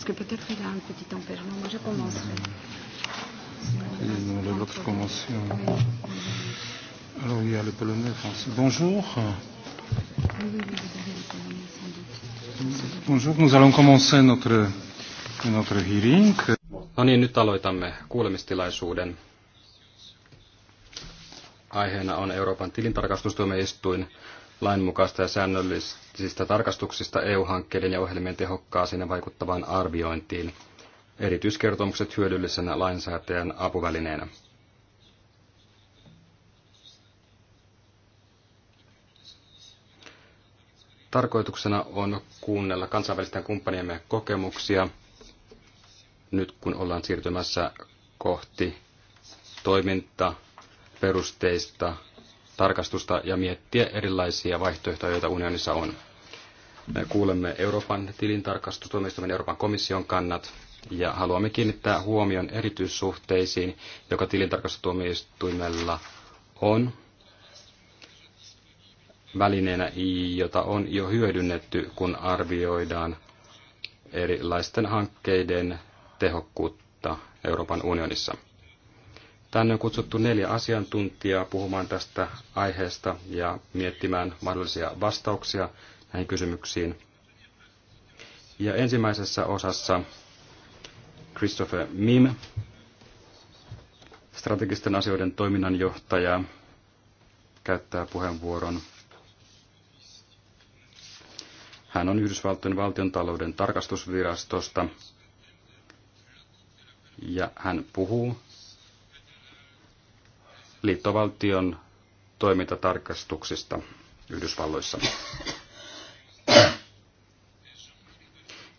Parce que peut-être il a un petit tempérament. Moi, je commencerai. Le l'autre commence. Alors, il y a le polonais français. Bonjour. Bonjour, nous allons commencer notre, notre hearing. No niin, nyt aloitamme kuulemistilaisuuden. Aiheena on Euroopan tilintarkastustuomioistuin lainmukaista ja säännöllisistä tarkastuksista EU-hankkeiden ja ohjelmien tehokkaaseen ja vaikuttavaan arviointiin. Erityiskertomukset hyödyllisenä lainsäätäjän apuvälineenä. Tarkoituksena on kuunnella kansainvälisten kumppaniemme kokemuksia nyt kun ollaan siirtymässä kohti toimintaperusteista tarkastusta ja miettiä erilaisia vaihtoehtoja, joita unionissa on. Me kuulemme Euroopan tilintarkastustuomioistuimen Euroopan komission kannat ja haluamme kiinnittää huomion erityissuhteisiin, joka tilintarkastustuomioistuimella on välineenä, jota on jo hyödynnetty, kun arvioidaan erilaisten hankkeiden tehokkuutta Euroopan unionissa. Tänne on kutsuttu neljä asiantuntijaa puhumaan tästä aiheesta ja miettimään mahdollisia vastauksia näihin kysymyksiin. Ja ensimmäisessä osassa Christopher Mim, strategisten asioiden toiminnanjohtaja, käyttää puheenvuoron. Hän on Yhdysvaltojen valtiontalouden tarkastusvirastosta ja hän puhuu liittovaltion toimintatarkastuksista Yhdysvalloissa.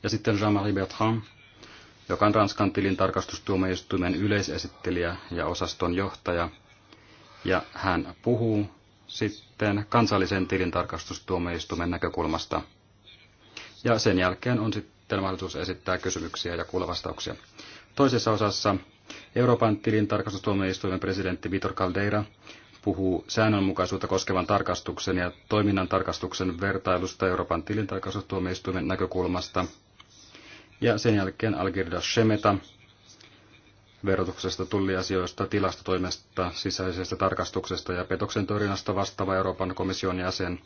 Ja sitten Jean-Marie Bertrand, joka on Ranskan tilintarkastustuomioistuimen yleisesittelijä ja osaston johtaja. Ja hän puhuu sitten kansallisen tilintarkastustuomioistuimen näkökulmasta. Ja sen jälkeen on sitten mahdollisuus esittää kysymyksiä ja kuulla vastauksia. Toisessa osassa Euroopan tilintarkastustuomioistuimen presidentti Vitor Caldeira puhuu säännönmukaisuutta koskevan tarkastuksen ja toiminnan tarkastuksen vertailusta Euroopan tilintarkastustuomioistuimen näkökulmasta. Ja sen jälkeen Algirda Shemeta verotuksesta, tulliasioista, tilastotoimesta, sisäisestä tarkastuksesta ja petoksen torjunnasta vastaava Euroopan komission jäsen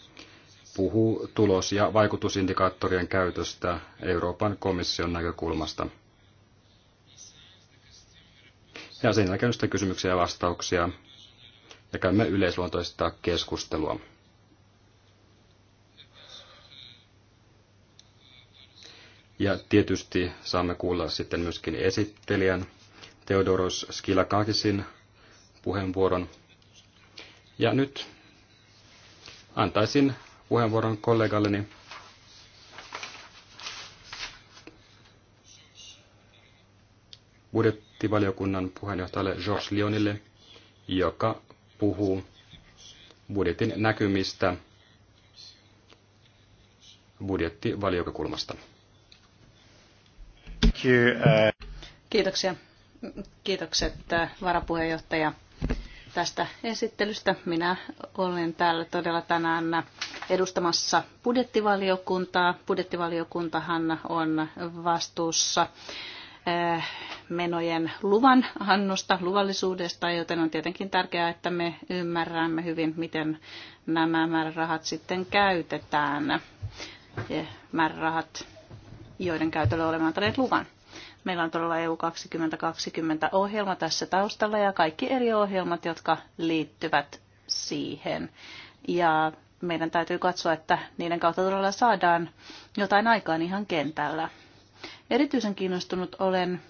puhuu tulos- ja vaikutusindikaattorien käytöstä Euroopan komission näkökulmasta. Ja sen jälkeen sitten kysymyksiä ja vastauksia. Ja käymme yleisluontoista keskustelua. Ja tietysti saamme kuulla sitten myöskin esittelijän Theodoros Skilakakisin puheenvuoron. Ja nyt antaisin puheenvuoron kollegalleni budjettivaliokunnan puheenjohtajalle Georges Lyonille, joka puhuu budjetin näkymistä budjettivaliokulmasta. Uh, Kiitoksia. Kiitokset uh, varapuheenjohtaja tästä esittelystä. Minä olen täällä todella tänään edustamassa budjettivaliokuntaa. Budjettivaliokuntahan on vastuussa Äh, menojen luvan annosta, luvallisuudesta, joten on tietenkin tärkeää, että me ymmärrämme hyvin, miten nämä määrärahat sitten käytetään. ja Määrärahat, joiden käytölle olemme antaneet luvan. Meillä on todella EU 2020 ohjelma tässä taustalla ja kaikki eri ohjelmat, jotka liittyvät siihen. Ja meidän täytyy katsoa, että niiden kautta todella saadaan jotain aikaan ihan kentällä. Erityisen kiinnostunut olen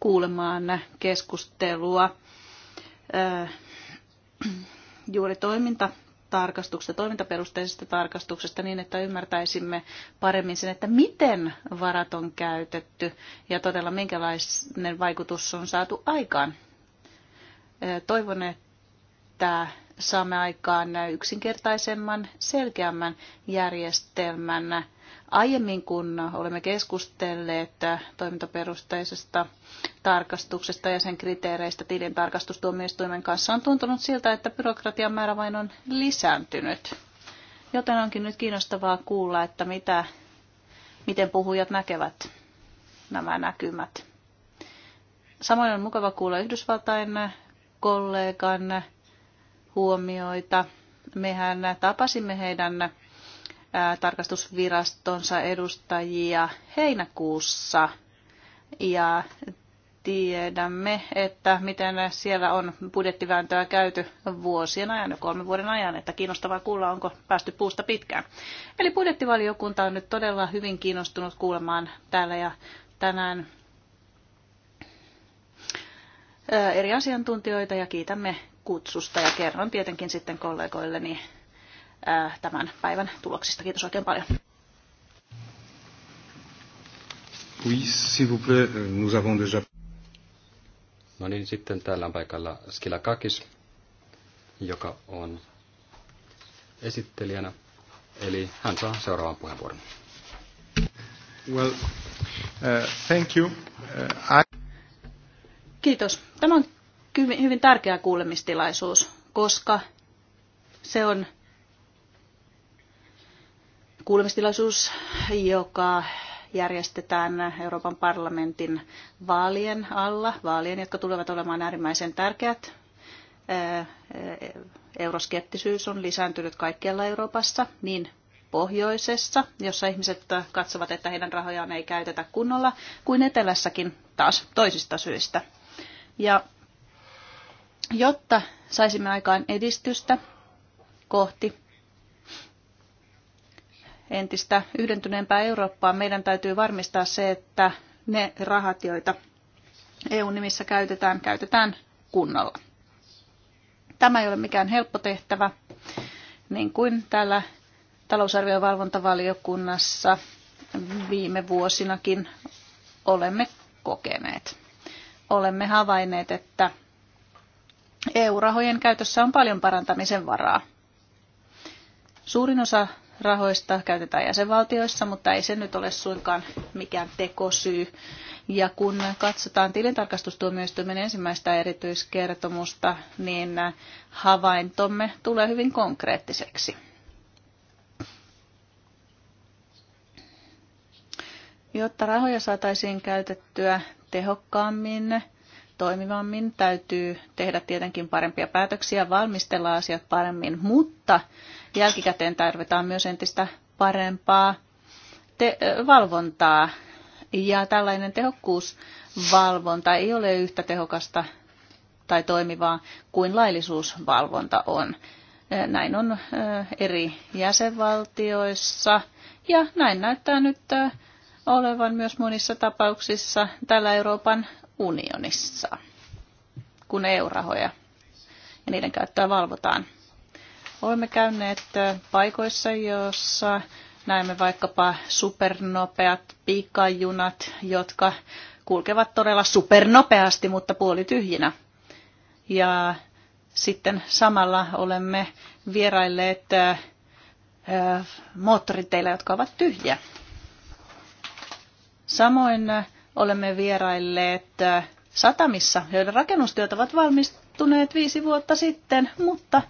kuulemaan keskustelua äh, juuri toiminta tarkastuksesta, toimintaperusteisesta tarkastuksesta niin, että ymmärtäisimme paremmin sen, että miten varat on käytetty ja todella minkälainen vaikutus on saatu aikaan. Äh, toivon, että saamme aikaan yksinkertaisemman, selkeämmän järjestelmän Aiemmin kun olemme keskustelleet toimintaperusteisesta tarkastuksesta ja sen kriteereistä tilin tarkastustuomioistuimen kanssa on tuntunut siltä, että byrokratian määrä vain on lisääntynyt. Joten onkin nyt kiinnostavaa kuulla, että mitä, miten puhujat näkevät nämä näkymät. Samoin on mukava kuulla Yhdysvaltain kollegan huomioita. Mehän tapasimme heidän tarkastusvirastonsa edustajia heinäkuussa ja tiedämme, että miten siellä on budjettivääntöä käyty vuosien ajan, jo kolmen vuoden ajan, että kiinnostavaa kuulla, onko päästy puusta pitkään. Eli budjettivaliokunta on nyt todella hyvin kiinnostunut kuulemaan täällä ja tänään eri asiantuntijoita ja kiitämme kutsusta ja kerron tietenkin sitten kollegoilleni Äh, tämän päivän tuloksista. Kiitos oikein paljon. Oui, s'il vous plaît, nous avons déjà... No niin, sitten täällä on paikalla Skila Kakis, joka on esittelijänä, eli hän saa seuraavan puheenvuoron. Well, uh, thank you. Uh, I... Kiitos. Tämä on hyvin tärkeä kuulemistilaisuus, koska se on kuulemistilaisuus, joka järjestetään Euroopan parlamentin vaalien alla, vaalien, jotka tulevat olemaan äärimmäisen tärkeät. Euroskeptisyys on lisääntynyt kaikkialla Euroopassa, niin pohjoisessa, jossa ihmiset katsovat, että heidän rahojaan ei käytetä kunnolla, kuin etelässäkin taas toisista syistä. Ja jotta saisimme aikaan edistystä kohti entistä yhdentyneempää Eurooppaa, meidän täytyy varmistaa se, että ne rahat, joita EU-nimissä käytetään, käytetään kunnolla. Tämä ei ole mikään helppo tehtävä, niin kuin täällä talousarviovalvontavaliokunnassa viime vuosinakin olemme kokeneet. Olemme havainneet, että EU-rahojen käytössä on paljon parantamisen varaa. Suurin osa rahoista käytetään jäsenvaltioissa, mutta ei se nyt ole suinkaan mikään tekosyy. Ja kun katsotaan tilintarkastustuomioistuimen ensimmäistä erityiskertomusta, niin havaintomme tulee hyvin konkreettiseksi. Jotta rahoja saataisiin käytettyä tehokkaammin, toimivammin, täytyy tehdä tietenkin parempia päätöksiä, valmistella asiat paremmin, mutta Jälkikäteen tarvitaan myös entistä parempaa te- valvontaa. Ja tällainen tehokkuusvalvonta ei ole yhtä tehokasta tai toimivaa kuin laillisuusvalvonta on. Näin on eri jäsenvaltioissa ja näin näyttää nyt olevan myös monissa tapauksissa täällä Euroopan unionissa, kun EU-rahoja ja niiden käyttöä valvotaan. Olemme käyneet paikoissa, joissa näemme vaikkapa supernopeat pikajunat, jotka kulkevat todella supernopeasti, mutta puolityhjinä. Ja sitten samalla olemme vierailleet moottoriteillä, jotka ovat tyhjiä. Samoin olemme vierailleet satamissa, joiden rakennustyöt ovat valmistuneet viisi vuotta sitten, mutta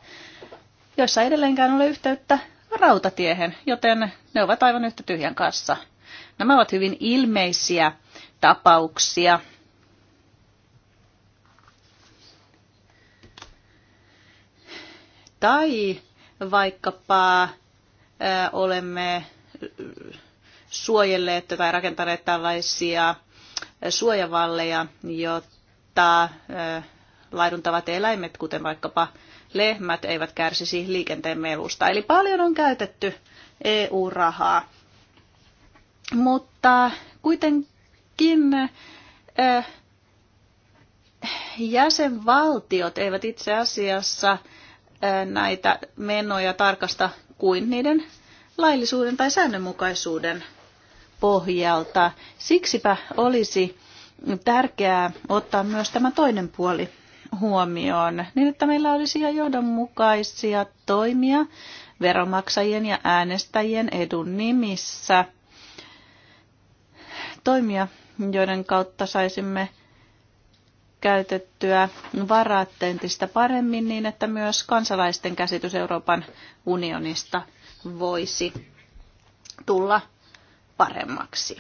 joissa edelleenkään ole yhteyttä rautatiehen, joten ne ovat aivan yhtä tyhjän kanssa. Nämä ovat hyvin ilmeisiä tapauksia. Tai vaikkapa olemme suojelleet tai rakentaneet tällaisia suojavalleja, jotta laiduntavat eläimet, kuten vaikkapa lehmät eivät kärsisi liikenteen melusta. Eli paljon on käytetty EU-rahaa. Mutta kuitenkin äh, jäsenvaltiot eivät itse asiassa näitä menoja tarkasta kuin niiden laillisuuden tai säännönmukaisuuden pohjalta. Siksipä olisi tärkeää ottaa myös tämä toinen puoli huomioon, niin että meillä olisi ihan johdonmukaisia toimia veromaksajien ja äänestäjien edun nimissä. Toimia, joiden kautta saisimme käytettyä varat entistä paremmin niin, että myös kansalaisten käsitys Euroopan unionista voisi tulla paremmaksi.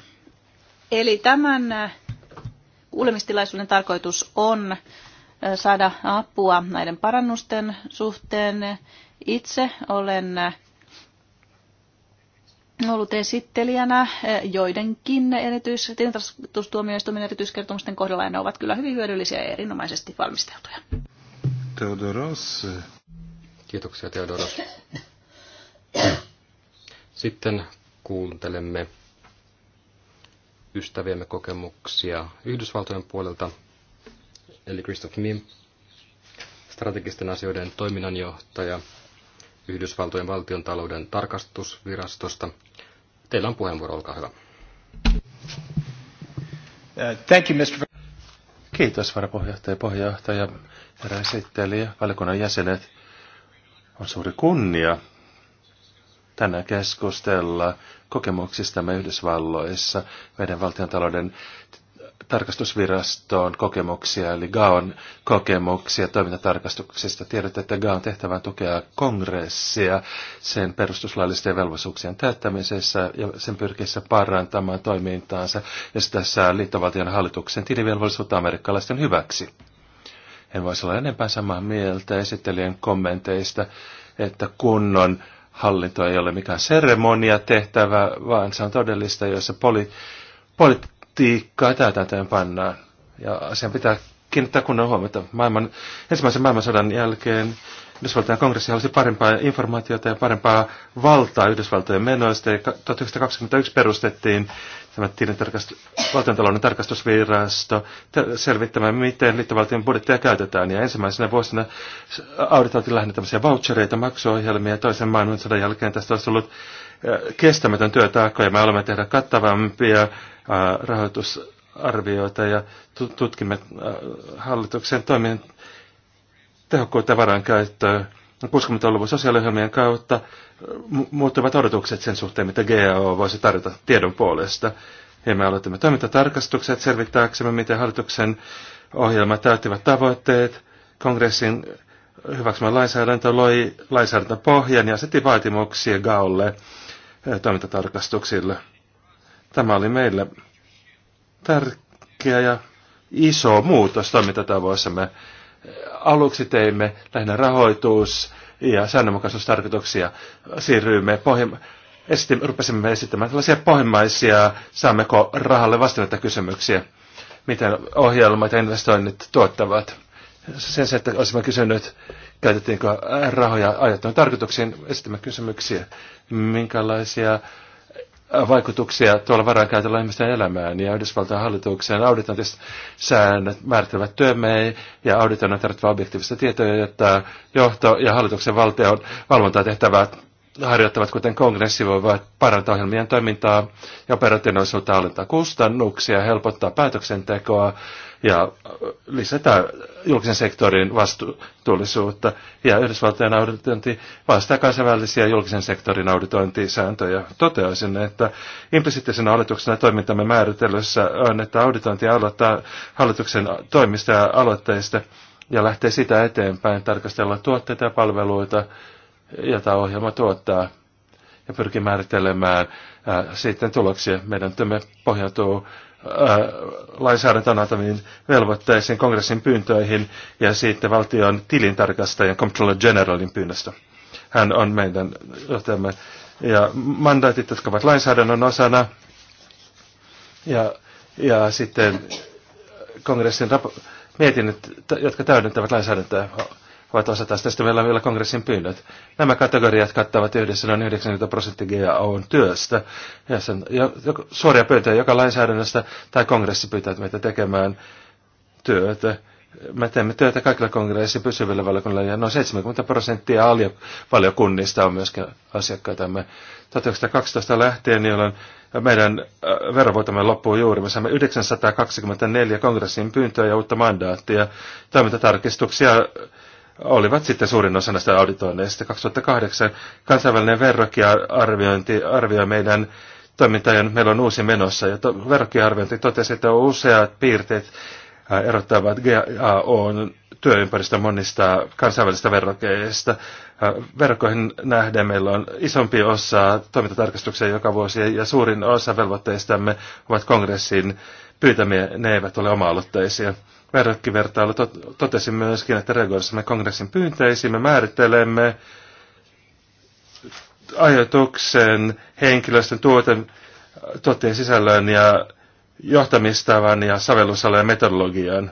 Eli tämän kuulemistilaisuuden tarkoitus on saada apua näiden parannusten suhteen. Itse olen ollut esittelijänä joidenkin erityis- tilintarkastustuomioistuimen erityiskertomusten kohdalla, ja ne ovat kyllä hyvin hyödyllisiä ja erinomaisesti valmisteltuja. Teodoros. Kiitoksia, Teodoros. Sitten kuuntelemme ystäviemme kokemuksia Yhdysvaltojen puolelta eli Christoph Mim, strategisten asioiden toiminnanjohtaja Yhdysvaltojen valtion talouden tarkastusvirastosta. Teillä on puheenvuoro, olkaa hyvä. Uh, thank you, Mr. Kiitos varapuheenjohtaja, puheenjohtaja, herra esittelijä, valiokunnan jäsenet. On suuri kunnia tänään keskustella kokemuksistamme Yhdysvalloissa meidän valtiontalouden tarkastusvirastoon kokemuksia, eli GAON kokemuksia toimintatarkastuksista. Tiedät, että GAON tehtävä tukea kongressia sen perustuslaillisten velvollisuuksien täyttämisessä ja sen pyrkiessä parantamaan toimintaansa ja tässä liittovaltion hallituksen tilivelvollisuutta amerikkalaisten hyväksi. En voisi olla enempää samaa mieltä esittelijän kommenteista, että kunnon hallinto ei ole mikään seremonia tehtävä, vaan se on todellista, jossa poli, poli, politiikkaa täten pannaan. Ja asian pitää kiinnittää kunnon huomiota. Maailman, ensimmäisen maailmansodan jälkeen Yhdysvaltain kongressi halusi parempaa informaatiota ja parempaa valtaa Yhdysvaltojen menoista. Ja 1921 perustettiin tämä valtiontalouden tarkastusvirasto selvittämään, miten liittovaltion budjettia käytetään. Ja ensimmäisenä vuosina auditoitiin lähinnä tämmöisiä vouchereita, maksuohjelmia. Toisen maailmansodan jälkeen tästä olisi ollut kestämätön työtaakka ja me olemme tehdä kattavampia rahoitusarvioita ja tutkimme hallituksen toimien tehokkuutta käyttöä. 60-luvun sosiaaliohjelmien kautta muuttuvat odotukset sen suhteen, mitä GAO voisi tarjota tiedon puolesta. Ja me aloitimme toimintatarkastukset selvittääksemme, miten hallituksen ohjelma täyttivät tavoitteet. Kongressin hyväksymä lainsäädäntö loi lainsäädäntöpohjan ja asetti vaatimuksia GAOlle toimintatarkastuksille. Tämä oli meille tärkeä ja iso muutos Me Aluksi teimme lähinnä rahoitus- ja säännönmukaisuustarkoituksia. Siirryimme pohjim- Esitim, rupesimme esittämään tällaisia pohjimmaisia, saammeko rahalle vastannetta kysymyksiä, miten ohjelmat ja investoinnit tuottavat. Sen sijaan, että olisimme kysyneet, käytettiinkö rahoja ajattelun tarkoituksiin, esitimme kysymyksiä, minkälaisia vaikutuksia tuolla varankäytöllä ihmisten elämään. Ja Yhdysvaltain hallituksen auditointisäännöt määrittelevät työmme ja auditoinnin tarvittavaa objektiivista tietoja, jotta johto ja hallituksen valtion tehtävät harjoittavat, kuten kongressi, voi parantaa ohjelmien toimintaa ja operatiivisuutta hallintaa kustannuksia, helpottaa päätöksentekoa ja äh, lisätä julkisen sektorin vastuullisuutta. Ja Yhdysvaltojen auditointi vastaa kansainvälisiä julkisen sektorin auditointisääntöjä. Toteaisin, että implisiittisenä oletuksena toimintamme määritellyssä on, että auditointi aloittaa hallituksen toimista ja aloitteista ja lähtee sitä eteenpäin tarkastella tuotteita ja palveluita, joita ohjelma tuottaa ja pyrkii määrittelemään ää, äh, sitten tuloksia. Meidän työmme pohjautuu Äh, lainsäädäntöön antamiin velvoitteisiin, kongressin pyyntöihin ja sitten valtion tilintarkastajan Comptroller Generalin pyynnöstä. Hän on meidän johtajamme. Ja mandaatit, jotka ovat lainsäädännön osana, ja, ja sitten kongressin mietinnöt, jotka täydentävät lainsäädäntöä, ovat osa taas tästä vielä, vielä kongressin pyynnöt. Nämä kategoriat kattavat yhdessä noin 90 prosenttia GAOn työstä, ja sen, jo, jo, suoria pyyntöjä joka lainsäädännöstä tai kongressi pyytää meitä tekemään työtä. Me teemme työtä kaikilla kongressin pysyvillä valiokunnilla, ja noin 70 prosenttia valiokunnista on myöskin asiakkaitamme. 1912 lähtien, jolloin meidän äh, verovuotamme loppuu juuri. Me saamme 924 kongressin pyyntöä ja uutta mandaattia, toimintatarkistuksia olivat sitten suurin osa näistä auditoinneista. 2008 kansainvälinen verrokkiarviointi arvioi meidän toimintaa, ja nyt meillä on uusi menossa. Ja to, verrokkiarviointi totesi, että useat piirteet äh, erottavat GAO työympäristö monista kansainvälisistä verrokeista. Äh, Verkkoihin nähden meillä on isompi osa toimintatarkastuksia joka vuosi ja suurin osa velvoitteistamme ovat kongressin pyytämiä, ne eivät ole oma-aloitteisia verrokkivertailu totesi myöskin, että reagoidessamme kongressin pyynteisiin me määrittelemme ajoituksen henkilöstön tuoten, tuotteen sisällön ja johtamistavan ja sovellusalan ja metodologian.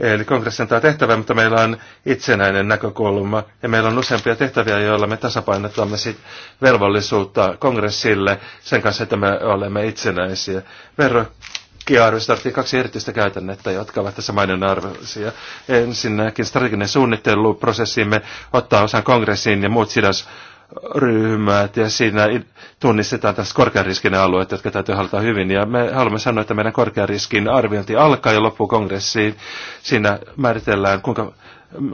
Eli kongressi antaa tehtävä, mutta meillä on itsenäinen näkökulma ja meillä on useampia tehtäviä, joilla me tasapainotamme sit velvollisuutta kongressille sen kanssa, että me olemme itsenäisiä. Verro riskiarvio tarvitsee kaksi erityistä käytännettä, jotka ovat tässä mainon arvoisia. Ensinnäkin strateginen suunnitteluprosessimme ottaa osan kongressiin ja muut sidosryhmät ja siinä tunnistetaan tässä korkean riskin alueet, jotka täytyy hallita hyvin. Ja me haluamme sanoa, että meidän korkean riskin arviointi alkaa ja loppuu kongressiin. Siinä määritellään, kuinka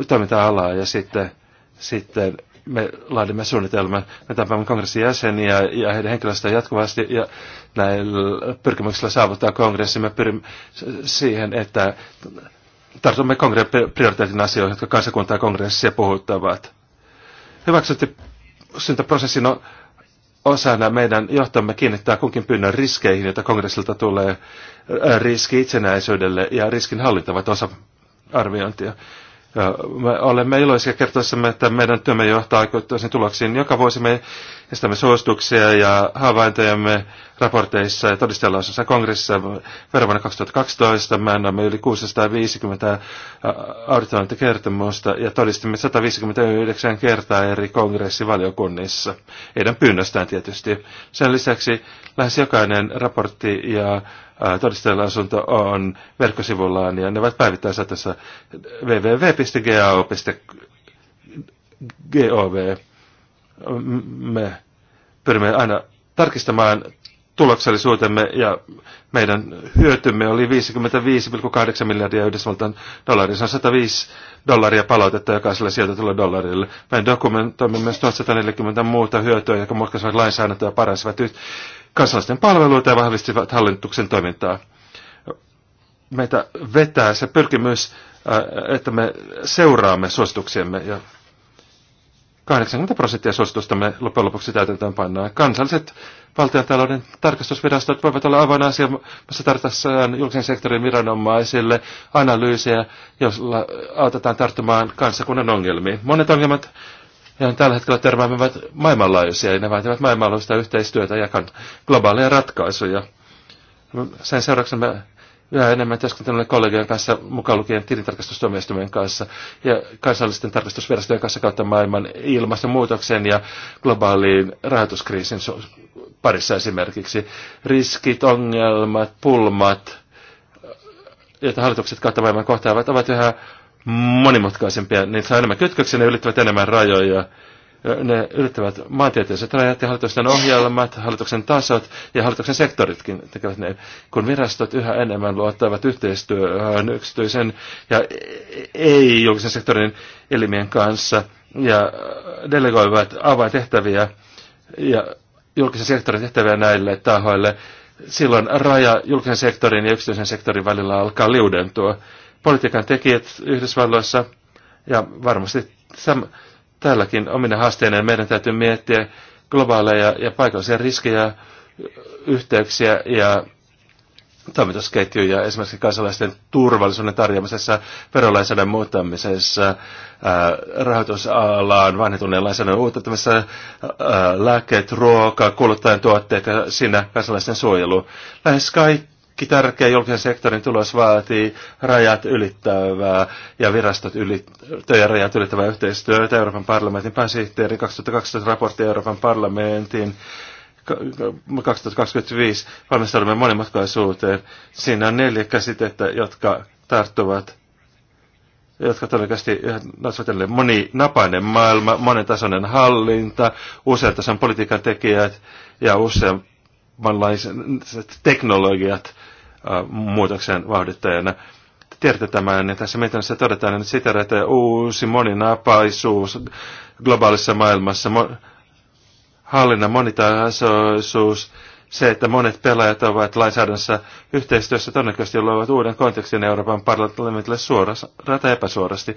toiminta alaa ja sitten, sitten me laadimme suunnitelman. Me tapaamme kongressin jäseniä ja heidän henkilöstöä jatkuvasti ja näillä pyrkimyksillä saavuttaa kongressi. Me pyrimme siihen, että tartumme kongressin prioriteetin asioihin, jotka kansakunta ja kongressia puhuttavat. Hyväksyntäprosessin osana meidän johtamme kiinnittää kunkin pyynnön riskeihin, joita kongressilta tulee riski itsenäisyydelle ja riskin hallintavat osa arviointia. Me olemme iloisia kertoisemme, että meidän työmme johtaa aikoittaisiin tuloksiin. Joka vuosi me estämme suosituksia ja havaintojamme raporteissa ja todisteluosassa kongressissa. Verovuonna 2012 me annamme yli 650 auditointikertomusta ja todistimme 159 kertaa eri kongressivaliokunnissa. Heidän pyynnöstään tietysti. Sen lisäksi lähes jokainen raportti ja todistajan on verkkosivullaan ja ne ovat päivittäin tässä www.gao.gov. Me pyrimme aina tarkistamaan tuloksellisuutemme ja meidän hyötymme oli 55,8 miljardia Yhdysvaltain dollaria. Se on 105 dollaria palautetta jokaiselle sijoitetulle dollarille. Me dokumentoimme myös 1140 muuta hyötyä, jotka muokkaisivat lainsäädäntöä ja paransivat kansalaisten palveluita ja vahvistivat hallituksen toimintaa. Meitä vetää se pyrkimys, äh, että me seuraamme suosituksiemme ja 80 prosenttia me loppujen lopuksi täytäntöön pannaan. Kansalliset valtiontalouden tarkastusvirastot voivat olla aivan missä tarvitaan julkisen sektorin viranomaisille analyysejä, joilla autetaan tarttumaan kansakunnan ongelmiin. Monet ongelmat ja tällä hetkellä törmäävät maailmanlaajuisia, ja ne vaativat maailmanlaajuista yhteistyötä ja globaaleja ratkaisuja. Sen seurauksena me yhä enemmän työskentelemme kollegojen kanssa, mukaan lukien tilintarkastustuomioistuimen kanssa ja kansallisten tarkastusvirastojen kanssa kautta maailman ilmastonmuutoksen ja globaaliin rahoituskriisin parissa esimerkiksi. Riskit, ongelmat, pulmat, joita hallitukset kautta maailman kohtaavat, ovat yhä monimutkaisempia, niin saa enemmän kytköksiä, ne ylittävät enemmän rajoja. Ne ylittävät maantieteelliset rajat ja hallituksen ohjelmat, hallituksen tasot ja hallituksen sektoritkin tekevät ne, kun virastot yhä enemmän luottavat yhteistyöhön yksityisen ja ei-julkisen sektorin elimien kanssa ja delegoivat avaintehtäviä ja julkisen sektorin tehtäviä näille tahoille. Silloin raja julkisen sektorin ja yksityisen sektorin välillä alkaa liudentua politiikan tekijät Yhdysvalloissa ja varmasti täm, tälläkin omina haasteena meidän täytyy miettiä globaaleja ja paikallisia riskejä, yhteyksiä ja toimitusketjuja esimerkiksi kansalaisten turvallisuuden tarjoamisessa, verolainsäädännön muuttamisessa, rahoitusalaan vanhentuneen lainsäädännön uutettamisessa, lääkkeet, ruoka, kuluttajan tuotteet ja siinä kansalaisten suojelu. Lähes kaikki tärkeä julkisen sektorin tulos vaatii rajat ylittävää ja virastot ylittävää ja rajat ylittävää yhteistyötä. Euroopan parlamentin pääsihteeri 2012 raportti Euroopan parlamentin 2025 valmistelumme monimutkaisuuteen. Siinä on neljä käsitettä, jotka tarttuvat jotka todennäköisesti nousevat moninapainen maailma, monentasoinen hallinta, usean tason politiikan tekijät ja usean vanlaiset teknologiat muutoksen vauhdittajana. Tiedätte tämän, ja tässä mietinnössä todetaan että sitä, että uusi moninapaisuus globaalissa maailmassa, mo- hallinnan monitasoisuus, se, että monet pelaajat ovat lainsäädännössä yhteistyössä todennäköisesti luovat uuden kontekstin Euroopan parlamentille suorasta epäsuorasti.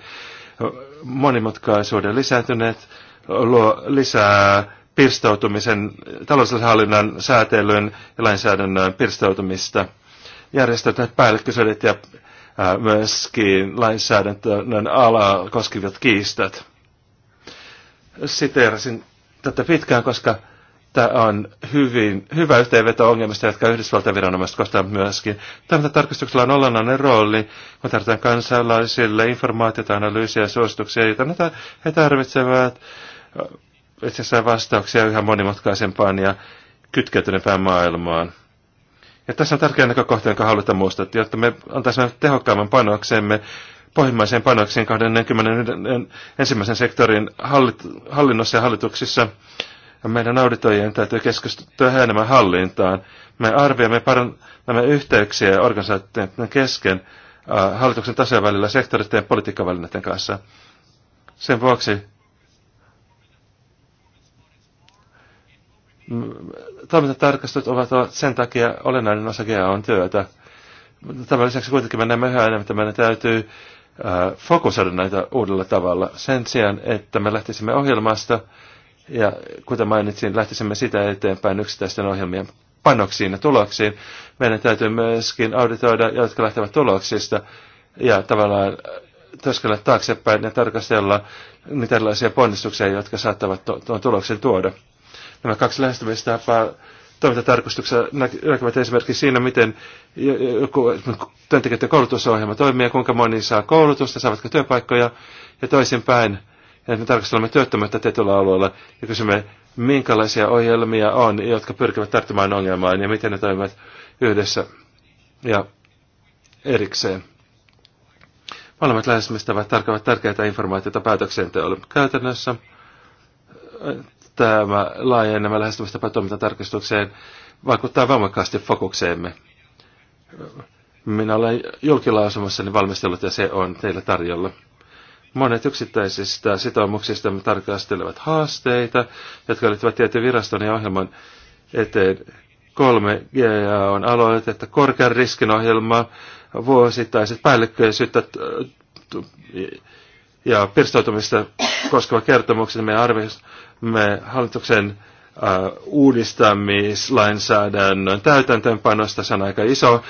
Monimutkaisuuden lisääntyneet luo lisää Pirstautumisen taloudellisen hallinnan säätelyn ja lainsäädännön pirstautumista. Järjestöt, päällikkösodit ja myöskin lainsäädännön ala koskevat kiistat. Siteerasin tätä pitkään, koska tämä on hyvin, hyvä yhteenveto ongelmista, jotka Yhdysvaltain viranomaiset kostavat myöskin. Tämä tarkastuksella on olennainen rooli, kun tarvitaan kansalaisille informaatiota, analyysiä ja suosituksia, joita he tarvitsevat itse asiassa vastauksia yhä monimutkaisempaan ja kytkeytyneempään maailmaan. Ja tässä on tärkeä näkökohta, jonka halutaan muistaa, että jotta me antaisimme tehokkaamman panoksemme pohjimmaiseen panokseen 21. ensimmäisen sektorin hallit, hallinnossa ja hallituksissa, meidän auditoijien täytyy keskustella enemmän hallintaan. Me arvioimme parannamme yhteyksiä organisaatioiden kesken hallituksen tasojen välillä sektoreiden ja politiikkavälineiden kanssa. Sen vuoksi Toimintatarkastukset ovat sen takia olennainen osa GAOn työtä. Tämän lisäksi kuitenkin me näemme yhä enemmän, että meidän täytyy fokusoida näitä uudella tavalla sen sijaan, että me lähtisimme ohjelmasta ja kuten mainitsin, lähtisimme sitä eteenpäin yksittäisten ohjelmien panoksiin ja tuloksiin. Meidän täytyy myöskin auditoida, jotka lähtevät tuloksista ja tavallaan työskennellä taaksepäin ja tarkastella niitä erilaisia ponnistuksia, jotka saattavat tuon tuloksen tuoda. Nämä kaksi lähestymistapaa toimintatarkastuksessa näkyvät esimerkiksi siinä, miten joku työntekijöiden koulutusohjelma toimii ja kuinka moni saa koulutusta, saavatko työpaikkoja ja toisinpäin. Ja me tarkastelemme työttömyyttä tietyllä alueella ja kysymme, minkälaisia ohjelmia on, jotka pyrkivät tarttumaan ongelmaan ja miten ne toimivat yhdessä ja erikseen. Molemmat lähestymistavat tarkoittavat tärkeää informaatiota päätöksenteolle. Käytännössä tämä laajenema lähestymistapa toimintatarkistukseen vaikuttaa voimakkaasti fokukseemme. Minä olen julkilausumassani valmistellut ja se on teillä tarjolla. Monet yksittäisistä sitoumuksista tarkastelevat haasteita, jotka liittyvät tietyn viraston ja ohjelman eteen. Kolme GA on aloitetta, korkean riskin ohjelma, vuosittaiset päällekkäisyyttä ja pirstoutumista koskeva kertomuksen meidän arvioissa me hallituksen äh, uudistamislainsäädännön täytäntöönpanosta. Se on aika iso,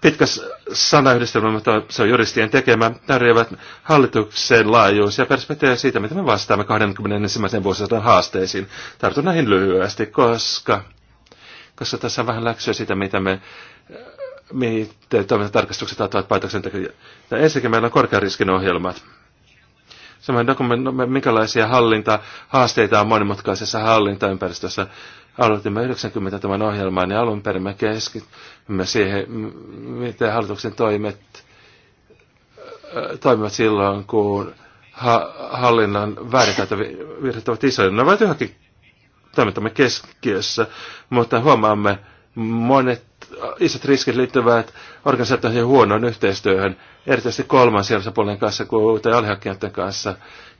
pitkä sanayhdistelmä, mutta se on juristien tekemä, tarjoavat hallituksen laajuus ja perspektiivi siitä, miten me vastaamme 21. vuosisadan haasteisiin. Tartun näihin lyhyesti, koska, koska tässä on vähän läksyä siitä, mitä me äh, miten toimintatarkastukset ottavat päätöksentekijöitä. Ensinnäkin meillä on riskin ohjelmat. Samoin dokumentti, no, minkälaisia haasteita on monimutkaisessa hallintaympäristössä. Aloitimme 90 tämän ohjelman ja alun perin me keskitymme siihen, miten hallituksen toimet toimivat silloin, kun ha- hallinnan virheet ovat isoja. Ne ovat johonkin toimintamme keskiössä, mutta huomaamme monet isot riskit liittyvät organisaatioihin ja huonoon yhteistyöhön, erityisesti kolmansien osapuolen kanssa, kuten alihakijoiden kanssa,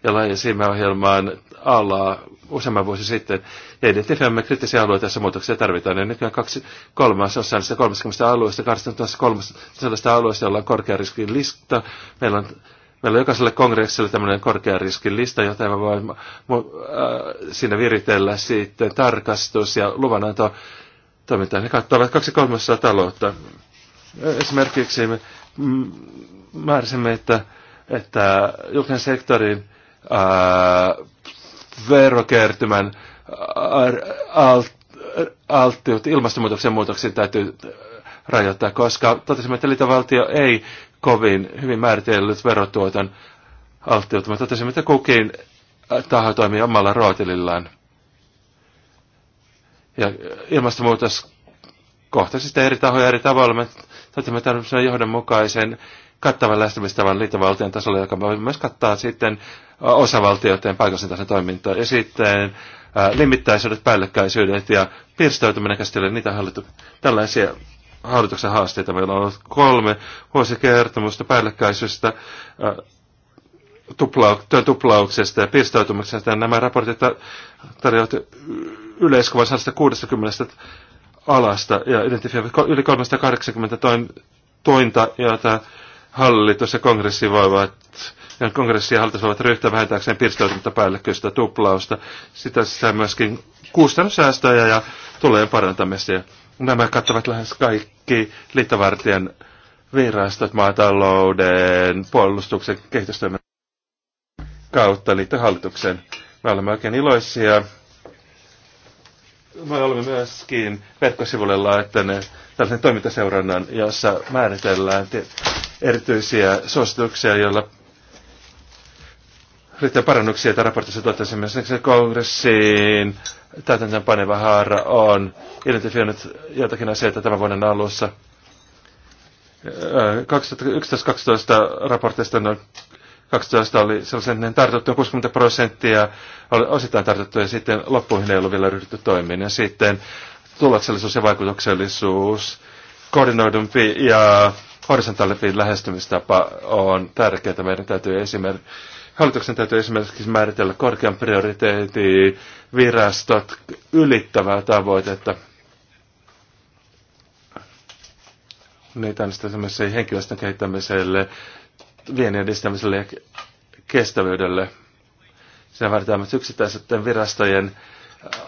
ja laajensimme ohjelmaan alaa useamman vuosi sitten. Ja identifioimme kriittisiä alueita, tässä muutoksia tarvitaan. Ja nykyään kaksi kolmasosaa näistä 30 alueesta, 23 alueista, joilla on korkean riskin lista. Meillä on Meillä on jokaiselle kongressille tämmöinen korkean riskin lista, jota me voimme äh, siinä viritellä sitten tarkastus ja luvananto toimintaa. Ne kattavat kaksi kolmasosaa taloutta. Esimerkiksi me määrisimme, että, että julkisen sektorin ää, verokertymän alt, alttiut ilmastonmuutoksen muutoksiin täytyy rajoittaa, koska totesimme, että liitovaltio ei kovin hyvin määritellyt verotuoton mutta Totesimme, että kukin taho toimii omalla rootilillaan ja ilmastonmuutos kohtasi sitä siis eri tahoja eri tavalla. Me me tämmöisen johdonmukaisen kattavan lähestymistavan liittovaltion tasolla, joka voi myös kattaa sitten osavaltioiden paikallisen tason toimintaa. Ja sitten ää, limittäisyydet, päällekkäisyydet ja pirstoituminen käsittelee niitä hallitu- tällaisia hallituksen haasteita. Meillä on ollut kolme vuosikertomusta päällekkäisyydestä, tuplau- työn tuplauksesta ja pirstoitumisesta. nämä raportit tarjoavat yleiskuva 160 alasta ja identifioivat yli 380 toin, tointa, joita hallitus ja kongressi voivat ja kongressi ja hallitus voivat ryhtyä vähentääkseen pirstoutunutta päällekköistä tuplausta. Sitä sisään myöskin kustannussäästöjä ja tulojen parantamisia. Nämä kattavat lähes kaikki liittovartien virastot maatalouden, puolustuksen, kehitystoiminnan kautta liittohallituksen. Me olemme oikein iloisia me olemme myöskin verkkosivulle laittaneet tällaisen toimintaseurannan, jossa määritellään erityisiä suosituksia, joilla riittää parannuksia, että raportissa totesimme, että kongressiin paneva haara on identifioinut jotakin asioita tämän vuoden alussa. 2011-2012 raportista on 2012 oli sellaisen tartuttu 60 prosenttia, oli osittain tartuttu ja sitten loppuihin ei ollut vielä ryhdytty toimimaan. Ja sitten tuloksellisuus ja vaikutuksellisuus, koordinoidumpi ja horisontaalimpi lähestymistapa on tärkeää. Meidän täytyy esimerkiksi Hallituksen täytyy esimerkiksi määritellä korkean prioriteetin virastot ylittävää tavoitetta. Niitä on sitten henkilöstön kehittämiselle, viennin edistämiselle ja kestävyydelle. Siinä vaaditaan myös yksittäisten virastojen äh,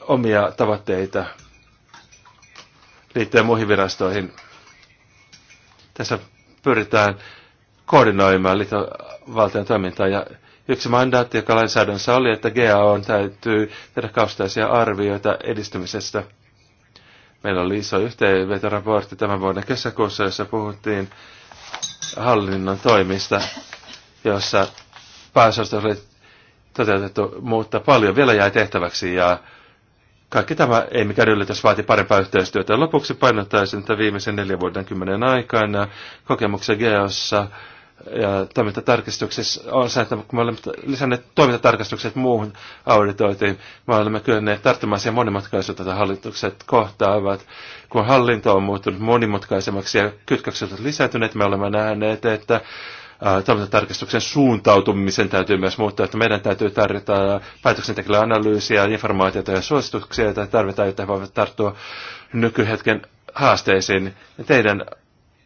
omia tavoitteita liittyen muihin virastoihin. Tässä pyritään koordinoimaan liittovaltion toimintaa ja yksi mandaatti, joka lainsäädännössä oli, että GAO täytyy tehdä kaustaisia arvioita edistymisestä. Meillä oli iso yhteenvetoraportti tämän vuoden kesäkuussa, jossa puhuttiin hallinnon toimista, jossa pääosastos oli toteutettu, mutta paljon vielä jäi tehtäväksi ja kaikki tämä ei mikään yllätys vaati parempaa yhteistyötä. Lopuksi painottaisin, että viimeisen neljän vuoden kymmenen aikana kokemuksen geossa ja toimintatarkistuksessa on se, että kun me olemme lisänneet toimintatarkastukset muuhun auditointiin, me olemme kyenneet tarttumaan siihen monimutkaisuutta, jota hallitukset kohtaavat. Kun hallinto on muuttunut monimutkaisemmaksi ja kytkökset ovat lisääntyneet, me olemme nähneet, että toimintatarkistuksen suuntautumisen täytyy myös muuttaa, että meidän täytyy tarjota päätöksentekijöille analyysiä, informaatiota ja suosituksia, joita tarvitaan, jotta he voivat tarttua nykyhetken haasteisiin. Teidän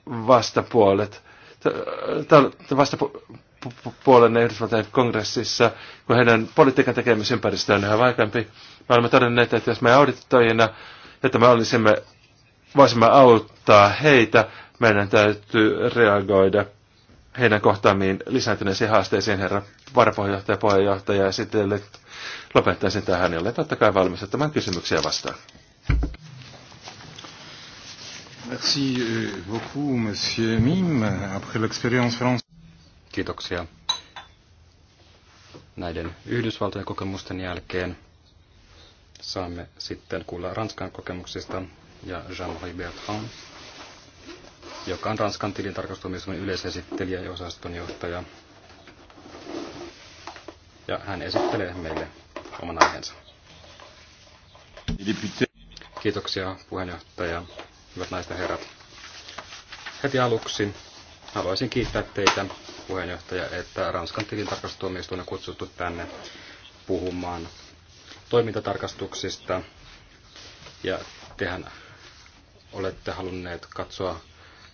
vastapuolet vasta vastapuolenne Yhdysvaltain kongressissa, kun heidän politiikan tekemisympäristö on yhä vaikeampi. Me olemme todenneet, että jos me auditoijina, että me olisimme, voisimme auttaa heitä, meidän täytyy reagoida heidän kohtaamiin lisääntyneisiin haasteisiin, herra varapuheenjohtaja, puheenjohtaja, ja sitten lopettaisin tähän, jolle totta kai valmistettamaan kysymyksiä vastaan. Merci euh, beaucoup, monsieur Mim. Après l'expérience France... Kiitoksia. Näiden Yhdysvaltojen kokemusten jälkeen saamme sitten kuulla Ranskan kokemuksista ja Jean-Marie Bertrand, joka on Ranskan tilintarkastustuomioistuimen yleisesittelijä ja osastonjohtaja. Ja hän esittelee meille oman aiheensa. Kiitoksia puheenjohtaja hyvät naiset ja herrat. Heti aluksi haluaisin kiittää teitä, puheenjohtaja, että Ranskan tilintarkastustuomioistuin on kutsuttu tänne puhumaan toimintatarkastuksista. Ja tehän olette halunneet katsoa,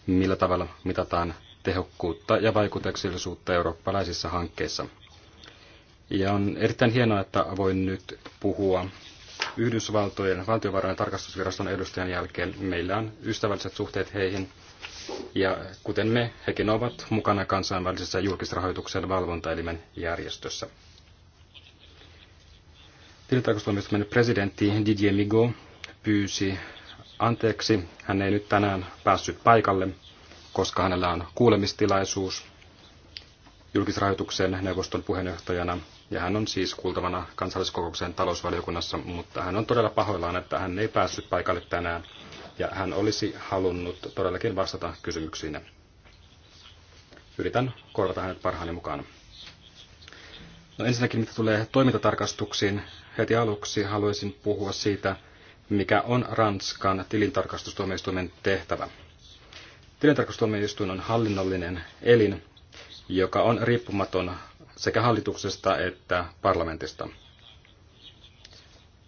millä tavalla mitataan tehokkuutta ja vaikutuksellisuutta eurooppalaisissa hankkeissa. Ja on erittäin hienoa, että voin nyt puhua Yhdysvaltojen valtiovarojen tarkastusviraston edustajan jälkeen meillä on ystävälliset suhteet heihin. Ja kuten me, hekin ovat mukana kansainvälisessä julkisrahoituksen valvontaelimen järjestössä. Tilintarkastustoimistomen presidentti Didier Migo pyysi anteeksi. Hän ei nyt tänään päässyt paikalle, koska hänellä on kuulemistilaisuus julkisrahoituksen neuvoston puheenjohtajana ja hän on siis kuultavana kansalliskokouksen talousvaliokunnassa, mutta hän on todella pahoillaan, että hän ei päässyt paikalle tänään, ja hän olisi halunnut todellakin vastata kysymyksiin. Yritän korvata hänet parhaani mukaan. No ensinnäkin, mitä tulee toimintatarkastuksiin, heti aluksi haluaisin puhua siitä, mikä on Ranskan tilintarkastustuomioistuimen tehtävä. Tilintarkastustuomioistuin on hallinnollinen elin, joka on riippumaton sekä hallituksesta että parlamentista.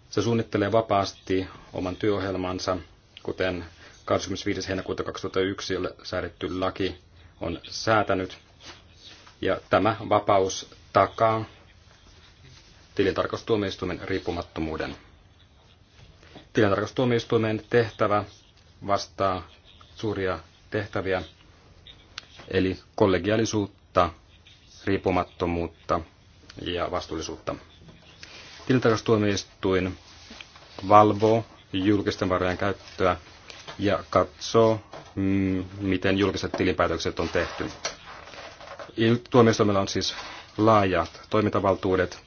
Se suunnittelee vapaasti oman työohjelmansa, kuten 25. heinäkuuta 2001 säädetty laki on säätänyt. Ja tämä vapaus takaa tilintarkastustuomioistuimen riippumattomuuden. Tilintarkastustuomioistuimen tehtävä vastaa suuria tehtäviä, eli kollegiaalisuutta riippumattomuutta ja vastuullisuutta. Tilintarkastustuomioistuin valvoo julkisten varojen käyttöä ja katsoo, mm, miten julkiset tilinpäätökset on tehty. Tuomioistuimella on siis laajat toimintavaltuudet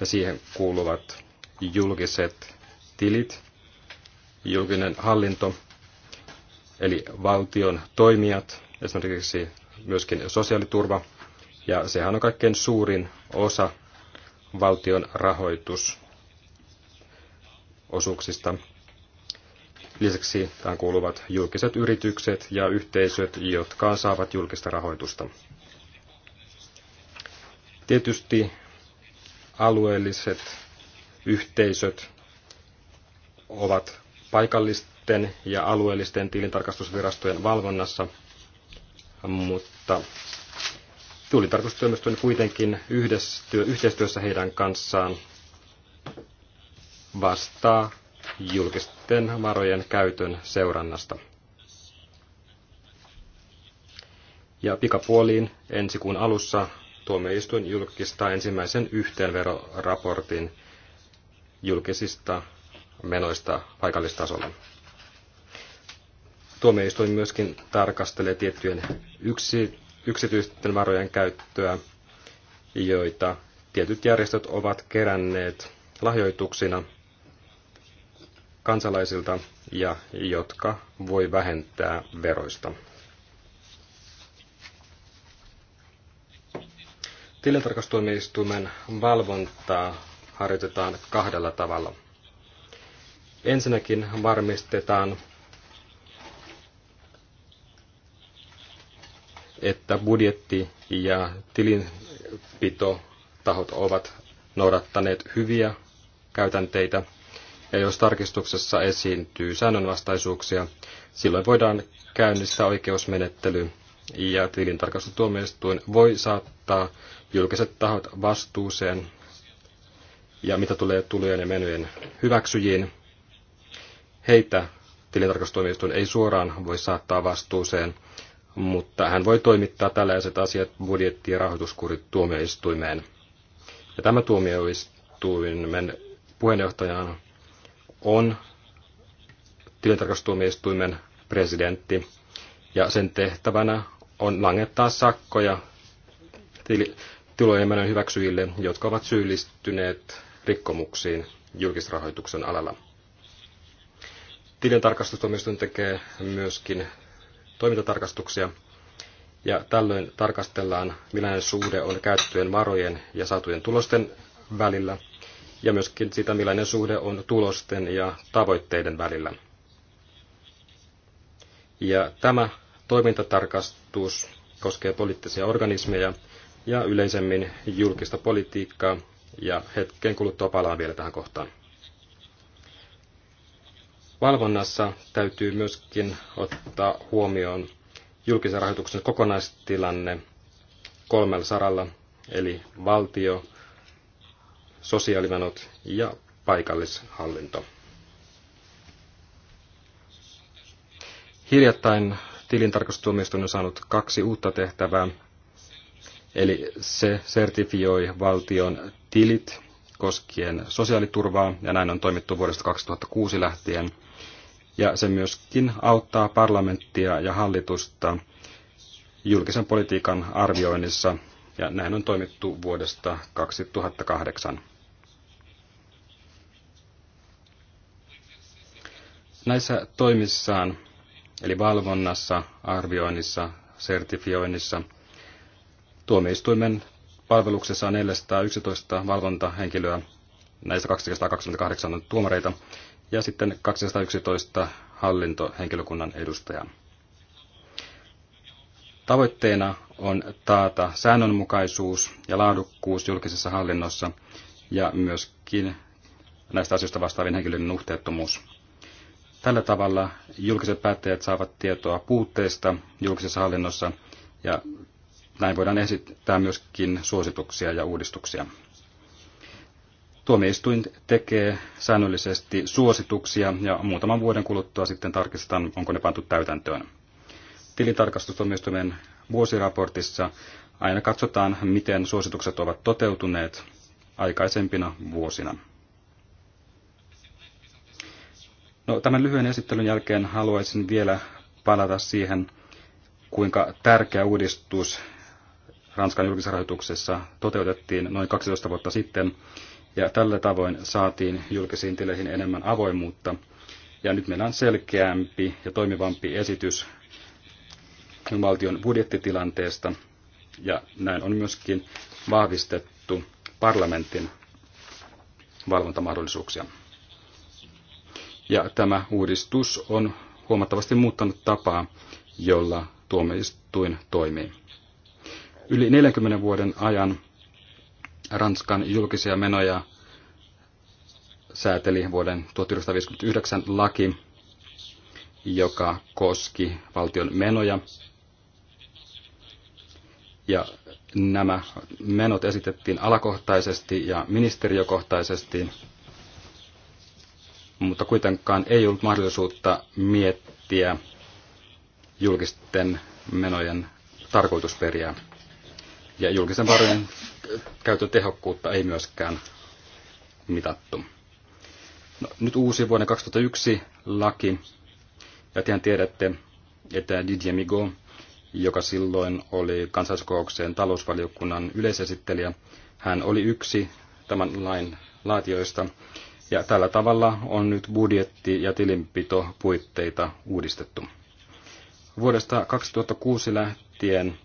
ja siihen kuuluvat julkiset tilit, julkinen hallinto, eli valtion toimijat, esimerkiksi myöskin sosiaaliturva, ja sehän on kaikkein suurin osa valtion rahoitusosuuksista. Lisäksi tähän kuuluvat julkiset yritykset ja yhteisöt, jotka saavat julkista rahoitusta. Tietysti alueelliset yhteisöt ovat paikallisten ja alueellisten tilintarkastusvirastojen valvonnassa, mutta Tulitarkastustoimisto on kuitenkin yhteistyössä heidän kanssaan vastaa julkisten varojen käytön seurannasta. Ja pikapuoliin ensi kuun alussa tuomioistuin julkistaa ensimmäisen yhteenveroraportin julkisista menoista paikallistasolla. Tuomioistuin myöskin tarkastelee tiettyjen yksi yksityisten varojen käyttöä, joita tietyt järjestöt ovat keränneet lahjoituksina kansalaisilta ja jotka voi vähentää veroista. Tilintarkastuomioistuimen valvontaa harjoitetaan kahdella tavalla. Ensinnäkin varmistetaan, että budjetti ja tilinpitotahot ovat noudattaneet hyviä käytänteitä. Ja jos tarkistuksessa esiintyy säännönvastaisuuksia, silloin voidaan käynnistää oikeusmenettely ja tilintarkastustuomioistuin voi saattaa julkiset tahot vastuuseen ja mitä tulee tulojen ja menojen hyväksyjiin, heitä tilintarkastustuomioistuin ei suoraan voi saattaa vastuuseen, mutta hän voi toimittaa tällaiset asiat budjetti- ja rahoituskurit tuomioistuimeen. Ja tämä tuomioistuimen puheenjohtajana on tilintarkastustuomioistuimen presidentti, ja sen tehtävänä on langettaa sakkoja tilojen menon hyväksyjille, jotka ovat syyllistyneet rikkomuksiin julkisrahoituksen alalla. Tilintarkastustuomioistuin tekee myöskin toimintatarkastuksia, ja tällöin tarkastellaan, millainen suhde on käyttöjen varojen ja saatujen tulosten välillä, ja myöskin sitä, millainen suhde on tulosten ja tavoitteiden välillä. Ja tämä toimintatarkastus koskee poliittisia organismeja ja yleisemmin julkista politiikkaa, ja hetken kuluttua palaan vielä tähän kohtaan. Valvonnassa täytyy myöskin ottaa huomioon julkisen rahoituksen kokonaistilanne kolmella saralla, eli valtio, sosiaalimenot ja paikallishallinto. Hiljattain tilintarkastustuomioistuin on saanut kaksi uutta tehtävää, eli se sertifioi valtion tilit koskien sosiaaliturvaa, ja näin on toimittu vuodesta 2006 lähtien ja se myöskin auttaa parlamenttia ja hallitusta julkisen politiikan arvioinnissa, ja näin on toimittu vuodesta 2008. Näissä toimissaan, eli valvonnassa, arvioinnissa, sertifioinnissa, tuomioistuimen palveluksessa on 411 valvontahenkilöä, näistä 228 on tuomareita, ja sitten 211 hallintohenkilökunnan edustajaa. Tavoitteena on taata säännönmukaisuus ja laadukkuus julkisessa hallinnossa ja myöskin näistä asioista vastaavien henkilöiden nuhteettomuus. Tällä tavalla julkiset päättäjät saavat tietoa puutteista julkisessa hallinnossa ja näin voidaan esittää myöskin suosituksia ja uudistuksia. Tuomioistuin tekee säännöllisesti suosituksia ja muutaman vuoden kuluttua sitten tarkistetaan, onko ne pantu täytäntöön. Tilintarkastustuomioistuimen vuosiraportissa aina katsotaan, miten suositukset ovat toteutuneet aikaisempina vuosina. No, tämän lyhyen esittelyn jälkeen haluaisin vielä palata siihen, kuinka tärkeä uudistus Ranskan julkisrahoituksessa toteutettiin noin 12 vuotta sitten, ja tällä tavoin saatiin julkisiin tileihin enemmän avoimuutta. Ja nyt meillä on selkeämpi ja toimivampi esitys valtion budjettitilanteesta, ja näin on myöskin vahvistettu parlamentin valvontamahdollisuuksia. Ja tämä uudistus on huomattavasti muuttanut tapaa, jolla tuomioistuin toimii. Yli 40 vuoden ajan Ranskan julkisia menoja sääteli vuoden 1959 laki, joka koski valtion menoja. Ja nämä menot esitettiin alakohtaisesti ja ministeriökohtaisesti, mutta kuitenkaan ei ollut mahdollisuutta miettiä julkisten menojen tarkoitusperiaa. Ja julkisen varojen käytön tehokkuutta ei myöskään mitattu. No, nyt uusi vuoden 2001 laki, ja tehän tiedätte, että Didier Migo, joka silloin oli kansalliskokouksen talousvaliokunnan yleisesittelijä, hän oli yksi tämän lain laatioista, ja tällä tavalla on nyt budjetti- ja tilinpitopuitteita uudistettu. Vuodesta 2006 lähtien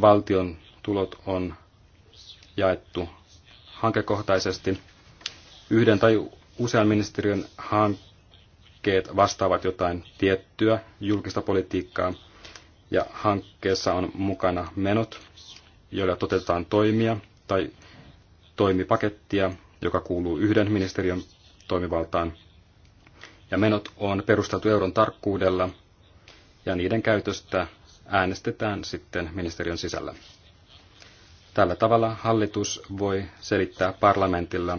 valtion tulot on jaettu hankekohtaisesti yhden tai usean ministeriön hankkeet vastaavat jotain tiettyä julkista politiikkaa, ja hankkeessa on mukana menot, joilla toteutetaan toimia tai toimipakettia, joka kuuluu yhden ministeriön toimivaltaan. Ja menot on perusteltu euron tarkkuudella, ja niiden käytöstä äänestetään sitten ministeriön sisällä. Tällä tavalla hallitus voi selittää parlamentilla,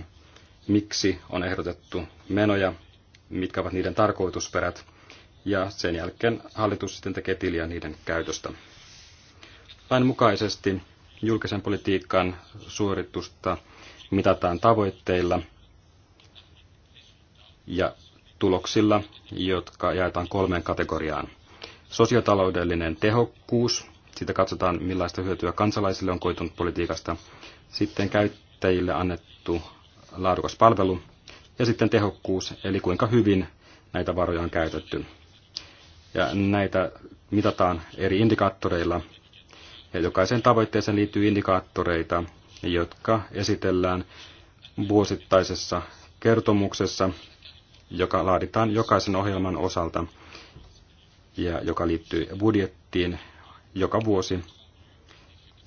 miksi on ehdotettu menoja, mitkä ovat niiden tarkoitusperät, ja sen jälkeen hallitus sitten tekee tiliä niiden käytöstä. Lain mukaisesti julkisen politiikan suoritusta mitataan tavoitteilla ja tuloksilla, jotka jaetaan kolmeen kategoriaan. Sosiotaloudellinen tehokkuus, sitä katsotaan millaista hyötyä kansalaisille on koitunut politiikasta. Sitten käyttäjille annettu laadukas palvelu ja sitten tehokkuus, eli kuinka hyvin näitä varoja on käytetty. Ja näitä mitataan eri indikaattoreilla, ja jokaiseen tavoitteeseen liittyy indikaattoreita, jotka esitellään vuosittaisessa kertomuksessa, joka laaditaan jokaisen ohjelman osalta ja joka liittyy budjettiin joka vuosi.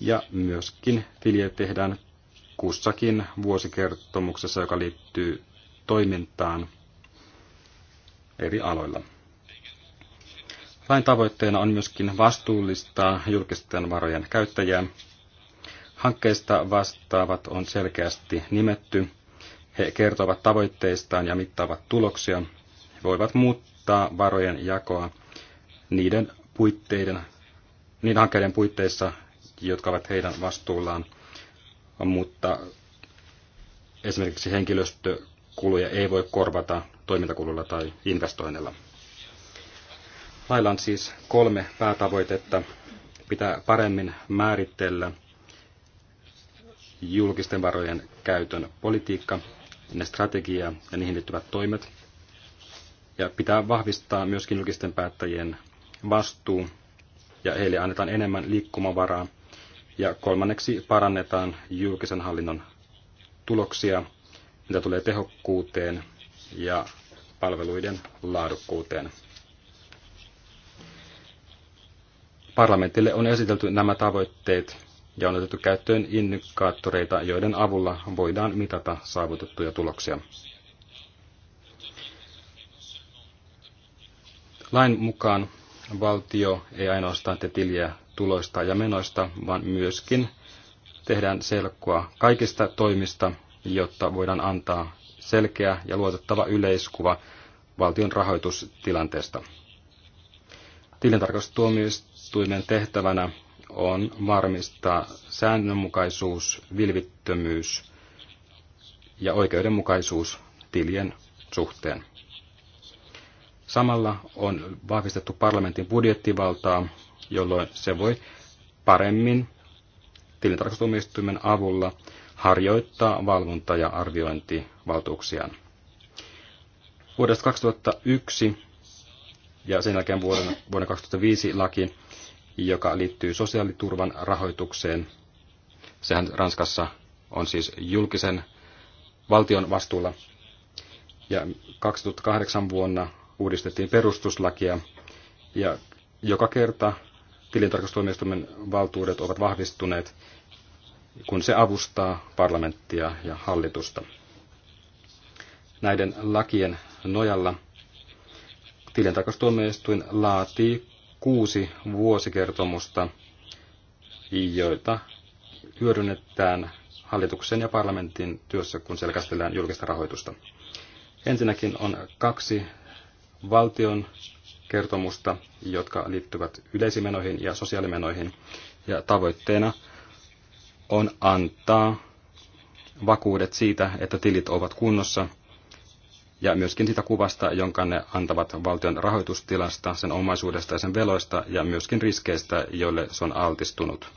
Ja myöskin tilje tehdään kussakin vuosikertomuksessa, joka liittyy toimintaan eri aloilla. Lain tavoitteena on myöskin vastuullistaa julkisten varojen käyttäjiä. Hankkeista vastaavat on selkeästi nimetty. He kertovat tavoitteistaan ja mittaavat tuloksia. He voivat muuttaa varojen jakoa niiden, puitteiden, niiden hankkeiden puitteissa, jotka ovat heidän vastuullaan – mutta esimerkiksi henkilöstökuluja ei voi korvata toimintakululla tai investoinnilla. Lailla on siis kolme päätavoitetta. Pitää paremmin määritellä julkisten varojen käytön politiikka, ne strategia ja niihin liittyvät toimet. Ja pitää vahvistaa myöskin julkisten päättäjien vastuu ja heille annetaan enemmän liikkumavaraa – ja kolmanneksi parannetaan julkisen hallinnon tuloksia, mitä tulee tehokkuuteen ja palveluiden laadukkuuteen. Parlamentille on esitelty nämä tavoitteet ja on otettu käyttöön indikaattoreita, joiden avulla voidaan mitata saavutettuja tuloksia. Lain mukaan valtio ei ainoastaan tee tiliä tuloista ja menoista, vaan myöskin tehdään selkoa kaikista toimista, jotta voidaan antaa selkeä ja luotettava yleiskuva valtion rahoitustilanteesta. Tilintarkastustuomioistuimen tehtävänä on varmistaa säännönmukaisuus, vilvittömyys ja oikeudenmukaisuus tilien suhteen. Samalla on vahvistettu parlamentin budjettivaltaa jolloin se voi paremmin tilintarkastustuomioistuimen avulla harjoittaa valvonta- ja arviointivaltuuksiaan. Vuodesta 2001 ja sen jälkeen vuoden, vuonna 2005 laki, joka liittyy sosiaaliturvan rahoitukseen. Sehän Ranskassa on siis julkisen valtion vastuulla. Ja 2008 vuonna uudistettiin perustuslakia ja joka kerta tilintarkastustuomioistuimen valtuudet ovat vahvistuneet, kun se avustaa parlamenttia ja hallitusta. Näiden lakien nojalla tilintarkastustuomioistuin laatii kuusi vuosikertomusta, joita hyödynnetään hallituksen ja parlamentin työssä, kun selkästellään julkista rahoitusta. Ensinnäkin on kaksi valtion kertomusta, jotka liittyvät yleisimenoihin ja sosiaalimenoihin. Ja tavoitteena on antaa vakuudet siitä, että tilit ovat kunnossa ja myöskin sitä kuvasta, jonka ne antavat valtion rahoitustilasta, sen omaisuudesta ja sen veloista ja myöskin riskeistä, joille se on altistunut.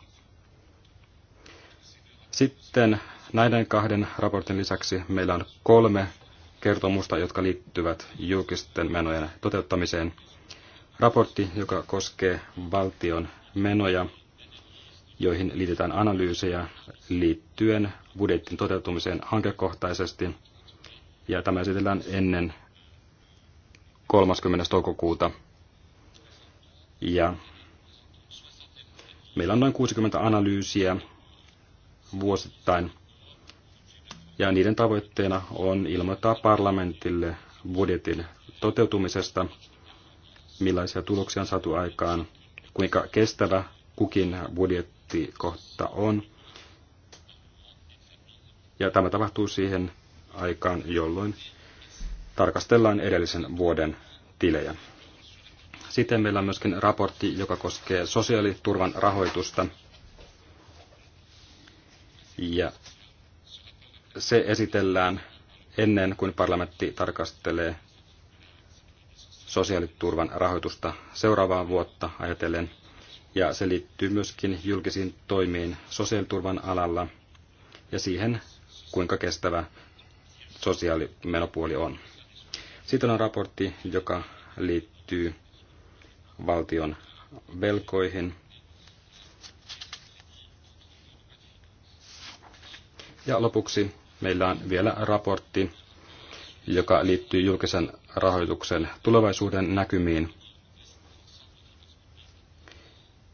Sitten näiden kahden raportin lisäksi meillä on kolme kertomusta, jotka liittyvät julkisten menojen toteuttamiseen – raportti, joka koskee valtion menoja, joihin liitetään analyysejä liittyen budjetin toteutumiseen hankekohtaisesti. Ja tämä esitellään ennen 30. toukokuuta. Ja meillä on noin 60 analyysiä vuosittain. Ja niiden tavoitteena on ilmoittaa parlamentille budjetin toteutumisesta – millaisia tuloksia on saatu aikaan, kuinka kestävä kukin budjettikohta on. Ja tämä tapahtuu siihen aikaan, jolloin tarkastellaan edellisen vuoden tilejä. Sitten meillä on myöskin raportti, joka koskee sosiaaliturvan rahoitusta. Ja se esitellään ennen kuin parlamentti tarkastelee sosiaaliturvan rahoitusta seuraavaa vuotta ajatellen, ja se liittyy myöskin julkisiin toimiin sosiaaliturvan alalla ja siihen, kuinka kestävä sosiaalimenopuoli on. Sitten on raportti, joka liittyy valtion velkoihin. Ja lopuksi meillä on vielä raportti, joka liittyy julkisen rahoituksen tulevaisuuden näkymiin.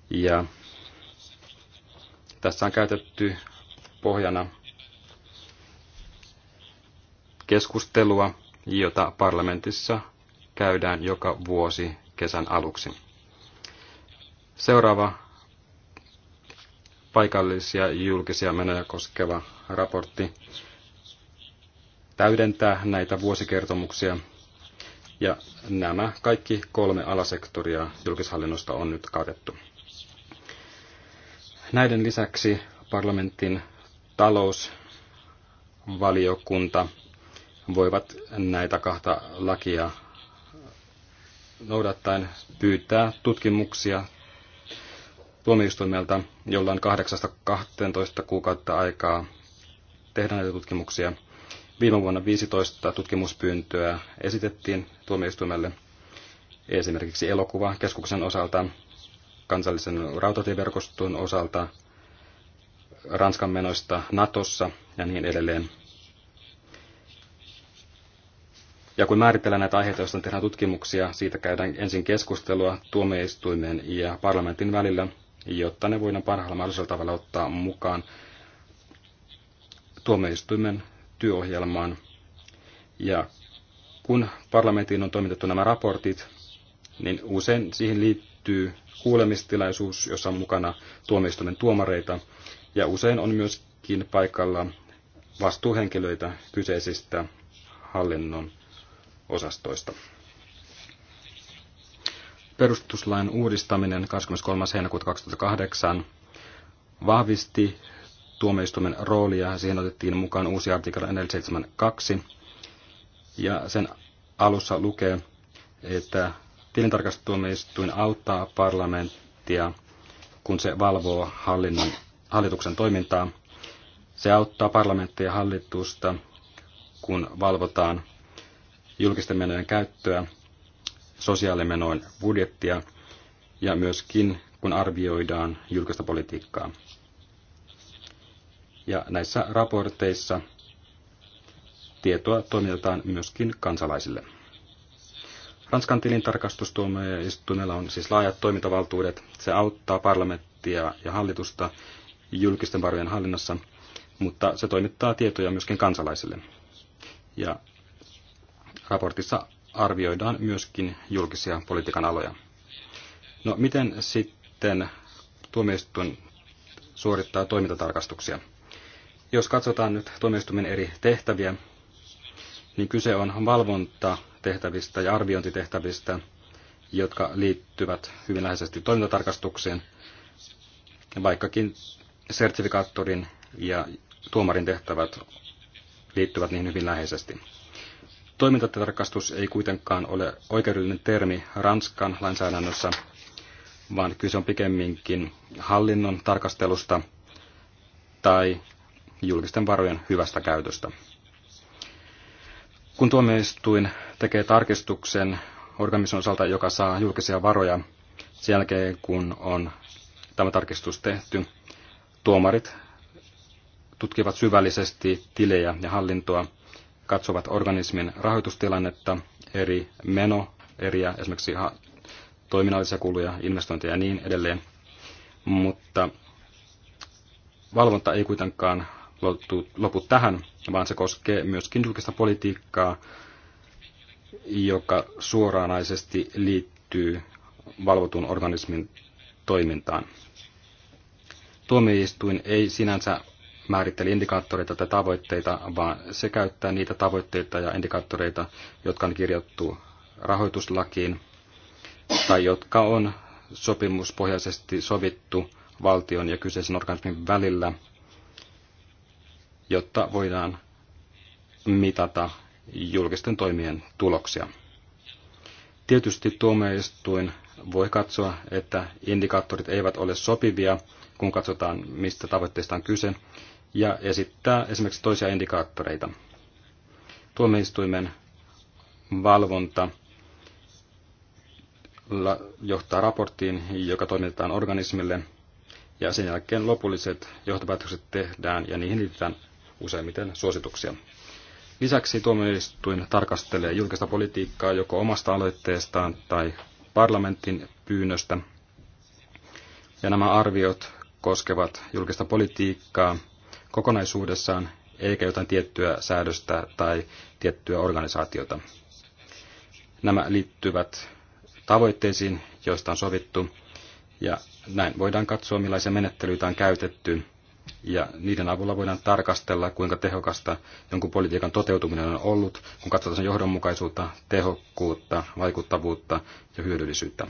Ja tässä on käytetty pohjana keskustelua, jota parlamentissa käydään joka vuosi kesän aluksi. Seuraava paikallisia julkisia menoja koskeva raportti täydentää näitä vuosikertomuksia. Ja nämä kaikki kolme alasektoria julkishallinnosta on nyt katettu. Näiden lisäksi parlamentin talousvaliokunta voivat näitä kahta lakia noudattaen pyytää tutkimuksia tuomioistuimelta, jolla on 8-12 kuukautta aikaa tehdä näitä tutkimuksia – Viime vuonna 15 tutkimuspyyntöä esitettiin tuomioistuimelle esimerkiksi elokuvakeskuksen osalta, kansallisen rautatieverkoston osalta, Ranskan menoista Natossa ja niin edelleen. Ja kun määritellään näitä aiheita, joista tehdään tutkimuksia, siitä käydään ensin keskustelua tuomioistuimen ja parlamentin välillä, jotta ne voidaan parhaalla mahdollisella tavalla ottaa mukaan tuomioistuimen työohjelmaan. Ja kun parlamenttiin on toimitettu nämä raportit, niin usein siihen liittyy kuulemistilaisuus, jossa on mukana tuomioistuimen tuomareita, ja usein on myöskin paikalla vastuuhenkilöitä kyseisistä hallinnon osastoista. Perustuslain uudistaminen 23. heinäkuuta 2008 vahvisti tuomioistuimen roolia. Siihen otettiin mukaan uusi artikla 472. Ja sen alussa lukee, että tilintarkastustuomioistuin auttaa parlamenttia, kun se valvoo hallinnon, hallituksen toimintaa. Se auttaa parlamenttia ja hallitusta, kun valvotaan julkisten menojen käyttöä, sosiaalimenojen budjettia ja myöskin kun arvioidaan julkista politiikkaa. Ja näissä raporteissa tietoa toimitetaan myöskin kansalaisille. Ranskan tilintarkastustuomioistuimella on siis laajat toimintavaltuudet. Se auttaa parlamenttia ja hallitusta julkisten varojen hallinnassa, mutta se toimittaa tietoja myöskin kansalaisille. Ja raportissa arvioidaan myöskin julkisia politiikan aloja. No miten sitten tuomioistuin suorittaa toimintatarkastuksia? Jos katsotaan nyt tuomioistuimen eri tehtäviä, niin kyse on valvontatehtävistä ja arviointitehtävistä, jotka liittyvät hyvin läheisesti toimintatarkastukseen, vaikkakin sertifikaattorin ja tuomarin tehtävät liittyvät niihin hyvin läheisesti. Toimintatarkastus ei kuitenkaan ole oikeudellinen termi Ranskan lainsäädännössä, vaan kyse on pikemminkin hallinnon tarkastelusta tai julkisten varojen hyvästä käytöstä. Kun tuomioistuin tekee tarkistuksen organismin osalta, joka saa julkisia varoja, sen jälkeen kun on tämä tarkistus tehty, tuomarit tutkivat syvällisesti tilejä ja hallintoa, katsovat organismin rahoitustilannetta, eri meno, eriä, esimerkiksi toiminnallisia kuluja, investointeja ja niin edelleen. Mutta valvonta ei kuitenkaan lopu tähän, vaan se koskee myöskin julkista politiikkaa, joka suoranaisesti liittyy valvotun organismin toimintaan. Tuomioistuin ei sinänsä määritteli indikaattoreita tai tavoitteita, vaan se käyttää niitä tavoitteita ja indikaattoreita, jotka on kirjattu rahoituslakiin tai jotka on sopimuspohjaisesti sovittu valtion ja kyseisen organismin välillä jotta voidaan mitata julkisten toimien tuloksia. Tietysti tuomioistuin voi katsoa, että indikaattorit eivät ole sopivia, kun katsotaan, mistä tavoitteista on kyse, ja esittää esimerkiksi toisia indikaattoreita. Tuomioistuimen valvonta johtaa raporttiin, joka toimitetaan organismille, ja sen jälkeen lopulliset johtopäätökset tehdään ja niihin liitetään useimmiten suosituksia. Lisäksi tuomioistuin tarkastelee julkista politiikkaa joko omasta aloitteestaan tai parlamentin pyynnöstä. Ja nämä arviot koskevat julkista politiikkaa kokonaisuudessaan, eikä jotain tiettyä säädöstä tai tiettyä organisaatiota. Nämä liittyvät tavoitteisiin, joista on sovittu, ja näin voidaan katsoa, millaisia menettelyitä on käytetty ja niiden avulla voidaan tarkastella, kuinka tehokasta jonkun politiikan toteutuminen on ollut, kun katsotaan sen johdonmukaisuutta, tehokkuutta, vaikuttavuutta ja hyödyllisyyttä.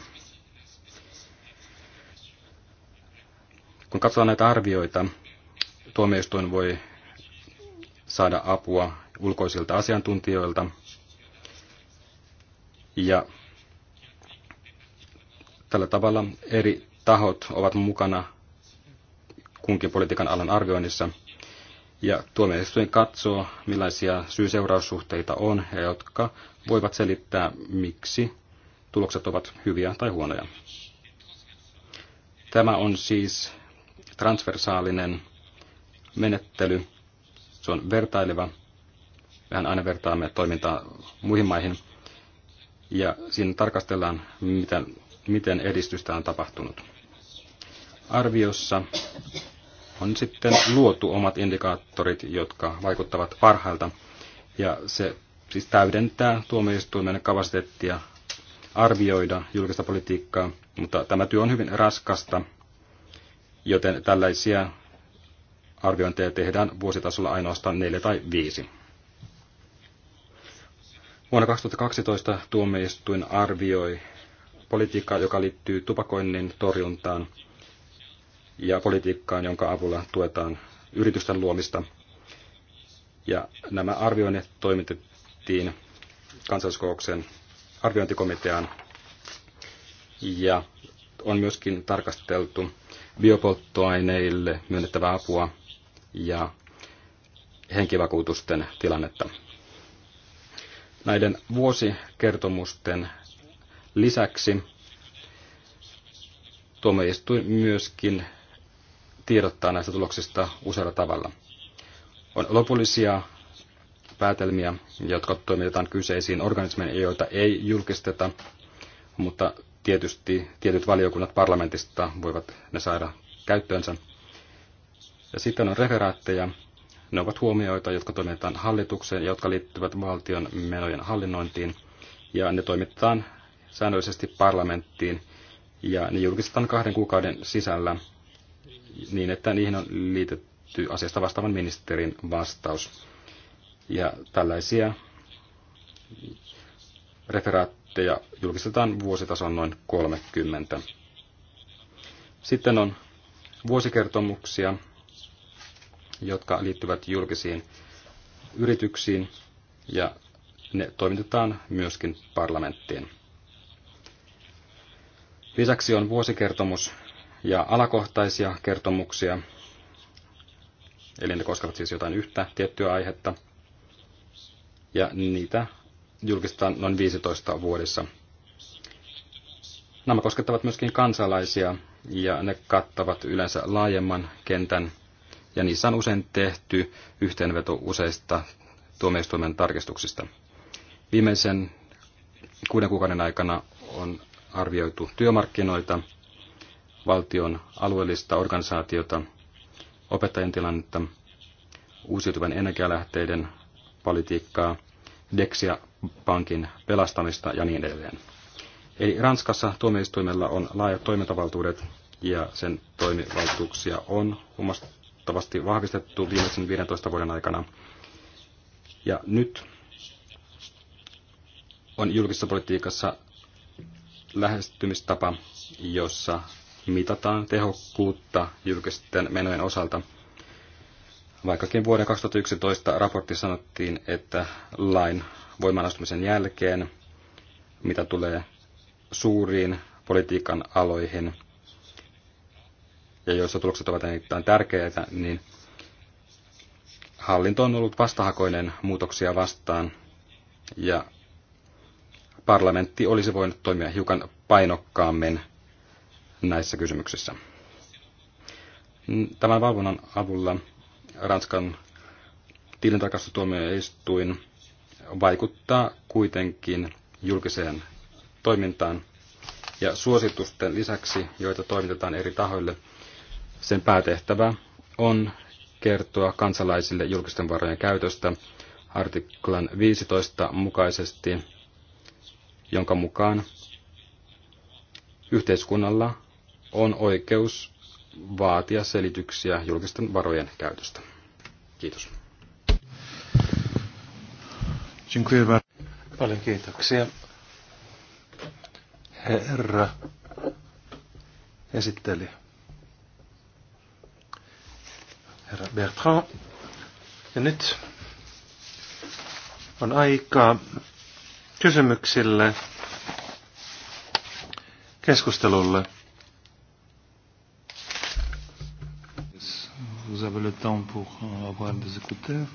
Kun katsotaan näitä arvioita, tuomioistuin voi saada apua ulkoisilta asiantuntijoilta ja tällä tavalla eri tahot ovat mukana kunkin politiikan alan arvioinnissa. Ja tuomioistuin katsoo, millaisia syy-seuraussuhteita on ja jotka voivat selittää, miksi tulokset ovat hyviä tai huonoja. Tämä on siis transversaalinen menettely. Se on vertaileva. Mehän aina vertaamme toimintaa muihin maihin. Ja siinä tarkastellaan, miten, miten edistystä on tapahtunut. Arviossa on sitten luotu omat indikaattorit, jotka vaikuttavat parhailta. Ja se siis täydentää tuomioistuimen kapasiteettia arvioida julkista politiikkaa, mutta tämä työ on hyvin raskasta, joten tällaisia arviointeja tehdään vuositasolla ainoastaan neljä tai viisi. Vuonna 2012 tuomioistuin arvioi politiikkaa, joka liittyy tupakoinnin torjuntaan – ja politiikkaan, jonka avulla tuetaan yritysten luomista. Ja nämä arvioinnit toimitettiin kansalliskokouksen arviointikomiteaan ja on myöskin tarkasteltu biopolttoaineille myönnettävää apua ja henkivakuutusten tilannetta. Näiden vuosikertomusten lisäksi tuomioistuin myöskin tiedottaa näistä tuloksista usealla tavalla. On lopullisia päätelmiä, jotka toimitetaan kyseisiin organismeihin, joita ei julkisteta, mutta tietysti tietyt valiokunnat parlamentista voivat ne saada käyttöönsä. Ja sitten on referaatteja. Ne ovat huomioita, jotka toimitetaan hallitukseen ja jotka liittyvät valtion menojen hallinnointiin. Ja ne toimitetaan säännöllisesti parlamenttiin ja ne julkistetaan kahden kuukauden sisällä niin, että niihin on liitetty asiasta vastaavan ministerin vastaus. Ja tällaisia referaatteja julkistetaan vuositason noin 30. Sitten on vuosikertomuksia, jotka liittyvät julkisiin yrityksiin ja ne toimitetaan myöskin parlamenttiin. Lisäksi on vuosikertomus, ja alakohtaisia kertomuksia, eli ne koskevat siis jotain yhtä tiettyä aihetta, ja niitä julkistetaan noin 15 vuodessa. Nämä koskettavat myöskin kansalaisia, ja ne kattavat yleensä laajemman kentän, ja niissä on usein tehty yhteenveto useista tuomioistuimen tarkistuksista. Viimeisen kuuden kuukauden aikana on arvioitu työmarkkinoita, valtion alueellista organisaatiota, opettajien tilannetta, uusiutuvan energialähteiden politiikkaa, Dexia pankin pelastamista ja niin edelleen. Eli Ranskassa tuomioistuimella on laajat toimintavaltuudet ja sen toimivaltuuksia on huomattavasti vahvistettu viimeisen 15 vuoden aikana. Ja nyt on julkisessa politiikassa lähestymistapa, jossa mitataan tehokkuutta julkisten menojen osalta. Vaikkakin vuoden 2011 raportti sanottiin, että lain voimaanastumisen jälkeen, mitä tulee suuriin politiikan aloihin, ja joissa tulokset ovat erittäin tärkeitä, niin hallinto on ollut vastahakoinen muutoksia vastaan, ja parlamentti olisi voinut toimia hiukan painokkaammin näissä kysymyksissä. Tämän valvonnan avulla Ranskan tilintarkastustuomioistuin vaikuttaa kuitenkin julkiseen toimintaan ja suositusten lisäksi, joita toimitetaan eri tahoille, sen päätehtävä on kertoa kansalaisille julkisten varojen käytöstä artiklan 15 mukaisesti, jonka mukaan yhteiskunnalla on oikeus vaatia selityksiä julkisten varojen käytöstä. Kiitos. Paljon kiitoksia. Herra esitteli. Herra Bertrand. Ja nyt on aika kysymyksille, keskustelulle. avez le temps pour euh, avoir des écouteurs.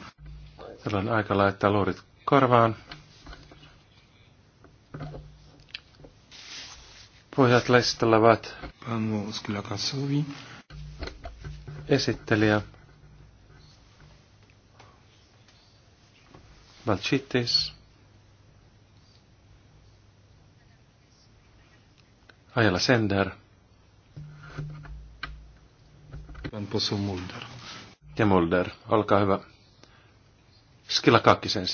Teillä on aika laittaa luurit korvaan. Pohjat listalavat. Panu Skylakasovi. Esittelijä. Valchittis. Ajala Sender. Pan poseł Mulder ja Mulder. Olkaa hyvä. Skilla Kakkis sen.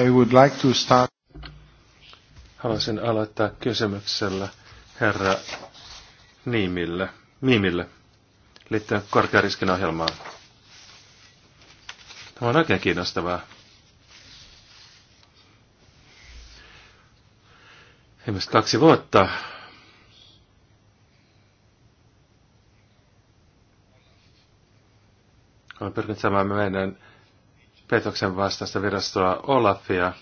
I would like to start... Haluaisin aloittaa kysymyksellä herra Niimille, Niimille liittyen korkeariskin ohjelmaan. Tämä on oikein kiinnostavaa. Ihmiset kaksi vuotta Olen pyrkinyt saamaan meidän petoksen vastaista virastoa Olafia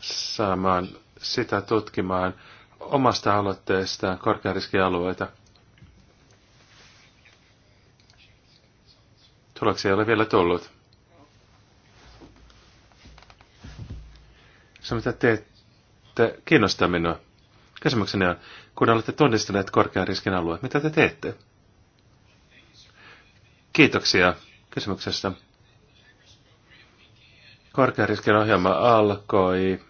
saamaan sitä tutkimaan omasta aloitteestaan korkeariskialueita. Tuloksia ei ole vielä tullut. Se, mitä teette, kiinnostaa minua. Kysymykseni on, kun olette tunnistaneet korkean riskin alueet, mitä te teette? Kiitoksia kysymyksestä. riskin ohjelma alkoi,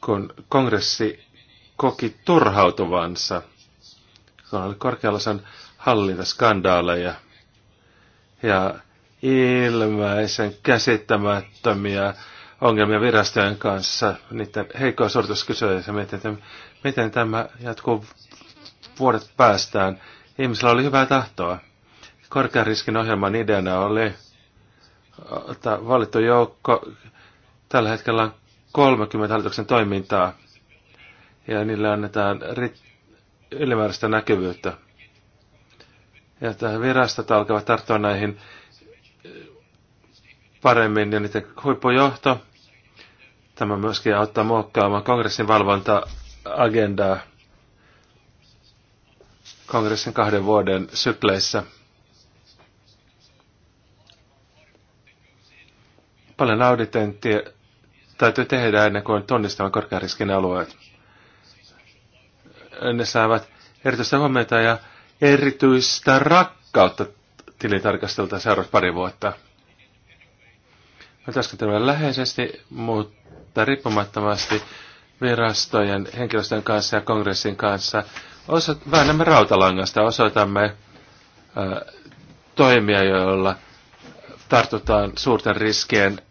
kun kongressi koki turhautuvansa, kun oli korkealaisen hallintaskandaaleja ja ilmeisen käsittämättömiä ongelmia virastojen kanssa, niiden heikkoa suorituskysyä ja että miten tämä jatkuu vuodet päästään Ihmisillä oli hyvää tahtoa. Korkean riskin ohjelman ideana oli ottaa valittu joukko. Tällä hetkellä on 30 hallituksen toimintaa ja niille annetaan ylimääräistä näkyvyyttä. Ja tähän virastot alkavat tarttua näihin paremmin ja niiden huippujohto. Tämä myöskin auttaa muokkaamaan kongressin valvonta-agendaa kongressin kahden vuoden sykleissä. Paljon auditointia täytyy tehdä ennen kuin korkean riskin alueet. Ne saavat erityistä huomiota ja erityistä rakkautta tilintarkastelta seuraavat pari vuotta. Me työskentelemme läheisesti, mutta riippumattomasti virastojen, henkilöstön kanssa ja kongressin kanssa osat, väännämme rautalangasta, osoitamme ö, toimia, joilla tartutaan suurten riskien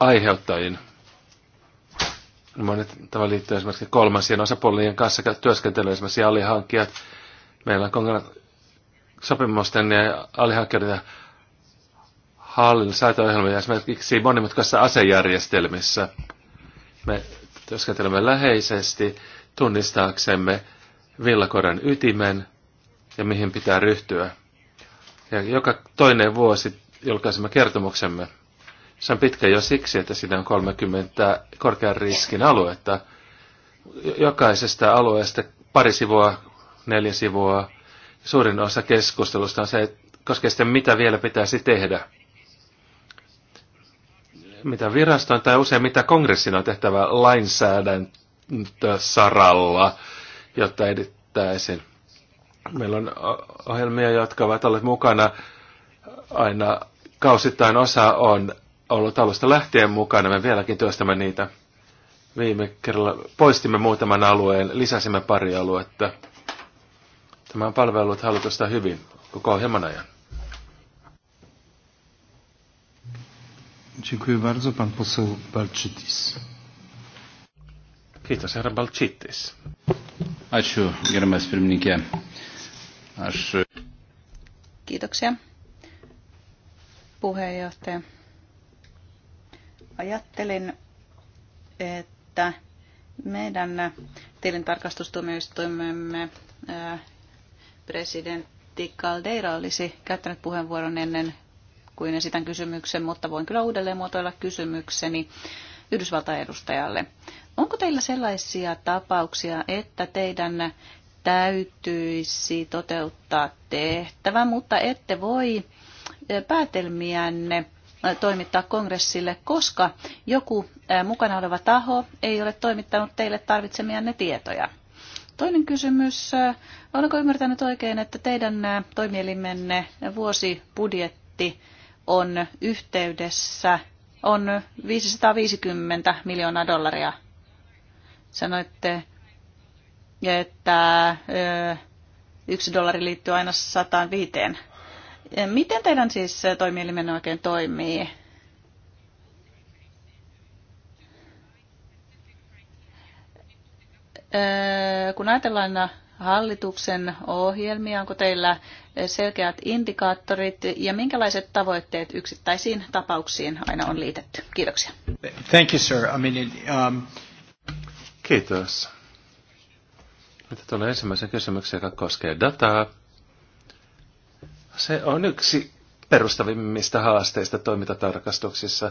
aiheuttajiin. Monet tämä liittyy esimerkiksi kolmansien osapuolien kanssa työskentelyyn, esimerkiksi alihankkijat. Meillä on sopimusten ja alihankkijoiden hallinnon säätöohjelmia esimerkiksi monimutkaisissa asejärjestelmissä. Me työskentelemme läheisesti tunnistaaksemme villakoran ytimen ja mihin pitää ryhtyä. Ja joka toinen vuosi julkaisemme kertomuksemme. Se on pitkä jo siksi, että siinä on 30 korkean riskin aluetta. Jokaisesta alueesta pari sivua, neljä sivua. Suurin osa keskustelusta on se, että koskee sitten mitä vielä pitäisi tehdä. Mitä viraston tai usein mitä kongressin on tehtävä lainsäädäntösaralla. saralla jotta edittäisin. Meillä on ohjelmia, jotka ovat olleet mukana aina kausittain osa on ollut alusta lähtien mukana. Me vieläkin työstämme niitä. Viime kerralla poistimme muutaman alueen, lisäsimme pari aluetta. Tämä on palvellut hallitusta hyvin koko ohjelman ajan. Dziękuję bardzo. Pan poseł Balczytis. Kiitos, herra Balchitis. Ačiū, gerbiamas pirmininkė. Aš... E, Kiitoksia, puheenjohtaja. Ajattelin, että meidän tilintarkastustuomioistuimemme presidentti Caldeira olisi käyttänyt puheenvuoron ennen kuin esitän kysymyksen, mutta voin kyllä uudelleen muotoilla kysymykseni. Yhdysvaltain edustajalle. Onko teillä sellaisia tapauksia, että teidän täytyisi toteuttaa tehtävä, mutta ette voi eh, päätelmiänne eh, toimittaa kongressille, koska joku eh, mukana oleva taho ei ole toimittanut teille tarvitsemianne tietoja. Toinen kysymys. oliko ymmärtänyt oikein, että teidän toimielimenne vuosibudjetti on yhteydessä on 550 miljoonaa dollaria. Sanoitte, että yksi dollari liittyy aina 105. E, miten teidän siis toimielimen oikein toimii? Kun ajatellaan hallituksen ohjelmia? Onko teillä selkeät indikaattorit ja minkälaiset tavoitteet yksittäisiin tapauksiin aina on liitetty? Kiitoksia. Thank you, sir. I mean, um... Kiitos. Mitä tulee ensimmäisen kysymyksen, joka koskee dataa? Se on yksi perustavimmista haasteista toimintatarkastuksissa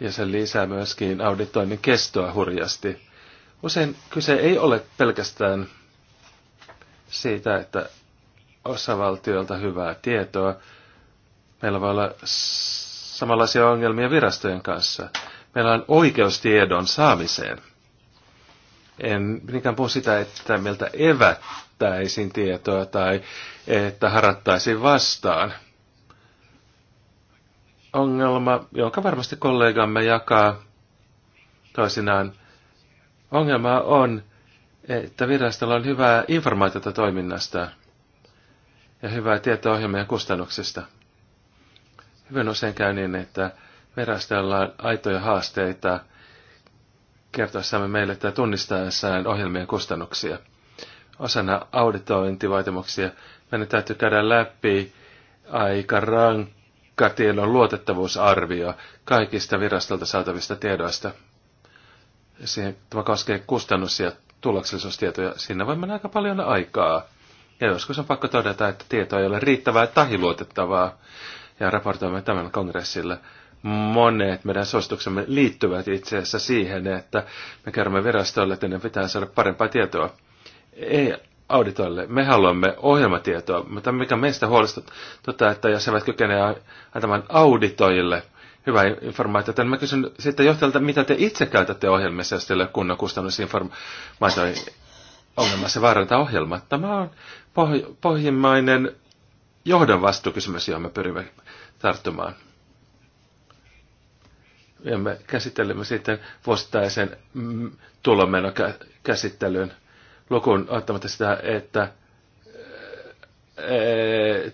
ja se lisää myöskin auditoinnin kestoa hurjasti. Usein kyse ei ole pelkästään siitä, että osavaltiolta hyvää tietoa. Meillä voi olla samanlaisia ongelmia virastojen kanssa. Meillä on oikeus tiedon saamiseen. En niinkään puhu sitä, että meiltä evättäisiin tietoa tai että harattaisiin vastaan. Ongelma, jonka varmasti kollegamme jakaa toisinaan, ongelma on että virastolla on hyvää informaatiota toiminnasta ja hyvää tietoa ohjelmien kustannuksista. Hyvin usein käy niin, että virastolla on aitoja haasteita kertoessamme meille tai tunnistaessaan ohjelmien kustannuksia. Osana auditointivaatimuksia meidän täytyy käydä läpi aika rankka tiedon luotettavuusarvio kaikista virastolta saatavista tiedoista. Siihen, tämä koskee kustannus- ja tuloksellisuustietoja. sinne voi mennä aika paljon aikaa. Ja joskus on pakko todeta, että tieto ei ole riittävää tai luotettavaa. Ja raportoimme tämän kongressille. Monet meidän suosituksemme liittyvät itse asiassa siihen, että me kerromme virastolle, että ne pitää saada parempaa tietoa. Ei auditoille. Me haluamme ohjelmatietoa, mutta mikä meistä huolestuttaa, että jos eivät kykene antamaan auditoille – Hyvä informaatio, Mä kysyn sitten johtajalta, mitä te itse käytätte ohjelmissa, jos teillä on kunnon kustannusinformaatio niin ongelmassa vaarantaa ohjelmat. Tämä on poh- pohjimmainen johdon vastuukysymys, johon me pyrimme tarttumaan. Ja me käsittelemme sitten vuosittaisen mm, tulomenokäsittelyn lukuun ottamatta sitä, että e,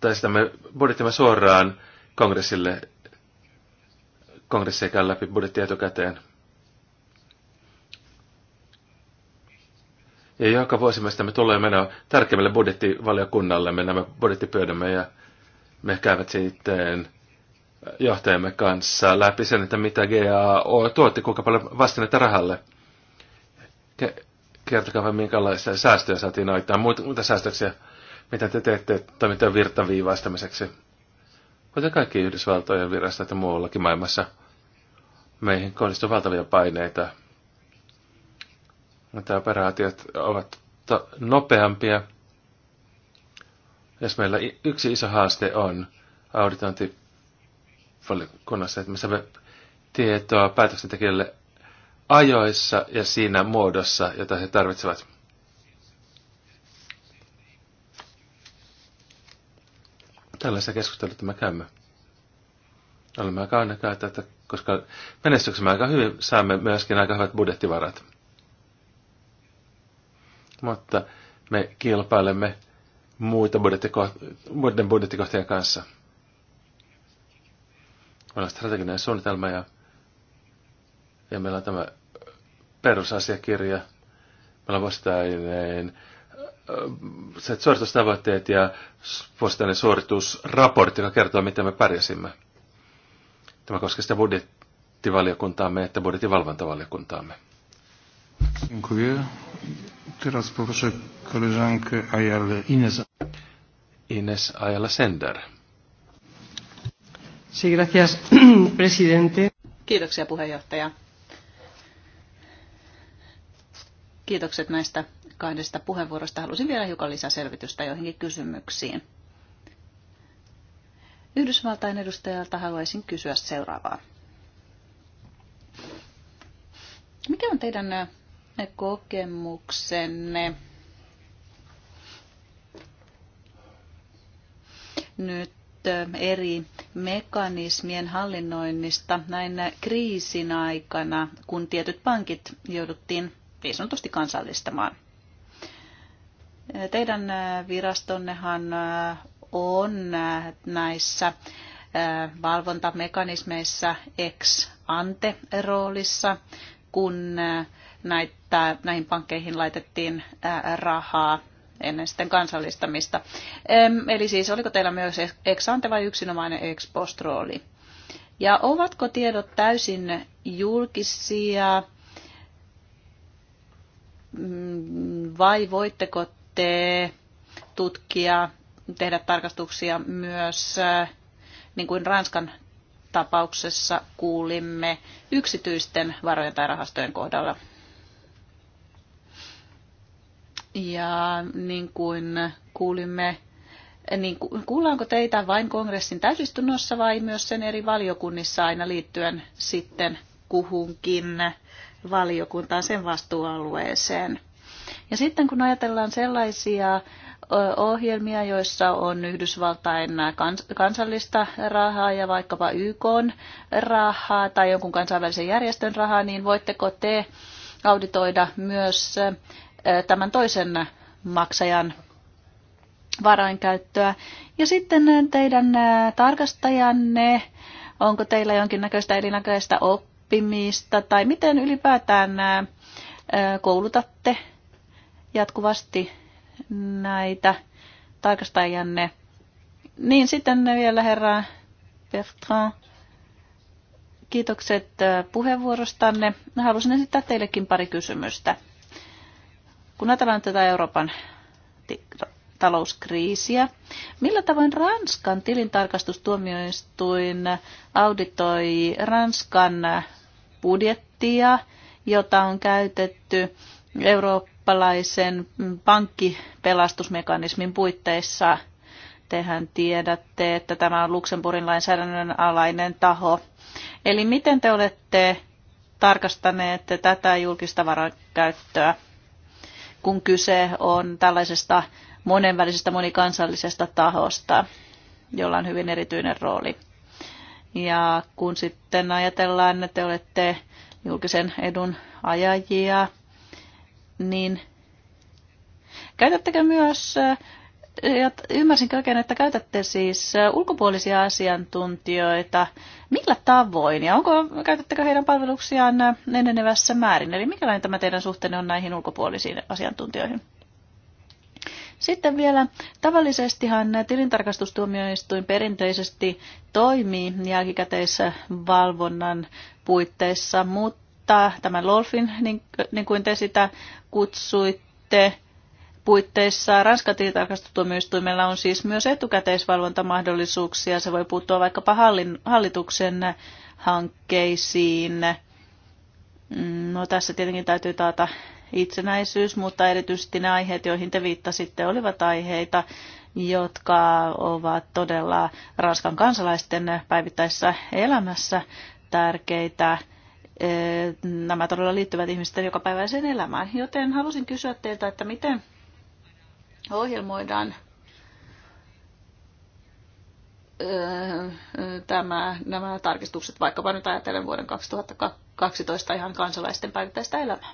tai sitä me budjettimme suoraan kongressille kongressi ei käy läpi budjetti etukäteen. Ja joka vuosi me tulee mennä tärkeimmälle me nämä budjettipöydämme ja me käyvät sitten johtajamme kanssa läpi sen, että mitä GAO tuotti, kuinka paljon vastinetta rahalle. Ke- kertokaa minkälaisia säästöjä saatiin aittaa, muita, muita säästöksiä, mitä te teette toimintojen virtaviivaistamiseksi. Kuten kaikki Yhdysvaltojen virastot ja muuallakin maailmassa – meihin kohdistuu valtavia paineita. Mutta operaatiot ovat nopeampia. Jos meillä yksi iso haaste on auditointivaliokunnassa, että me saamme tietoa päätöksentekijöille ajoissa ja siinä muodossa, jota he tarvitsevat. Tällaista keskustelua me käymme. Olemme aika onnekkaita, että koska menestyksemme aika hyvin, saamme myöskin aika hyvät budjettivarat. Mutta me kilpailemme muita budjettikoht- muiden budjettikohtien kanssa. Meillä on strateginen suunnitelma ja, ja meillä on tämä perusasiakirja. Meillä on vastainen se äh, suoritustavoitteet ja vuosittainen suoritusraportti, joka kertoo, miten me pärjäsimme. Tämä koskee sitä budjettivaliokuntaamme että budjettivalvontavaliokuntaamme. Dziękuję. Teraz poproszę koleżankę Ayala Ines. Ines Ayala Sender. Sí, gracias, presidente. Kiitoksia puheenjohtaja. Kiitokset näistä kahdesta puheenvuorosta. Halusin vielä hiukan lisäselvitystä joihinkin kysymyksiin. Yhdysvaltain edustajalta haluaisin kysyä seuraavaa. Mikä on teidän kokemuksenne nyt eri mekanismien hallinnoinnista näin kriisin aikana, kun tietyt pankit jouduttiin niin sanotusti kansallistamaan? Teidän virastonnehan on äh, näissä äh, valvontamekanismeissa ex ante roolissa, kun äh, näitä, näihin pankkeihin laitettiin rahaa ennen sitten kansallistamista. Eli siis oliko teillä myös ex ante vai yksinomainen ex post rooli? Ja ovatko tiedot täysin julkisia mm, vai voitteko te tutkia tehdä tarkastuksia myös, äh, niin kuin Ranskan tapauksessa kuulimme, yksityisten varojen tai rahastojen kohdalla. Ja niin kuin kuulimme, äh, niin kuullaanko teitä vain kongressin täysistunnossa vai myös sen eri valiokunnissa aina liittyen sitten kuhunkin valiokuntaan sen vastuualueeseen? Ja sitten kun ajatellaan sellaisia ohjelmia, joissa on Yhdysvaltain kansallista rahaa ja vaikkapa YK rahaa tai jonkun kansainvälisen järjestön rahaa, niin voitteko te auditoida myös tämän toisen maksajan varainkäyttöä. Ja sitten teidän tarkastajanne, onko teillä jonkinnäköistä erinäköistä oppimista tai miten ylipäätään koulutatte jatkuvasti näitä tarkastajanne. Niin sitten vielä herra Bertrand, kiitokset puheenvuorostanne. Haluaisin esittää teillekin pari kysymystä. Kun ajatellaan tätä Euroopan talouskriisiä, millä tavoin Ranskan tilintarkastustuomioistuin auditoi Ranskan budjettia, jota on käytetty Euroopan eurooppalaisen pankkipelastusmekanismin puitteissa tehän tiedätte, että tämä on Luxemburgin lainsäädännön alainen taho. Eli miten te olette tarkastaneet tätä julkista varankäyttöä, kun kyse on tällaisesta monenvälisestä monikansallisesta tahosta, jolla on hyvin erityinen rooli? Ja kun sitten ajatellaan, että te olette julkisen edun ajajia, niin käytättekö myös, eh, ja ymmärsin oikein, että käytätte siis eh, ulkopuolisia asiantuntijoita, millä tavoin ja onko, käytättekö heidän palveluksiaan eh, enenevässä määrin? Eli mikälainen tämä teidän suhteenne on näihin ulkopuolisiin asiantuntijoihin? Sitten vielä, tavallisestihan tilintarkastustuomioistuin perinteisesti toimii jälkikäteisvalvonnan puitteissa, mutta Tämä tämä LOLFin, niin, niin kuin te sitä kutsuitte, puitteissa Ranskan tilintarkastustuomioistuimella on siis myös etukäteisvalvontamahdollisuuksia. Se voi puuttua vaikkapa hallin, hallituksen hankkeisiin. No tässä tietenkin täytyy taata itsenäisyys, mutta erityisesti ne aiheet, joihin te viittasitte, olivat aiheita, jotka ovat todella Ranskan kansalaisten päivittäisessä elämässä tärkeitä nämä todella liittyvät ihmisten jokapäiväiseen elämään. Joten halusin kysyä teiltä, että miten ohjelmoidaan tämä, nämä tarkistukset, vaikkapa nyt ajatellen vuoden 2012 ihan kansalaisten päivittäistä elämää.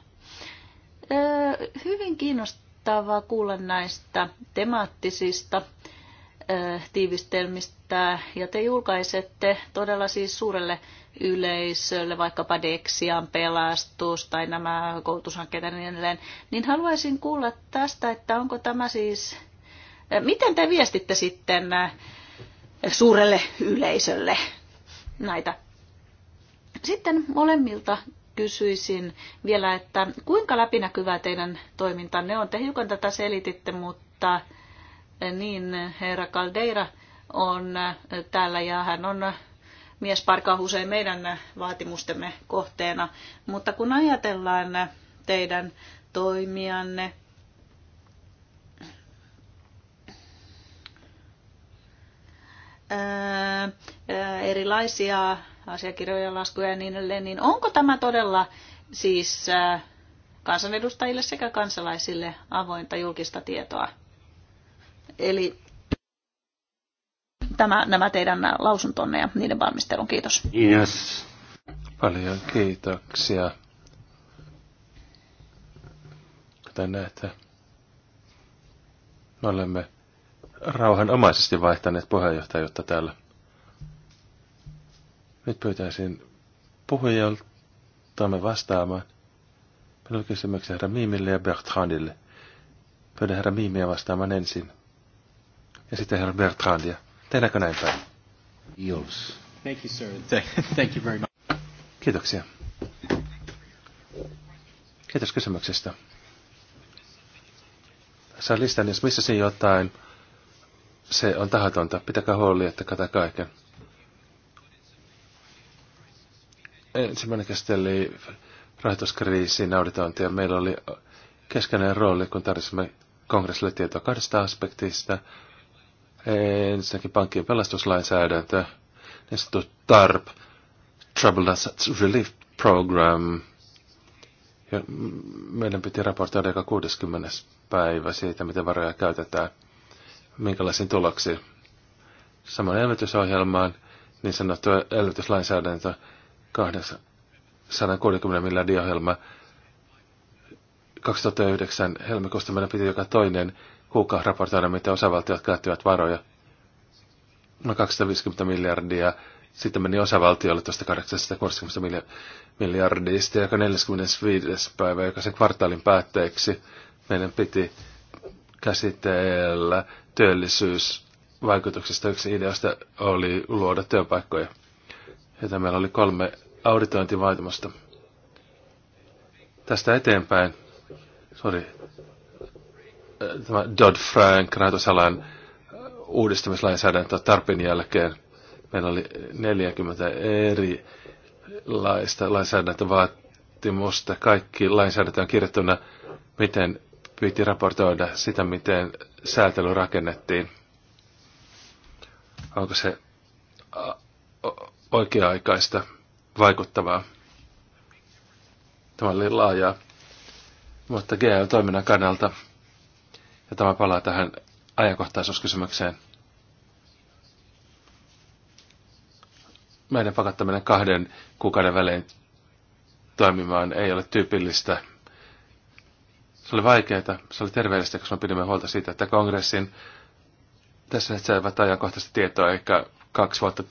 Hyvin kiinnostavaa kuulla näistä temaattisista Eh, tiivistelmistä ja te julkaisette todella siis suurelle yleisölle vaikkapa Dexian pelastus tai nämä koulutushankkeet ja niin edelleen, niin haluaisin kuulla tästä, että onko tämä siis, eh, miten te viestitte sitten eh, suurelle yleisölle näitä. Sitten molemmilta kysyisin vielä, että kuinka läpinäkyvää teidän toimintanne on? Te hiukan tätä selititte, mutta niin herra Caldeira on täällä ja hän on mies usein meidän vaatimustemme kohteena. Mutta kun ajatellaan teidän toimianne, erilaisia asiakirjoja, laskuja ja niin edelleen, niin onko tämä todella siis kansanedustajille sekä kansalaisille avointa julkista tietoa? Eli tämä, nämä teidän lausuntonne ja niiden valmistelun. Kiitos. Yes. Paljon kiitoksia. Kuten näette, me olemme rauhanomaisesti vaihtaneet puheenjohtajuutta täällä. Nyt pyytäisin puhujaltamme vastaamaan. Meillä on kysymyksiä herra Miimille ja Bertrandille. Pyydän herra Miimiä vastaamaan ensin ja sitten herra Bertrandia. Tehdäänkö näin päin? Yes. Thank you, sir. Thank you very much. Kiitoksia. Kiitos kysymyksestä. Tässä on listan, jos missä se jotain, se on tahatonta. Pitäkää huoli, että kata kaiken. Ensimmäinen käsitteli rahoituskriisin auditointia. Meillä oli keskeinen rooli, kun tarvitsimme kongressille tietoa kahdesta aspektista – Ensinnäkin pankkien pelastuslainsäädäntö, niin sanottu TARP, Troubled Assets Relief Program. Ja meidän piti raportoida joka 60. päivä siitä, miten varoja käytetään, minkälaisiin tuloksiin. Saman elvytysohjelmaan niin sanottu elvytyslainsäädäntö 260 miljardin ohjelma 2009 helmikuusta meidän piti joka toinen Kuka raportoida, miten osavaltiot käyttivät varoja. No 250 miljardia. Sitten meni osavaltiolle tuosta 860 miljardista, joka 45. päivä, joka sen kvartaalin päätteeksi meidän piti käsitellä työllisyysvaikutuksista. Yksi ideasta oli luoda työpaikkoja. Ja meillä oli kolme auditointivaatimusta. Tästä eteenpäin, Sorry tämä Dodd-Frank rahoitusalan uudistamislainsäädäntö tarpeen jälkeen. Meillä oli 40 eri laista lainsäädäntövaatimusta. Kaikki lainsäädäntö on kirjattuna, miten piti raportoida sitä, miten säätely rakennettiin. Onko se oikea-aikaista, vaikuttavaa? Tämä oli laajaa, mutta GL-toiminnan kannalta ja tämä palaa tähän ajankohtaisuuskysymykseen. Meidän pakottaminen kahden kuukauden välein toimimaan ei ole tyypillistä. Se oli vaikeaa, se oli terveellistä, koska me pidimme huolta siitä, että kongressin tässä nyt selvät ajankohtaista tietoa ehkä kaksi vuotta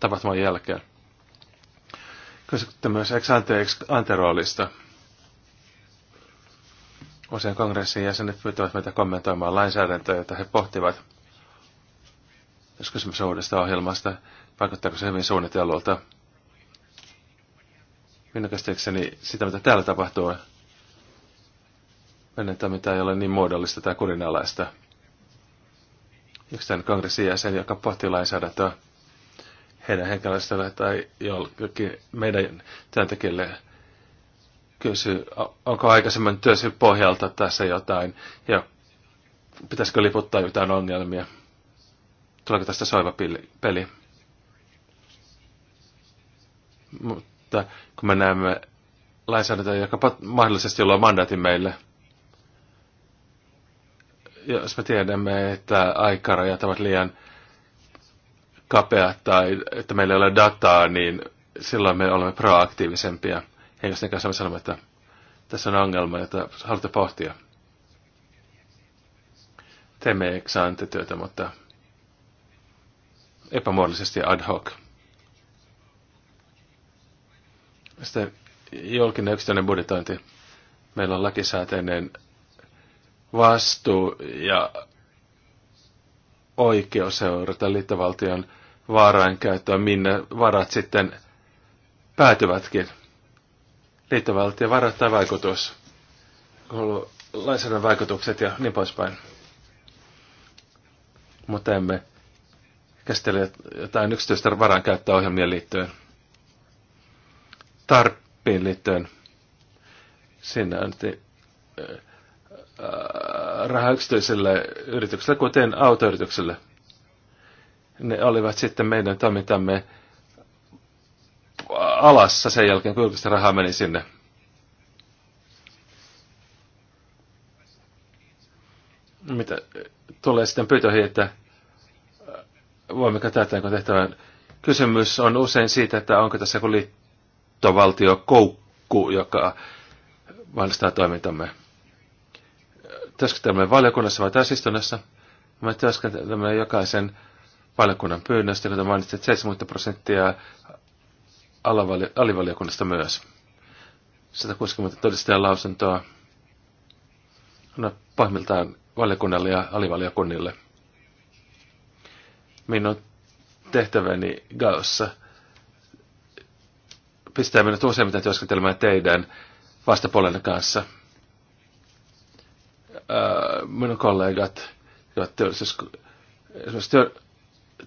tapahtuman jälkeen. Kysytte myös ex ante ex anteroolista. Usein kongressin jäsenet pyytävät meitä kommentoimaan lainsäädäntöä, jota he pohtivat. Jos kysymys on uudesta ohjelmasta, vaikuttaako se hyvin suunnitellulta? Minun käsitykseni sitä, mitä täällä tapahtuu, menettä, mitä ei ole niin muodollista tai kurinalaista. Yksittäinen kongressin jäsen, joka pohtii lainsäädäntöä heidän henkilöstölle tai jollekin meidän työntekijälle Kysy onko aikaisemman työsi pohjalta tässä jotain ja pitäisikö liputtaa jotain ongelmia. Tuleeko tästä soiva peli? Mutta kun me näemme lainsäädäntöä, joka mahdollisesti on mandaatin meille, jos me tiedämme, että aikarajat ovat liian kapeat tai että meillä ei ole dataa, niin silloin me olemme proaktiivisempia – henkilöstön kanssa sanomaan, että tässä on ongelma, jota haluatte pohtia. Teemme eksante työtä, mutta epämuodollisesti ad hoc. Sitten julkinen yksityinen budjetointi. Meillä on lakisääteinen vastuu ja oikeus seurata liittovaltion vaarainkäyttöä, minne varat sitten päätyvätkin. Liittovaltio varoittaa tai vaikutus, lainsäädännön vaikutukset ja niin poispäin. Mutta emme käsitellä jotain yksityistä varan käyttöohjelmien liittyen, tarppiin liittyen. Siinä on raha yksityisille yrityksille, kuten autoyritykselle. Ne olivat sitten meidän toimintamme alassa sen jälkeen, kun julkista rahaa meni sinne. Mitä tulee sitten pyytöihin, että äh, voimmeko kun tehtävän. Kysymys on usein siitä, että onko tässä joku liittovaltiokoukku, joka valistaa toimintamme. Työskentelemme valiokunnassa vai täysistunnassa? Me työskentelemme jokaisen valiokunnan pyynnöstä, kuten mainitsit, 70 prosenttia alavali, alivaliokunnasta myös. 160 todistajan lausuntoa on no, pahmiltaan valiokunnalle ja alivaliokunnille. Minun tehtäväni Gaossa pistää minut useimmiten työskentelemään teidän vastapuolenne kanssa. Minun kollegat, työllisyys,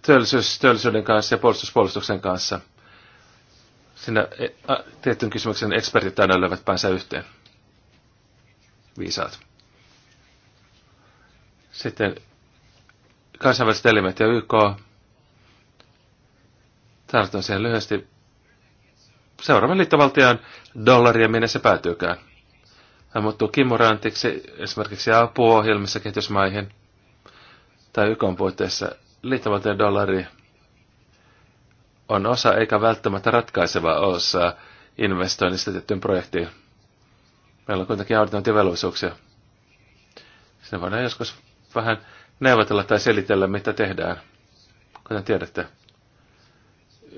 työllisyys, työllisyyden kanssa ja puolustuspuolustuksen kanssa – Siinä e, tietyn kysymyksen ekspertit aina löyvät päänsä yhteen. Viisaat. Sitten kansainväliset elimet ja YK. Tartun siihen lyhyesti. Seuraavan liittovaltion dollaria, minne se päätyykään. Hän muuttuu kimurantiksi esimerkiksi apuohjelmissa kehitysmaihin tai YK puitteissa liittovaltion dollari on osa eikä välttämättä ratkaiseva osa investoinnista tiettyyn projektiin. Meillä on kuitenkin auditointivelvollisuuksia. Sinne voidaan joskus vähän neuvotella tai selitellä, mitä tehdään. Kuten tiedätte,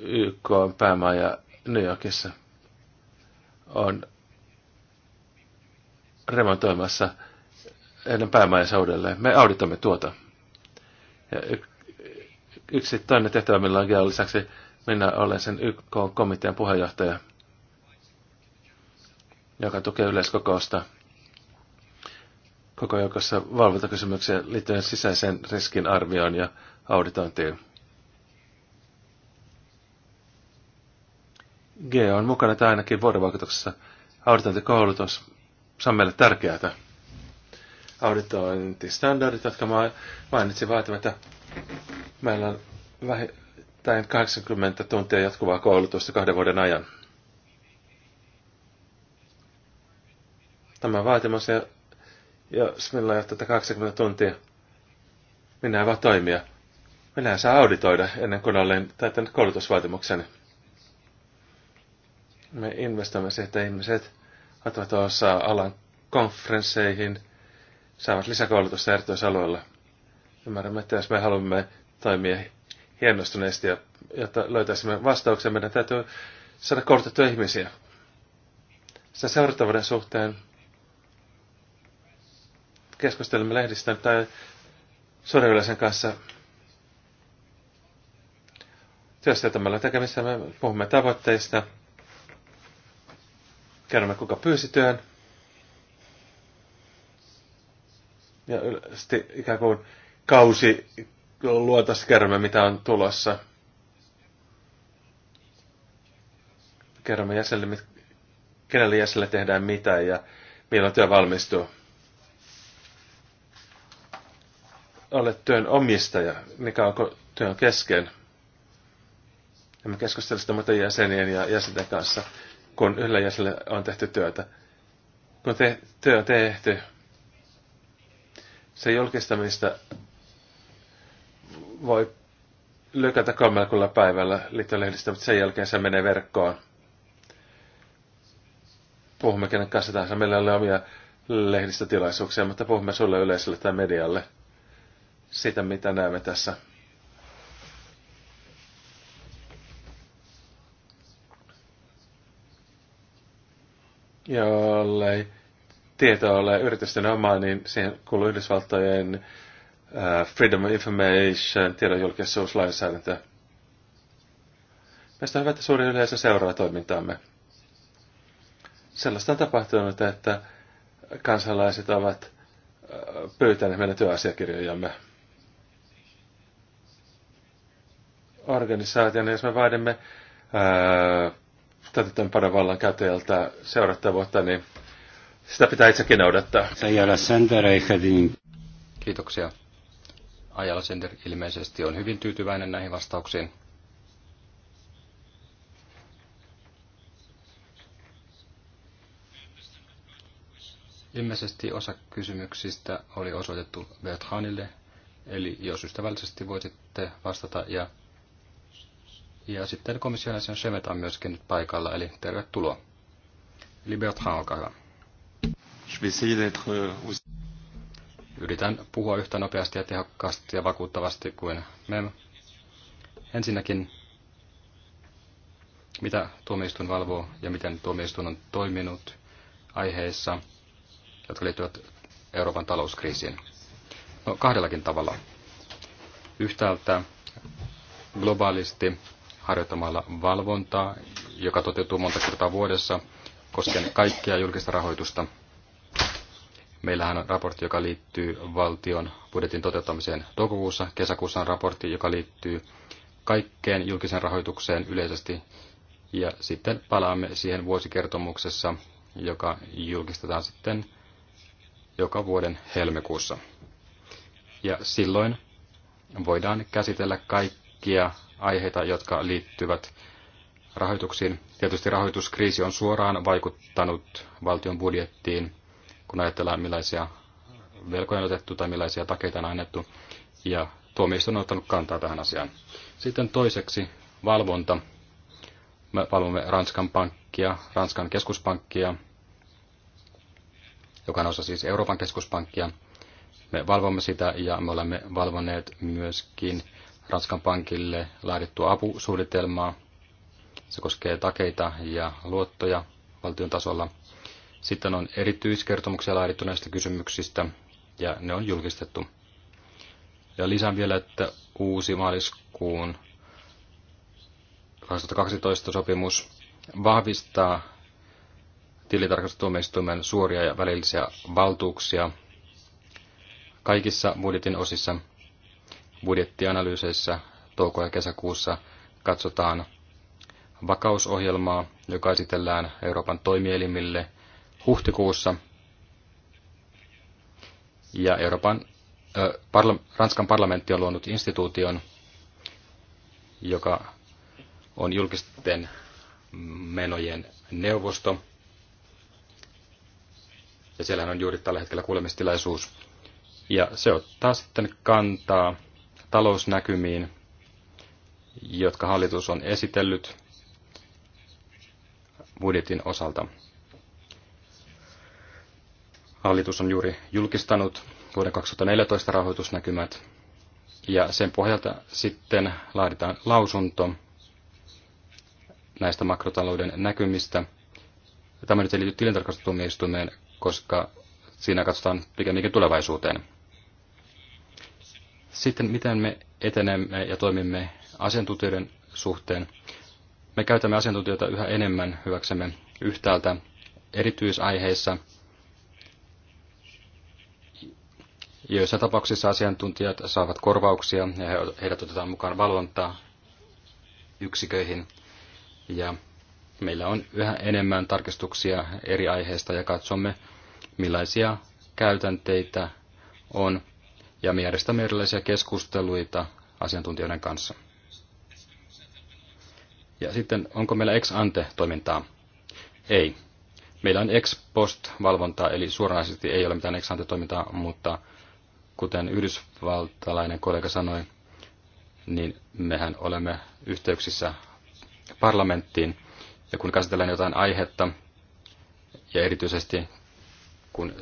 YK on päämaja New Yorkissa on remontoimassa ennen päämajansa uudelleen. Me auditoimme tuota. Ja yksi toinen tehtävä, millä on lisäksi minä olen sen YK-komitean puheenjohtaja, joka tukee yleiskokousta koko joukossa valvontakysymyksiä liittyen sisäisen riskin arvioon ja auditointiin. G on mukana tai ainakin vuorovaikutuksessa auditointikoulutus. Se on meille tärkeää. Auditointistandardit, jotka mainitsin, vaativat, että meillä on tai 80 tuntia jatkuvaa koulutusta kahden vuoden ajan. Tämä vaatimus, ja jos minulla ei ole tätä 80 tuntia, minä en voi toimia. Minä en saa auditoida ennen kuin olen täyttänyt koulutusvaatimukseni. Me investoimme siihen, että ihmiset ottavat osaa alan konferensseihin, saavat lisäkoulutusta erityisalueella. Ymmärrämme, että jos me haluamme toimia hienostuneesti, jotta löytäisimme vastauksen. Meidän täytyy saada kortettua ihmisiä. Sitä seurattavuuden suhteen keskustelemme lehdistä tai suuren kanssa työstetämällä tekemistä. Me puhumme tavoitteista, kerromme kuka pyysi työn. Ja ikään kuin kausi luontaista kerromme, mitä on tulossa. Kerromme jäsenelle, kenelle jäsenille tehdään mitä ja milloin työ valmistuu. Olet työn omistaja, mikä onko työn kesken. Ja me keskustelemme sitä muiden jäsenien ja jäsenten kanssa, kun yhdellä jäsenellä on tehty työtä. Kun te, työ on tehty, se julkistamista voi lykätä kolmella päivällä liittolehdistä, mutta sen jälkeen se menee verkkoon. Puhumme kenen kanssa tahansa. Meillä on omia lehdistötilaisuuksia, mutta puhumme sulle yleisölle tai medialle sitä, mitä näemme tässä. Jollei tietoa ole yritysten omaa, niin siihen kuuluu Yhdysvaltojen Uh, freedom of Information, tiedonjulkisuuslainsäädäntö. Meistä on hyvä, että suuri yleisö seuraa toimintaamme. Sellaista on tapahtunut, että kansalaiset ovat uh, pyytäneet meidän työasiakirjojamme. Organisaation, jos me vaadimme uh, paran vallan käteeltä seurattavuutta, niin sitä pitää itsekin noudattaa. Kiitoksia. Ajala Center ilmeisesti on hyvin tyytyväinen näihin vastauksiin. Ilmeisesti osa kysymyksistä oli osoitettu Bertranille, eli jos ystävällisesti voisitte vastata. Ja, ja sitten komission jäsen Shemet on myöskin nyt paikalla, eli tervetuloa. Eli Bertrand, olkaa hyvä. Euh, Yritän puhua yhtä nopeasti ja tehokkaasti ja vakuuttavasti kuin me. Ensinnäkin, mitä tuomioistuin valvoo ja miten tuomioistuin on toiminut aiheissa, jotka liittyvät Euroopan talouskriisiin. No, kahdellakin tavalla. Yhtäältä globaalisti harjoittamalla valvontaa, joka toteutuu monta kertaa vuodessa koskien kaikkia julkista rahoitusta – Meillähän on raportti, joka liittyy valtion budjetin toteuttamiseen toukokuussa. Kesäkuussa on raportti, joka liittyy kaikkeen julkisen rahoitukseen yleisesti. Ja sitten palaamme siihen vuosikertomuksessa, joka julkistetaan sitten joka vuoden helmikuussa. Ja silloin voidaan käsitellä kaikkia aiheita, jotka liittyvät rahoituksiin. Tietysti rahoituskriisi on suoraan vaikuttanut valtion budjettiin kun ajatellaan millaisia velkoja on otettu tai millaisia takeita on annettu, ja tuomioistuin on ottanut kantaa tähän asiaan. Sitten toiseksi valvonta. Me valvomme Ranskan pankkia, Ranskan keskuspankkia, joka on osa siis Euroopan keskuspankkia. Me valvomme sitä ja me olemme valvoneet myöskin Ranskan pankille laadittua apusuunnitelmaa. Se koskee takeita ja luottoja valtion tasolla – sitten on erityiskertomuksia laadittu näistä kysymyksistä, ja ne on julkistettu. Ja lisään vielä, että uusi maaliskuun 2012 sopimus vahvistaa tilitarkastustuomioistuimen suoria ja välillisiä valtuuksia kaikissa budjetin osissa. Budjettianalyyseissä touko- ja kesäkuussa katsotaan vakausohjelmaa, joka esitellään Euroopan toimielimille – huhtikuussa. Ja Euroopan, äh, parla, Ranskan parlamentti on luonut instituution, joka on julkisten menojen neuvosto. Ja siellä on juuri tällä hetkellä kuulemistilaisuus. Ja se ottaa sitten kantaa talousnäkymiin, jotka hallitus on esitellyt budjetin osalta. Hallitus on juuri julkistanut vuoden 2014 rahoitusnäkymät ja sen pohjalta sitten laaditaan lausunto näistä makrotalouden näkymistä. Tämä nyt ei liity tilintarkastustuomioistuimeen, koska siinä katsotaan pikemminkin tulevaisuuteen. Sitten miten me etenemme ja toimimme asiantuntijoiden suhteen. Me käytämme asiantuntijoita yhä enemmän hyväksemme yhtäältä erityisaiheissa – Joissa tapauksissa asiantuntijat saavat korvauksia ja heidät otetaan mukaan valvontaa yksiköihin. Ja meillä on yhä enemmän tarkistuksia eri aiheista ja katsomme, millaisia käytänteitä on ja me järjestämme erilaisia keskusteluita asiantuntijoiden kanssa. Ja sitten, onko meillä ex ante toimintaa? Ei. Meillä on ex post valvontaa, eli suoranaisesti ei ole mitään ex ante toimintaa, mutta Kuten yhdysvaltalainen kollega sanoi, niin mehän olemme yhteyksissä parlamenttiin. Ja kun käsitellään jotain aihetta, ja erityisesti kun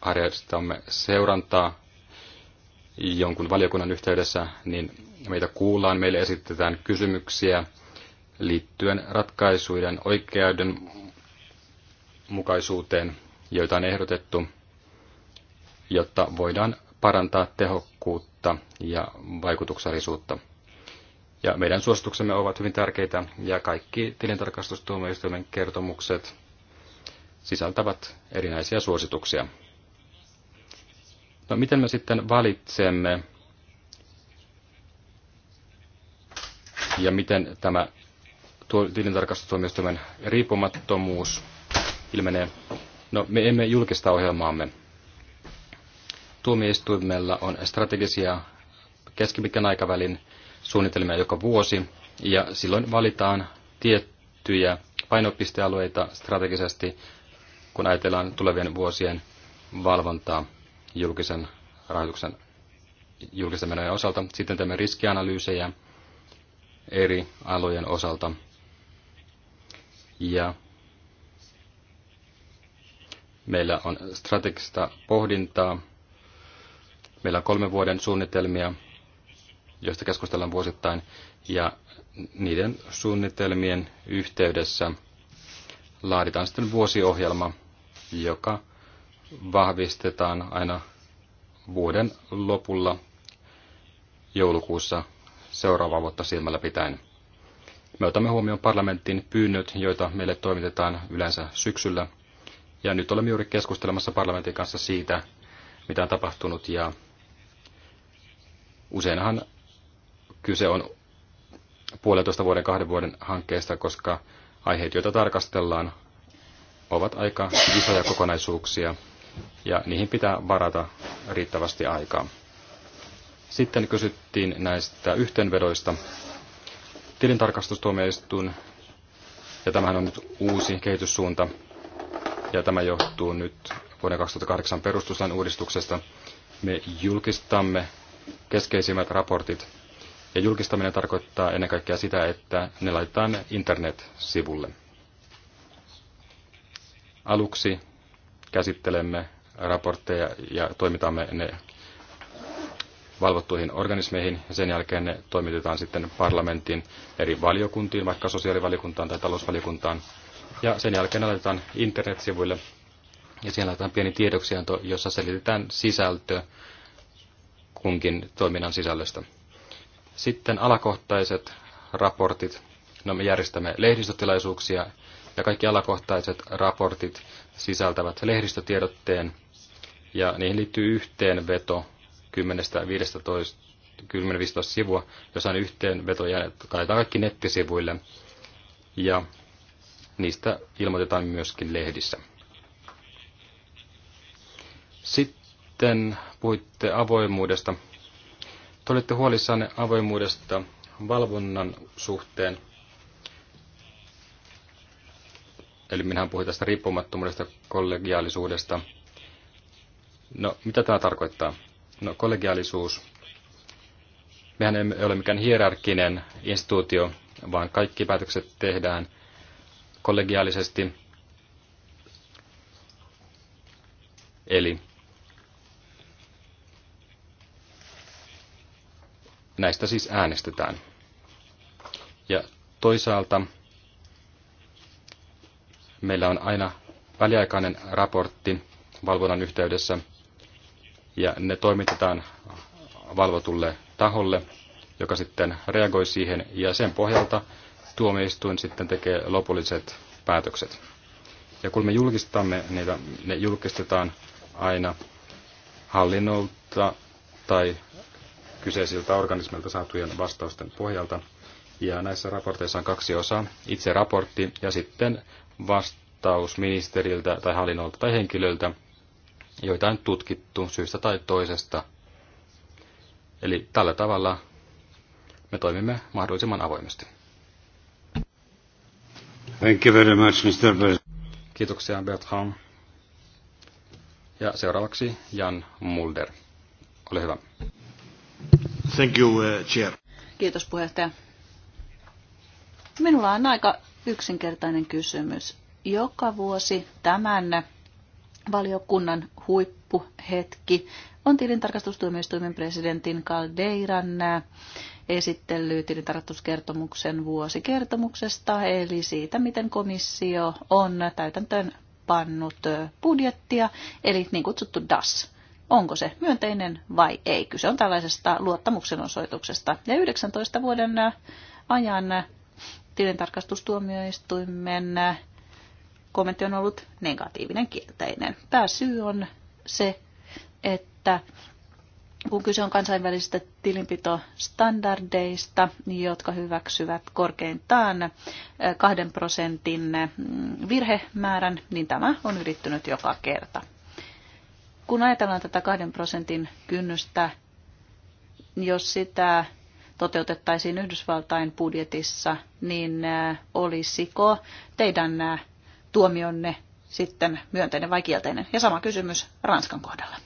harjoitamme seurantaa jonkun valiokunnan yhteydessä, niin meitä kuullaan, meille esitetään kysymyksiä liittyen ratkaisuiden oikeudenmukaisuuteen, joita on ehdotettu, jotta voidaan parantaa tehokkuutta ja vaikutuksellisuutta. Ja meidän suosituksemme ovat hyvin tärkeitä ja kaikki tilintarkastustuomioistuimen kertomukset sisältävät erinäisiä suosituksia. No, miten me sitten valitsemme ja miten tämä tilintarkastustuomioistuimen riippumattomuus ilmenee? No, me emme julkista ohjelmaamme. Tuomioistuimella on strategisia keskipitkän aikavälin suunnitelmia joka vuosi, ja silloin valitaan tiettyjä painopistealueita strategisesti, kun ajatellaan tulevien vuosien valvontaa julkisen rahoituksen julkisten menojen osalta. Sitten teemme riskianalyysejä eri alojen osalta. Ja meillä on strategista pohdintaa Meillä on kolmen vuoden suunnitelmia, joista keskustellaan vuosittain, ja niiden suunnitelmien yhteydessä laaditaan sitten vuosiohjelma, joka vahvistetaan aina vuoden lopulla joulukuussa seuraavaa vuotta silmällä pitäen. Me otamme huomioon parlamentin pyynnöt, joita meille toimitetaan yleensä syksyllä. Ja nyt olemme juuri keskustelemassa parlamentin kanssa siitä, mitä on tapahtunut ja Useinhan kyse on puolitoista vuoden, kahden vuoden hankkeesta, koska aiheet, joita tarkastellaan, ovat aika isoja kokonaisuuksia ja niihin pitää varata riittävästi aikaa. Sitten kysyttiin näistä yhteenvedoista. Tilintarkastustuomioistuin, ja tämähän on nyt uusi kehityssuunta, ja tämä johtuu nyt vuoden 2008 perustuslain uudistuksesta. Me julkistamme keskeisimmät raportit. Ja julkistaminen tarkoittaa ennen kaikkea sitä, että ne laitetaan internet-sivulle. Aluksi käsittelemme raportteja ja toimitamme ne valvottuihin organismeihin ja sen jälkeen ne toimitetaan sitten parlamentin eri valiokuntiin, vaikka sosiaalivaliokuntaan tai talousvaliokuntaan. Ja sen jälkeen ne laitetaan internetsivuille ja siellä laitetaan pieni tiedoksianto, jossa selitetään sisältö kunkin toiminnan sisällöstä. Sitten alakohtaiset raportit. No, me järjestämme lehdistötilaisuuksia ja kaikki alakohtaiset raportit sisältävät lehdistötiedotteen ja niihin liittyy yhteenveto 10-15 sivua, jossa on yhteenveto ja laitetaan kaikki nettisivuille ja niistä ilmoitetaan myöskin lehdissä. Sitten sitten puhuitte avoimuudesta. Te olitte huolissanne avoimuudesta valvonnan suhteen. Eli minähän puhuin tästä riippumattomuudesta, kollegiaalisuudesta. No, mitä tämä tarkoittaa? No, kollegiaalisuus. Mehän emme ole mikään hierarkkinen instituutio, vaan kaikki päätökset tehdään kollegiaalisesti. Eli Näistä siis äänestetään. Ja toisaalta meillä on aina väliaikainen raportti valvonnan yhteydessä, ja ne toimitetaan valvotulle taholle, joka sitten reagoi siihen, ja sen pohjalta tuomioistuin sitten tekee lopulliset päätökset. Ja kun me julkistamme niitä, ne julkistetaan aina hallinnolta tai kyseisiltä organismeilta saatujen vastausten pohjalta. Ja näissä raporteissa on kaksi osaa, itse raportti ja sitten vastaus ministeriltä tai hallinnolta tai henkilöltä, joita on tutkittu syystä tai toisesta. Eli tällä tavalla me toimimme mahdollisimman avoimesti. Thank you very much, Mr. Kiitoksia Bertrand. Ja seuraavaksi Jan Mulder. Ole hyvä. Thank you, uh, chair. Kiitos puheenjohtaja. Minulla on aika yksinkertainen kysymys. Joka vuosi tämän valiokunnan huippuhetki on tilintarkastustuomioistuimen presidentin Caldeiran esittely tilintarkastuskertomuksen vuosikertomuksesta, eli siitä, miten komissio on täytäntöön pannut budjettia, eli niin kutsuttu DAS onko se myönteinen vai ei. Kyse on tällaisesta luottamuksen osoituksesta. Ja 19 vuoden äh, ajan äh, tilintarkastustuomioistuimen äh, kommentti on ollut negatiivinen kielteinen. Pääsyy on se, että kun kyse on kansainvälisistä tilinpitostandardeista, jotka hyväksyvät korkeintaan kahden prosentin mm, virhemäärän, niin tämä on yrittynyt joka kerta kun ajatellaan tätä kahden prosentin kynnystä, jos sitä toteutettaisiin Yhdysvaltain budjetissa, niin äh, olisiko teidän äh, tuomionne sitten myönteinen vai kielteinen? Ja sama kysymys Ranskan kohdalla.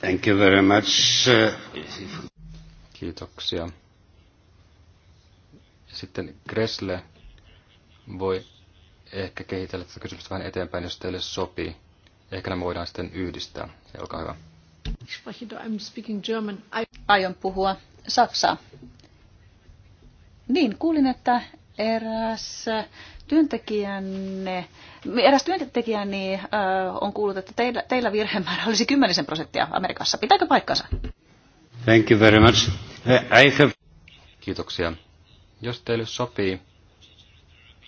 Thank you very much. Uh, Kiitoksia. Sitten Gressle voi ehkä kehitellä tätä kysymystä vähän eteenpäin, jos teille sopii. Ehkä ne voidaan sitten yhdistää. Ja olkaa hyvä. I'm speaking German. I... Aion puhua saksaa. Niin, kuulin, että eräs työntekijänne, eräs työntekijäni äh, on kuullut, että teillä, teillä virhemäärä olisi 10 prosenttia Amerikassa. Pitääkö paikkansa? Thank you very much. Uh, I have... Kiitoksia. Jos teille sopii,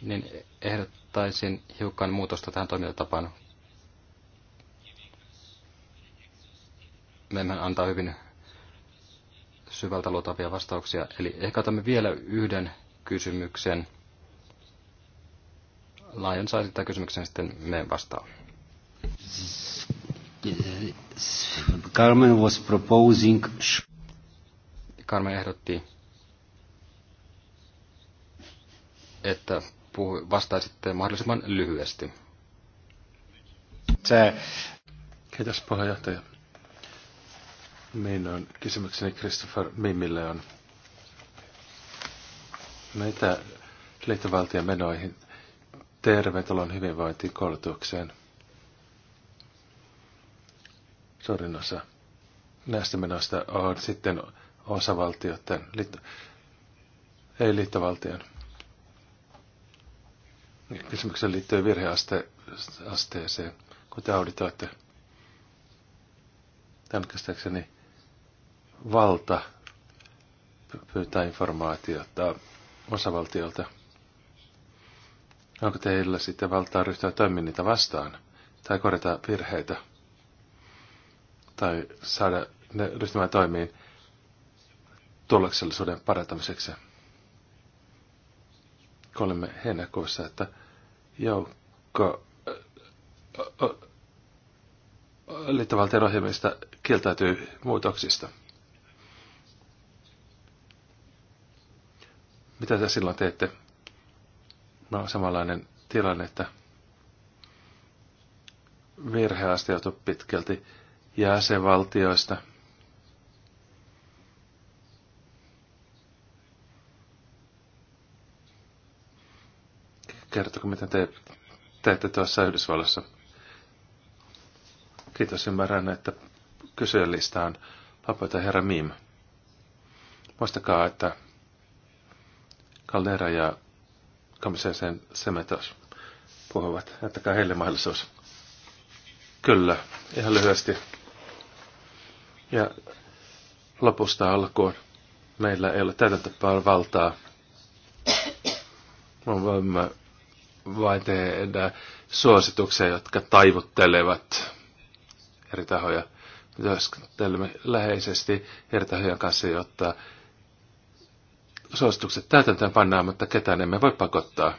niin ehdot, ehdottaisin hiukan muutosta tähän toimintatapaan. Me emme antaa hyvin syvältä luotavia vastauksia. Eli ehkä otamme vielä yhden kysymyksen. Laajon saa esittää kysymyksen, sitten me vastaamme. Carmen was proposing... Carmen ehdotti, että puhu, vastaisitte mahdollisimman lyhyesti. Se. Kiitos puheenjohtaja. Minun kysymykseni Christopher Mimille on, mitä liittovaltion menoihin terveydenhuollon hyvinvointiin koulutukseen suurin osa näistä menoista on sitten osavaltioiden, ei liittovaltion kysymykseen liittyen virheasteeseen, kun te auditoitte. Tämän käsittääkseni valta pyytää informaatiota osavaltiolta. Onko teillä sitten valtaa ryhtyä toimimaan niitä vastaan tai korjata virheitä tai saada ne ryhtymään toimiin tuloksellisuuden parantamiseksi? Kolme heinäkuussa, että joukko liittovaltion ohjelmista kieltäytyy muutoksista. Mitä te silloin teette? No samanlainen tilanne, että virheaste joutui pitkälti jäsenvaltioista – kertoko, miten te teette tuossa Yhdysvallassa. Kiitos, ymmärrän, että kysyjälista on Apota Herra Mim. Muistakaa, että Caldera ja Kamiseen Semetos puhuvat. Jättäkää heille mahdollisuus. Kyllä, ihan lyhyesti. Ja lopusta alkuun. Meillä ei ole täytäntöpäivän valtaa. Me voimme vai tehdä suosituksia, jotka taivuttelevat eri tahoja. Työskentelemme läheisesti eri tahojen kanssa, jotta suositukset täytäntöön pannaan, mutta ketään emme voi pakottaa.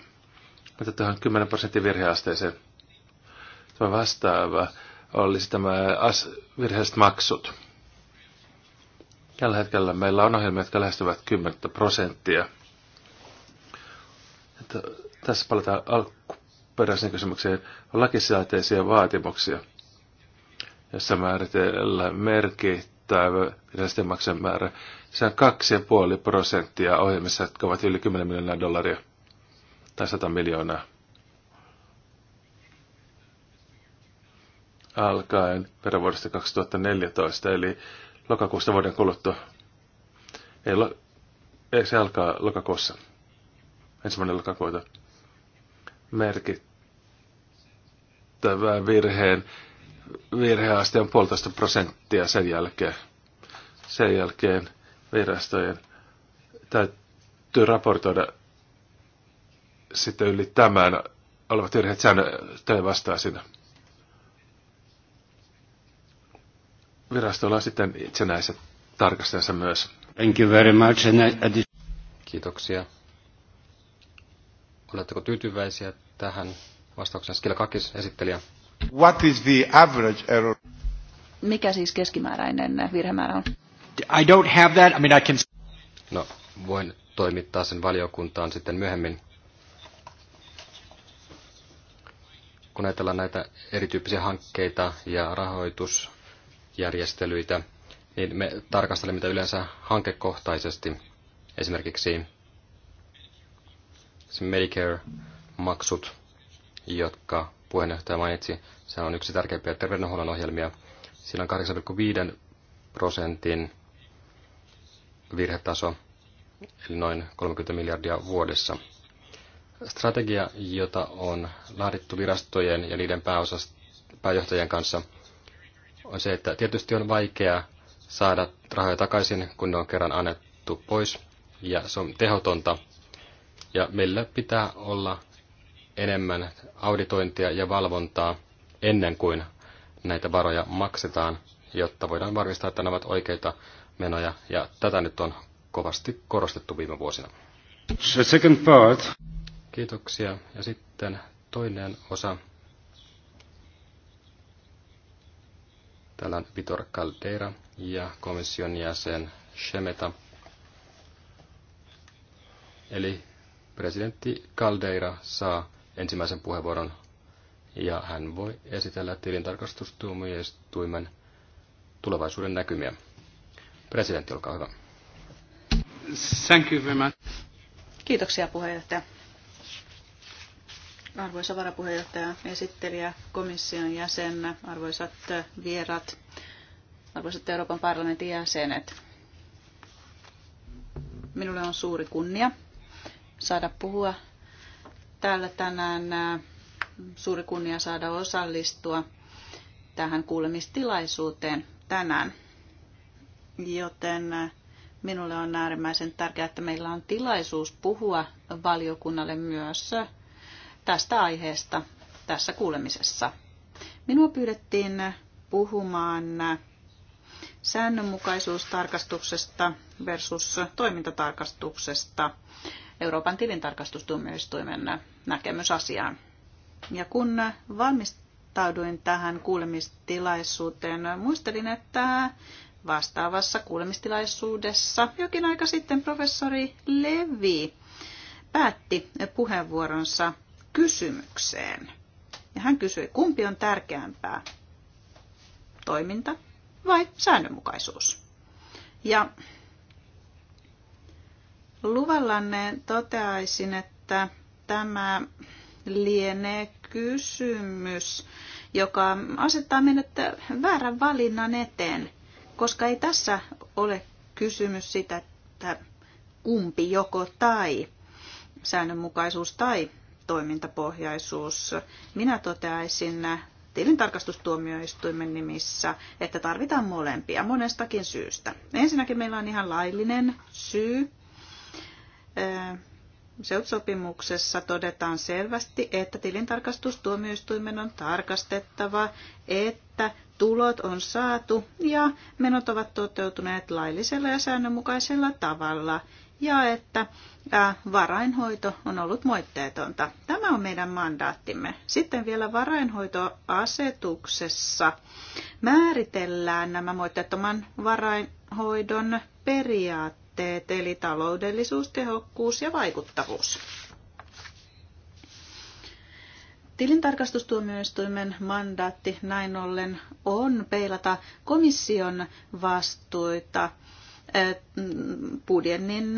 Mutta tähän 10 prosentin virheasteeseen tämä vastaava olisi tämä as- virheelliset maksut. Tällä hetkellä meillä on ohjelmia, jotka lähestyvät 10 prosenttia. Että tässä palataan alkuperäiseen kysymykseen. lakisääteisiä vaatimuksia, jossa määritellään merkittävä virallisten maksujen määrä. Se on 2,5 prosenttia ohjelmissa, jotka ovat yli 10 miljoonaa dollaria tai 100 miljoonaa. alkaen verovuodesta 2014, eli lokakuusta vuoden kuluttua. Ei, lo, ei se alkaa lokakuussa, ensimmäinen lokakuuta merkittävän virheen. Virheaste on puolitoista prosenttia sen jälkeen. Sen jälkeen virastojen täytyy raportoida sitten yli tämän olevat virheet säännöttöön vastaisina. Virastolla on sitten itsenäiset tarkastajansa myös. Thank you very much. Kiitoksia. Oletteko tyytyväisiä tähän vastaukseen? Kakis, esittelijä. What is the average error? Mikä siis keskimääräinen virhemäärä on? I don't have that. I mean, I can... No, voin toimittaa sen valiokuntaan sitten myöhemmin. Kun ajatellaan näitä erityyppisiä hankkeita ja rahoitusjärjestelyitä, niin me tarkastelemme mitä yleensä hankekohtaisesti. Esimerkiksi Medicare-maksut, jotka puheenjohtaja mainitsi, se on yksi tärkeimpiä terveydenhuollon ohjelmia. Siinä on 8,5 prosentin virhetaso, eli noin 30 miljardia vuodessa. Strategia, jota on laadittu virastojen ja niiden pääjohtajien kanssa, on se, että tietysti on vaikea saada rahoja takaisin, kun ne on kerran annettu pois, ja se on tehotonta ja meillä pitää olla enemmän auditointia ja valvontaa ennen kuin näitä varoja maksetaan, jotta voidaan varmistaa, että nämä ovat oikeita menoja. Ja tätä nyt on kovasti korostettu viime vuosina. The second part. Kiitoksia. Ja sitten toinen osa. Täällä on Vitor Caldera ja komission jäsen Shemeta. Eli presidentti Caldeira saa ensimmäisen puheenvuoron ja hän voi esitellä tilintarkastustuomioistuimen tulevaisuuden näkymiä. Presidentti, olkaa hyvä. Thank you very much. Kiitoksia puheenjohtaja. Arvoisa varapuheenjohtaja, esittelijä, komission jäsen, arvoisat vierat, arvoisat Euroopan parlamentin jäsenet. Minulle on suuri kunnia saada puhua täällä tänään. Suuri kunnia saada osallistua tähän kuulemistilaisuuteen tänään. Joten eh, minulle on äärimmäisen tärkeää, että meillä on tilaisuus puhua valiokunnalle myös eh, tästä aiheesta tässä kuulemisessa. Minua pyydettiin eh, puhumaan säännönmukaisuustarkastuksesta versus toimintatarkastuksesta. Euroopan tilintarkastustuomioistuimen näkemys asiaan. Ja kun valmistauduin tähän kuulemistilaisuuteen, muistelin, että vastaavassa kuulemistilaisuudessa jokin aika sitten professori Levi päätti puheenvuoronsa kysymykseen. Ja hän kysyi, kumpi on tärkeämpää, toiminta vai säännönmukaisuus? Ja Luvallanne toteaisin, että tämä lienee kysymys, joka asettaa meidät väärän valinnan eteen, koska ei tässä ole kysymys sitä, että kumpi joko tai, säännönmukaisuus tai toimintapohjaisuus. Minä toteaisin tilintarkastustuomioistuimen nimissä, että tarvitaan molempia monestakin syystä. Ensinnäkin meillä on ihan laillinen syy SEUT-sopimuksessa todetaan selvästi, että tilintarkastustuomioistuimen on tarkastettava, että tulot on saatu ja menot ovat toteutuneet laillisella ja säännönmukaisella tavalla ja että varainhoito on ollut moitteetonta. Tämä on meidän mandaattimme. Sitten vielä varainhoitoasetuksessa määritellään nämä moitteettoman varainhoidon periaatteet tavoitteet, eli taloudellisuus, tehokkuus ja vaikuttavuus. Tilintarkastustuomioistuimen mandaatti näin ollen on peilata komission vastuita budjennin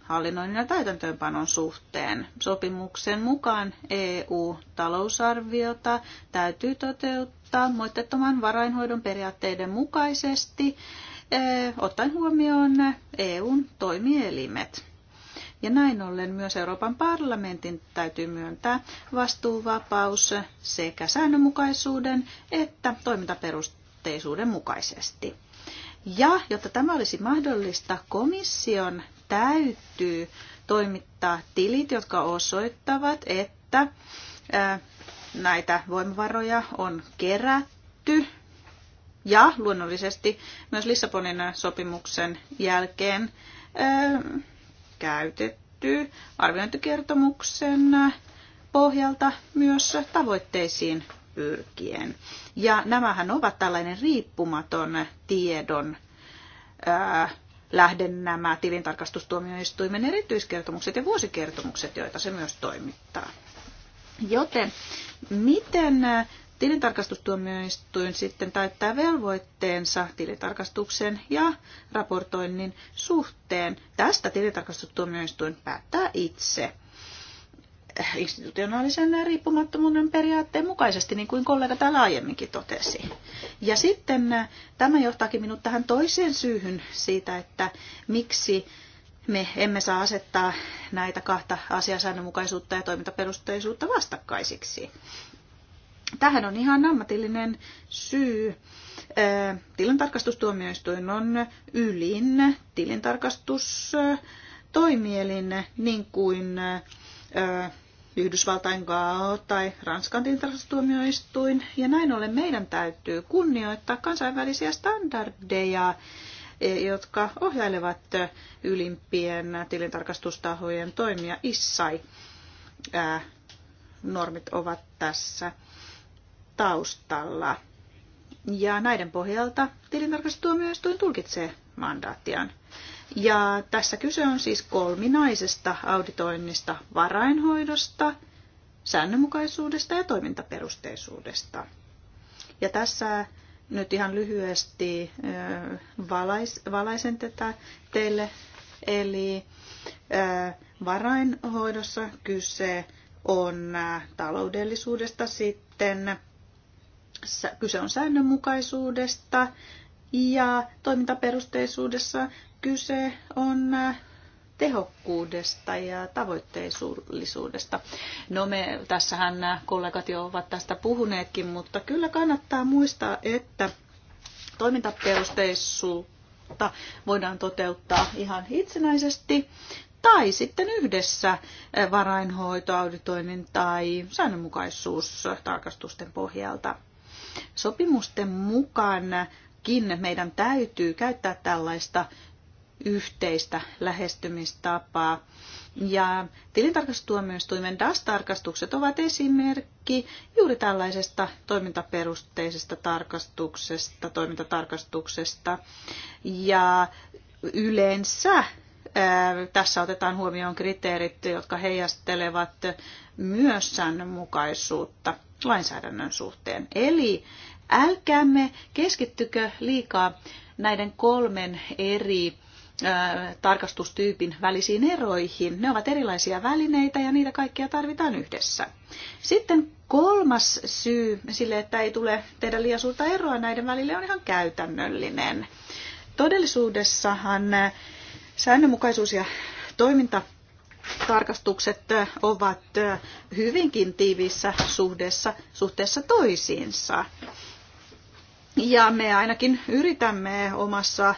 hallinnoinnin ja täytäntöönpanon suhteen. Sopimuksen mukaan EU-talousarviota täytyy toteuttaa moitteettoman varainhoidon periaatteiden mukaisesti – Eh, ottaen huomioon EUn toimielimet. Ja näin ollen myös Euroopan parlamentin täytyy myöntää vastuuvapaus sekä säännönmukaisuuden että toimintaperusteisuuden mukaisesti. Ja jotta tämä olisi mahdollista, komission täytyy toimittaa tilit, jotka osoittavat, että eh, näitä voimavaroja on kerätty ja luonnollisesti myös Lissabonin sopimuksen jälkeen ähm, käytetty arviointikertomuksen pohjalta myös tavoitteisiin pyrkien. Ja nämähän ovat tällainen riippumaton tiedon ää, äh, lähde nämä tilintarkastustuomioistuimen erityiskertomukset ja vuosikertomukset, joita se myös toimittaa. Joten miten Tilintarkastustuomioistuin sitten täyttää velvoitteensa tilintarkastuksen ja raportoinnin suhteen. Tästä tilintarkastustuomioistuin päättää itse institutionaalisen riippumattomuuden periaatteen mukaisesti, niin kuin kollega täällä aiemminkin totesi. Ja sitten äh, tämä johtaakin minut tähän toiseen syyhyn siitä, että miksi me emme saa asettaa näitä kahta asiasäännönmukaisuutta ja toimintaperusteisuutta vastakkaisiksi. Tähän on ihan ammatillinen syy. Tilintarkastustuomioistuin on ylin tilintarkastustoimielin, niin kuin Yhdysvaltain GAO tai Ranskan tilintarkastustuomioistuin. Ja näin ollen meidän täytyy kunnioittaa kansainvälisiä standardeja, e, jotka ohjailevat ylimpien tilintarkastustahojen toimia. Issai normit ovat tässä taustalla. Ja näiden pohjalta tilintarkastustuomioistuin tulkitsee mandaattiaan. Ja tässä kyse on siis kolminaisesta auditoinnista, varainhoidosta, säännönmukaisuudesta ja toimintaperusteisuudesta. Ja tässä nyt ihan lyhyesti valais, valaisen tätä teille. Eli varainhoidossa kyse on taloudellisuudesta sitten kyse on säännönmukaisuudesta ja toimintaperusteisuudessa kyse on äh, tehokkuudesta ja tavoitteisuudesta. No me, tässähän nämä kollegat jo ovat tästä puhuneetkin, mutta kyllä kannattaa muistaa, että toimintaperusteisuutta voidaan toteuttaa ihan itsenäisesti tai sitten yhdessä äh, varainhoito, auditoinnin tai säännönmukaisuustarkastusten pohjalta. Sopimusten mukaankin meidän täytyy käyttää tällaista yhteistä lähestymistapaa. Ja tilintarkastustuomioistuimen DAS-tarkastukset ovat esimerkki juuri tällaisesta toimintaperusteisesta tarkastuksesta, toimintatarkastuksesta. Ja yleensä tässä otetaan huomioon kriteerit, jotka heijastelevat myös säännönmukaisuutta lainsäädännön suhteen. Eli älkäämme keskittykö liikaa näiden kolmen eri tarkastustyypin välisiin eroihin. Ne ovat erilaisia välineitä ja niitä kaikkia tarvitaan yhdessä. Sitten kolmas syy sille, että ei tule tehdä liian suurta eroa näiden välille, on ihan käytännöllinen. Todellisuudessahan säännönmukaisuus ja toiminta tarkastukset ovat hyvinkin tiiviissä suhteessa, suhteessa toisiinsa. Ja me ainakin yritämme omassa,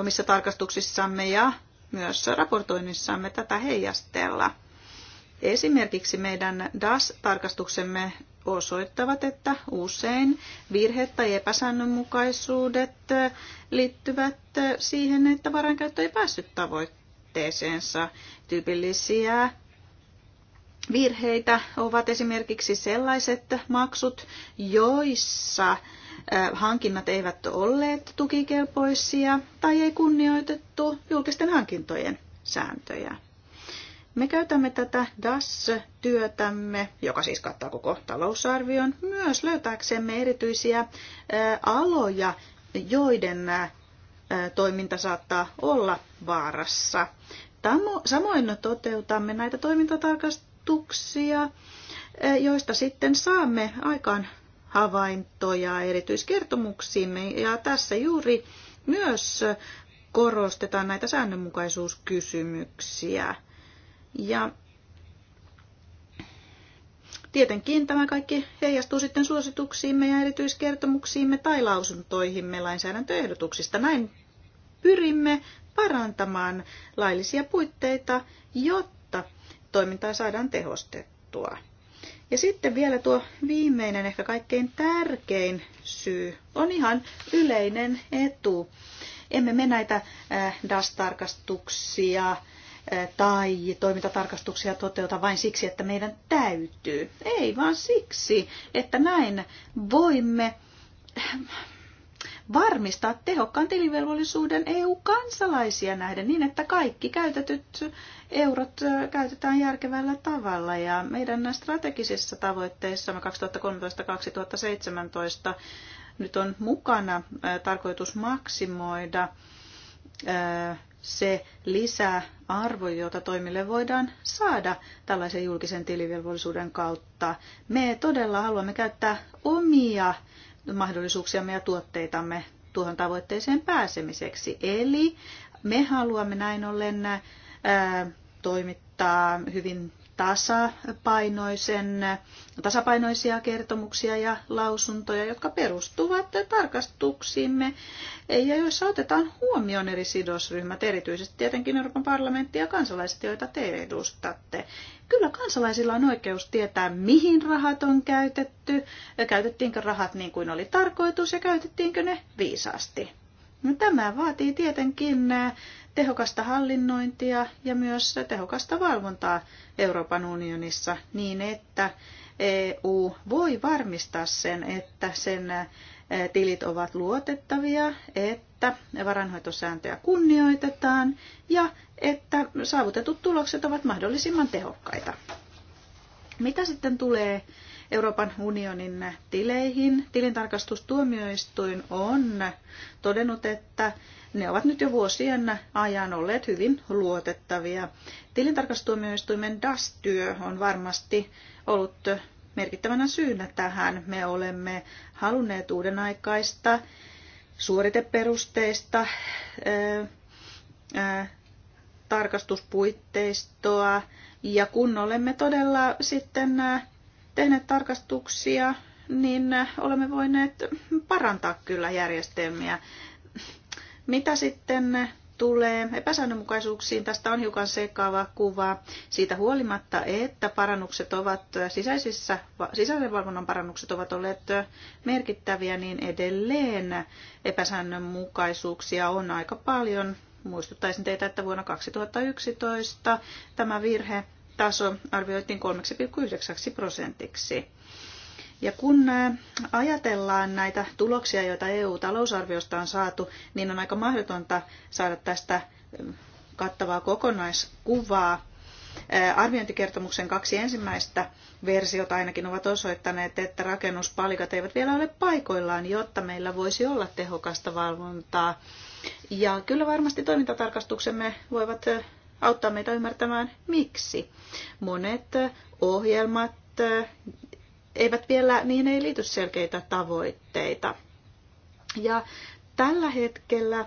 omissa tarkastuksissamme ja myös raportoinnissamme tätä heijastella. Esimerkiksi meidän DAS-tarkastuksemme osoittavat, että usein virheet tai epäsäännönmukaisuudet liittyvät siihen, että varankäyttö ei päässyt tavoitteeseen tuotteeseensa Tyypillisiä virheitä ovat esimerkiksi sellaiset maksut, joissa hankinnat eivät olleet tukikelpoisia tai ei kunnioitettu julkisten hankintojen sääntöjä. Me käytämme tätä DAS-työtämme, joka siis kattaa koko talousarvion, myös löytääksemme erityisiä aloja, joiden toiminta saattaa olla vaarassa. Samoin toteutamme näitä toimintatarkastuksia, joista sitten saamme aikaan havaintoja erityiskertomuksiimme. Ja tässä juuri myös korostetaan näitä säännönmukaisuuskysymyksiä. Ja tietenkin tämä kaikki heijastuu sitten suosituksiimme ja erityiskertomuksiimme tai lausuntoihimme lainsäädäntöehdotuksista. Näin pyrimme parantamaan laillisia puitteita, jotta toimintaa saadaan tehostettua. Ja sitten vielä tuo viimeinen, ehkä kaikkein tärkein syy on ihan yleinen etu. Emme me näitä äh, DAS-tarkastuksia äh, tai toimintatarkastuksia toteuta vain siksi, että meidän täytyy. Ei, vaan siksi, että näin voimme äh, varmistaa tehokkaan tilivelvollisuuden EU-kansalaisia nähden niin, että kaikki käytetyt eurot käytetään järkevällä tavalla. Ja meidän strategisissa tavoitteissamme 2013-2017 nyt on mukana tarkoitus maksimoida se lisäarvo, jota toimille voidaan saada tällaisen julkisen tilivelvollisuuden kautta. Me todella haluamme käyttää omia mahdollisuuksiamme ja tuotteitamme tuohon tavoitteeseen pääsemiseksi. Eli me haluamme näin ollen ää, toimittaa hyvin tasapainoisen, tasapainoisia kertomuksia ja lausuntoja, jotka perustuvat tarkastuksiimme ja joissa otetaan huomioon eri sidosryhmät, erityisesti tietenkin Euroopan parlamentti ja kansalaiset, joita te edustatte. Kyllä kansalaisilla on oikeus tietää, mihin rahat on käytetty, käytettiinkö rahat niin kuin oli tarkoitus ja käytettiinkö ne viisaasti. No, tämä vaatii tietenkin äh, tehokasta hallinnointia ja myös tehokasta valvontaa Euroopan unionissa niin, että EU voi varmistaa sen, että sen äh, tilit ovat luotettavia, että varanhoitosääntöjä kunnioitetaan ja että saavutetut tulokset ovat mahdollisimman tehokkaita. Mitä sitten tulee Euroopan unionin tileihin? Tilintarkastustuomioistuin on todennut, että ne ovat nyt jo vuosien ajan olleet hyvin luotettavia. Tilintarkastustuomioistuimen DAS-työ on varmasti ollut merkittävänä syynä tähän. Me olemme halunneet uuden aikaista, suoriteperusteista tarkastuspuitteistoa ja kun olemme todella sitten äh, tehneet tarkastuksia, niin äh, olemme voineet parantaa kyllä järjestelmiä. Mitä sitten äh, tulee epäsäännönmukaisuuksiin, tästä on hiukan sekava kuva. Siitä huolimatta, että parannukset ovat sisäisissä, sisäisen valvonnan parannukset ovat olleet merkittäviä, niin edelleen epäsäännönmukaisuuksia on aika paljon Muistuttaisin teitä, että vuonna 2011 tämä virhe taso arvioitiin 3,9 prosentiksi. Ja kun äh, ajatellaan näitä tuloksia, joita EU-talousarviosta on saatu, niin on aika mahdotonta saada tästä äh, kattavaa kokonaiskuvaa. Äh, arviointikertomuksen kaksi ensimmäistä versiota ainakin ovat osoittaneet, että rakennuspalikat eivät vielä ole paikoillaan, jotta meillä voisi olla tehokasta valvontaa ja kyllä varmasti toimintatarkastuksemme voivat auttaa meitä ymmärtämään, miksi. Monet ohjelmat eivät vielä, niin ei liity selkeitä tavoitteita. Ja tällä hetkellä,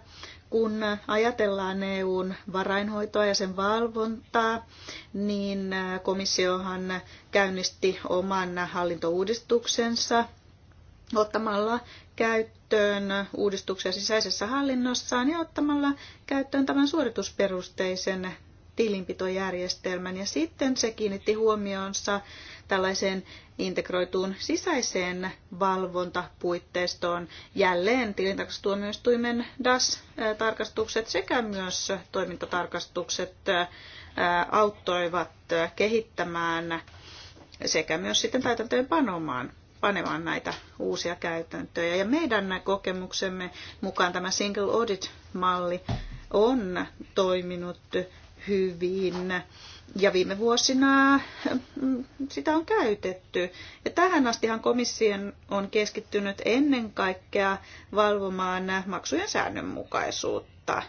kun ajatellaan EUn varainhoitoa ja sen valvontaa, niin komissiohan käynnisti oman hallintouudistuksensa ottamalla käyttöön uudistuksia sisäisessä hallinnossaan ja ottamalla käyttöön tämän suoritusperusteisen tilinpitojärjestelmän. Ja sitten se kiinnitti huomionsa tällaiseen integroituun sisäiseen valvontapuitteistoon jälleen tilintarkastustuomioistuimen DAS-tarkastukset sekä myös toimintatarkastukset auttoivat kehittämään sekä myös sitten täytäntöön panomaan panemaan näitä uusia käytäntöjä. Ja meidän kokemuksemme mukaan tämä single audit-malli on toiminut hyvin. Ja viime vuosina mm, sitä on käytetty. Ja tähän astihan komission on keskittynyt ennen kaikkea valvomaan maksujen säännönmukaisuutta.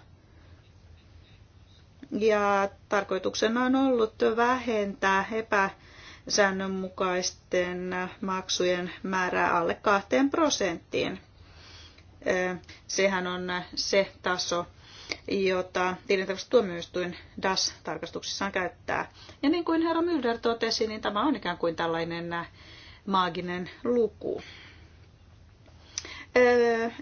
Ja tarkoituksena on ollut vähentää epä säännönmukaisten maksujen määrää alle 2 prosenttiin. Sehän on se taso, jota tilintarkastustuomioistuin DAS-tarkastuksissaan käyttää. Ja niin kuin herra Mylder totesi, niin tämä on ikään kuin tällainen maaginen luku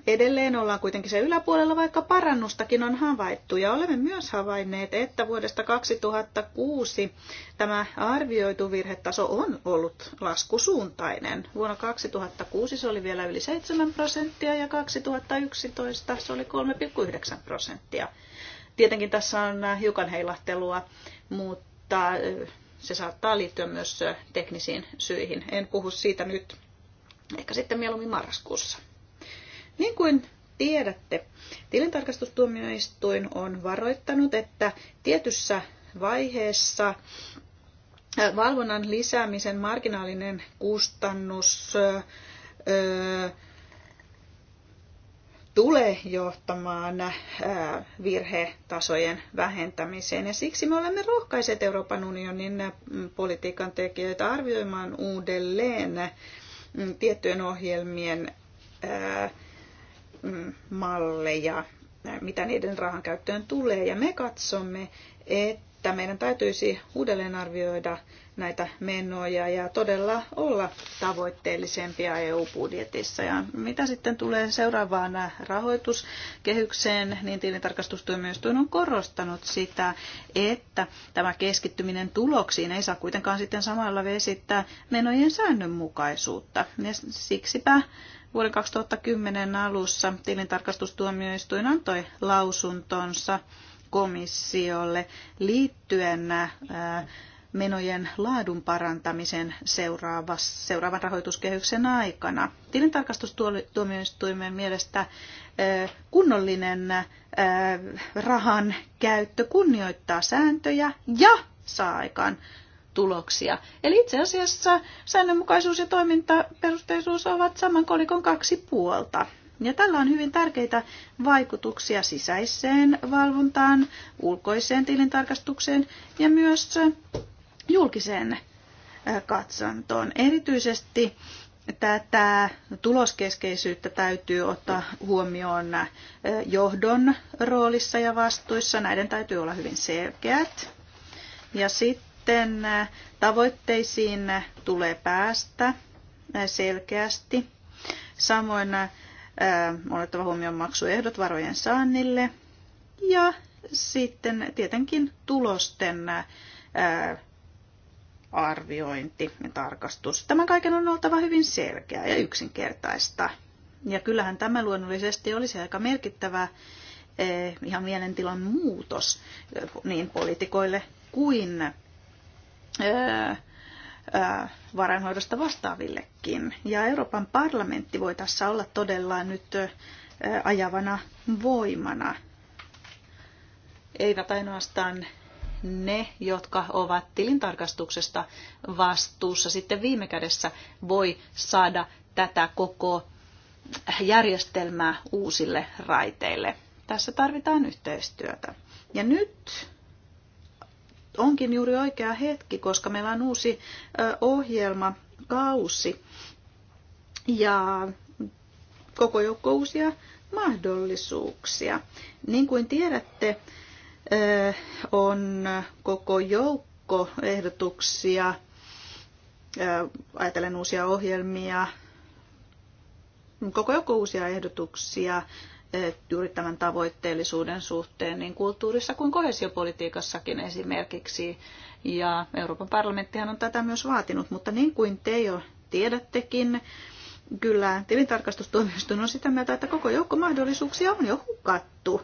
edelleen ollaan kuitenkin se yläpuolella, vaikka parannustakin on havaittu. Ja olemme myös havainneet, että vuodesta 2006 tämä arvioitu virhetaso on ollut laskusuuntainen. Vuonna 2006 se oli vielä yli 7 prosenttia ja 2011 se oli 3,9 prosenttia. Tietenkin tässä on hiukan heilahtelua, mutta se saattaa liittyä myös teknisiin syihin. En puhu siitä nyt, ehkä sitten mieluummin marraskuussa. Niin kuin tiedätte, tilintarkastustuomioistuin on varoittanut, että tietyssä vaiheessa äh, valvonnan lisäämisen marginaalinen kustannus äh, äh, tulee johtamaan virhetasojen vähentämiseen. Ja siksi me olemme rohkaiset Euroopan unionin politiikan tekijöitä arvioimaan uudelleen mm, tiettyjen ohjelmien malleja, mitä niiden rahan käyttöön tulee. Ja me katsomme, että meidän täytyisi uudelleen arvioida näitä menoja ja todella olla tavoitteellisempia EU-budjetissa. Ja mitä sitten tulee seuraavaan rahoituskehykseen, niin tilintarkastustuomioistuin on korostanut sitä, että tämä keskittyminen tuloksiin ei saa kuitenkaan sitten samalla vesittää menojen säännönmukaisuutta. Ja siksipä Vuoden 2010 alussa tilintarkastustuomioistuin antoi lausuntonsa komissiolle liittyen äh, menojen laadun parantamisen seuraavan rahoituskehyksen aikana. Tilintarkastustuomioistuimen mielestä äh, kunnollinen äh, rahan käyttö kunnioittaa sääntöjä ja saa aikaan tuloksia. Eli itse asiassa säännönmukaisuus ja toimintaperusteisuus ovat saman kolikon kaksi puolta. Ja tällä on hyvin tärkeitä vaikutuksia sisäiseen valvontaan, ulkoiseen tilintarkastukseen ja myös julkiseen katsantoon Erityisesti tätä tuloskeskeisyyttä täytyy ottaa huomioon johdon roolissa ja vastuissa. Näiden täytyy olla hyvin selkeät. Ja sitten sitten äh, tavoitteisiin tulee päästä äh, selkeästi. Samoin on äh, otettava huomioon maksuehdot varojen saannille ja sitten tietenkin tulosten arviointi ja tarkastus. Tämän kaiken on oltava hyvin selkeä ja yksinkertaista. Ja kyllähän tämä luonnollisesti olisi aika merkittävä eh, ihan mielentilan muutos eh, niin poliitikoille kuin varainhoidosta vastaavillekin. Ja Euroopan parlamentti voi tässä olla todella nyt ajavana voimana. Eivät ainoastaan ne, jotka ovat tilintarkastuksesta vastuussa, sitten viime kädessä voi saada tätä koko järjestelmää uusille raiteille. Tässä tarvitaan yhteistyötä. Ja nyt onkin juuri oikea hetki, koska meillä on uusi ohjelma, kausi ja koko joukko uusia mahdollisuuksia. Niin kuin tiedätte, on koko joukko ehdotuksia, ajatellen uusia ohjelmia, koko joukko uusia ehdotuksia juuri tämän tavoitteellisuuden suhteen niin kulttuurissa kuin kohesiopolitiikassakin esimerkiksi. Ja Euroopan parlamenttihan on tätä myös vaatinut, mutta niin kuin te jo tiedättekin, kyllä tilintarkastustuomioistuin on sitä mieltä, että koko joukko mahdollisuuksia on jo hukattu,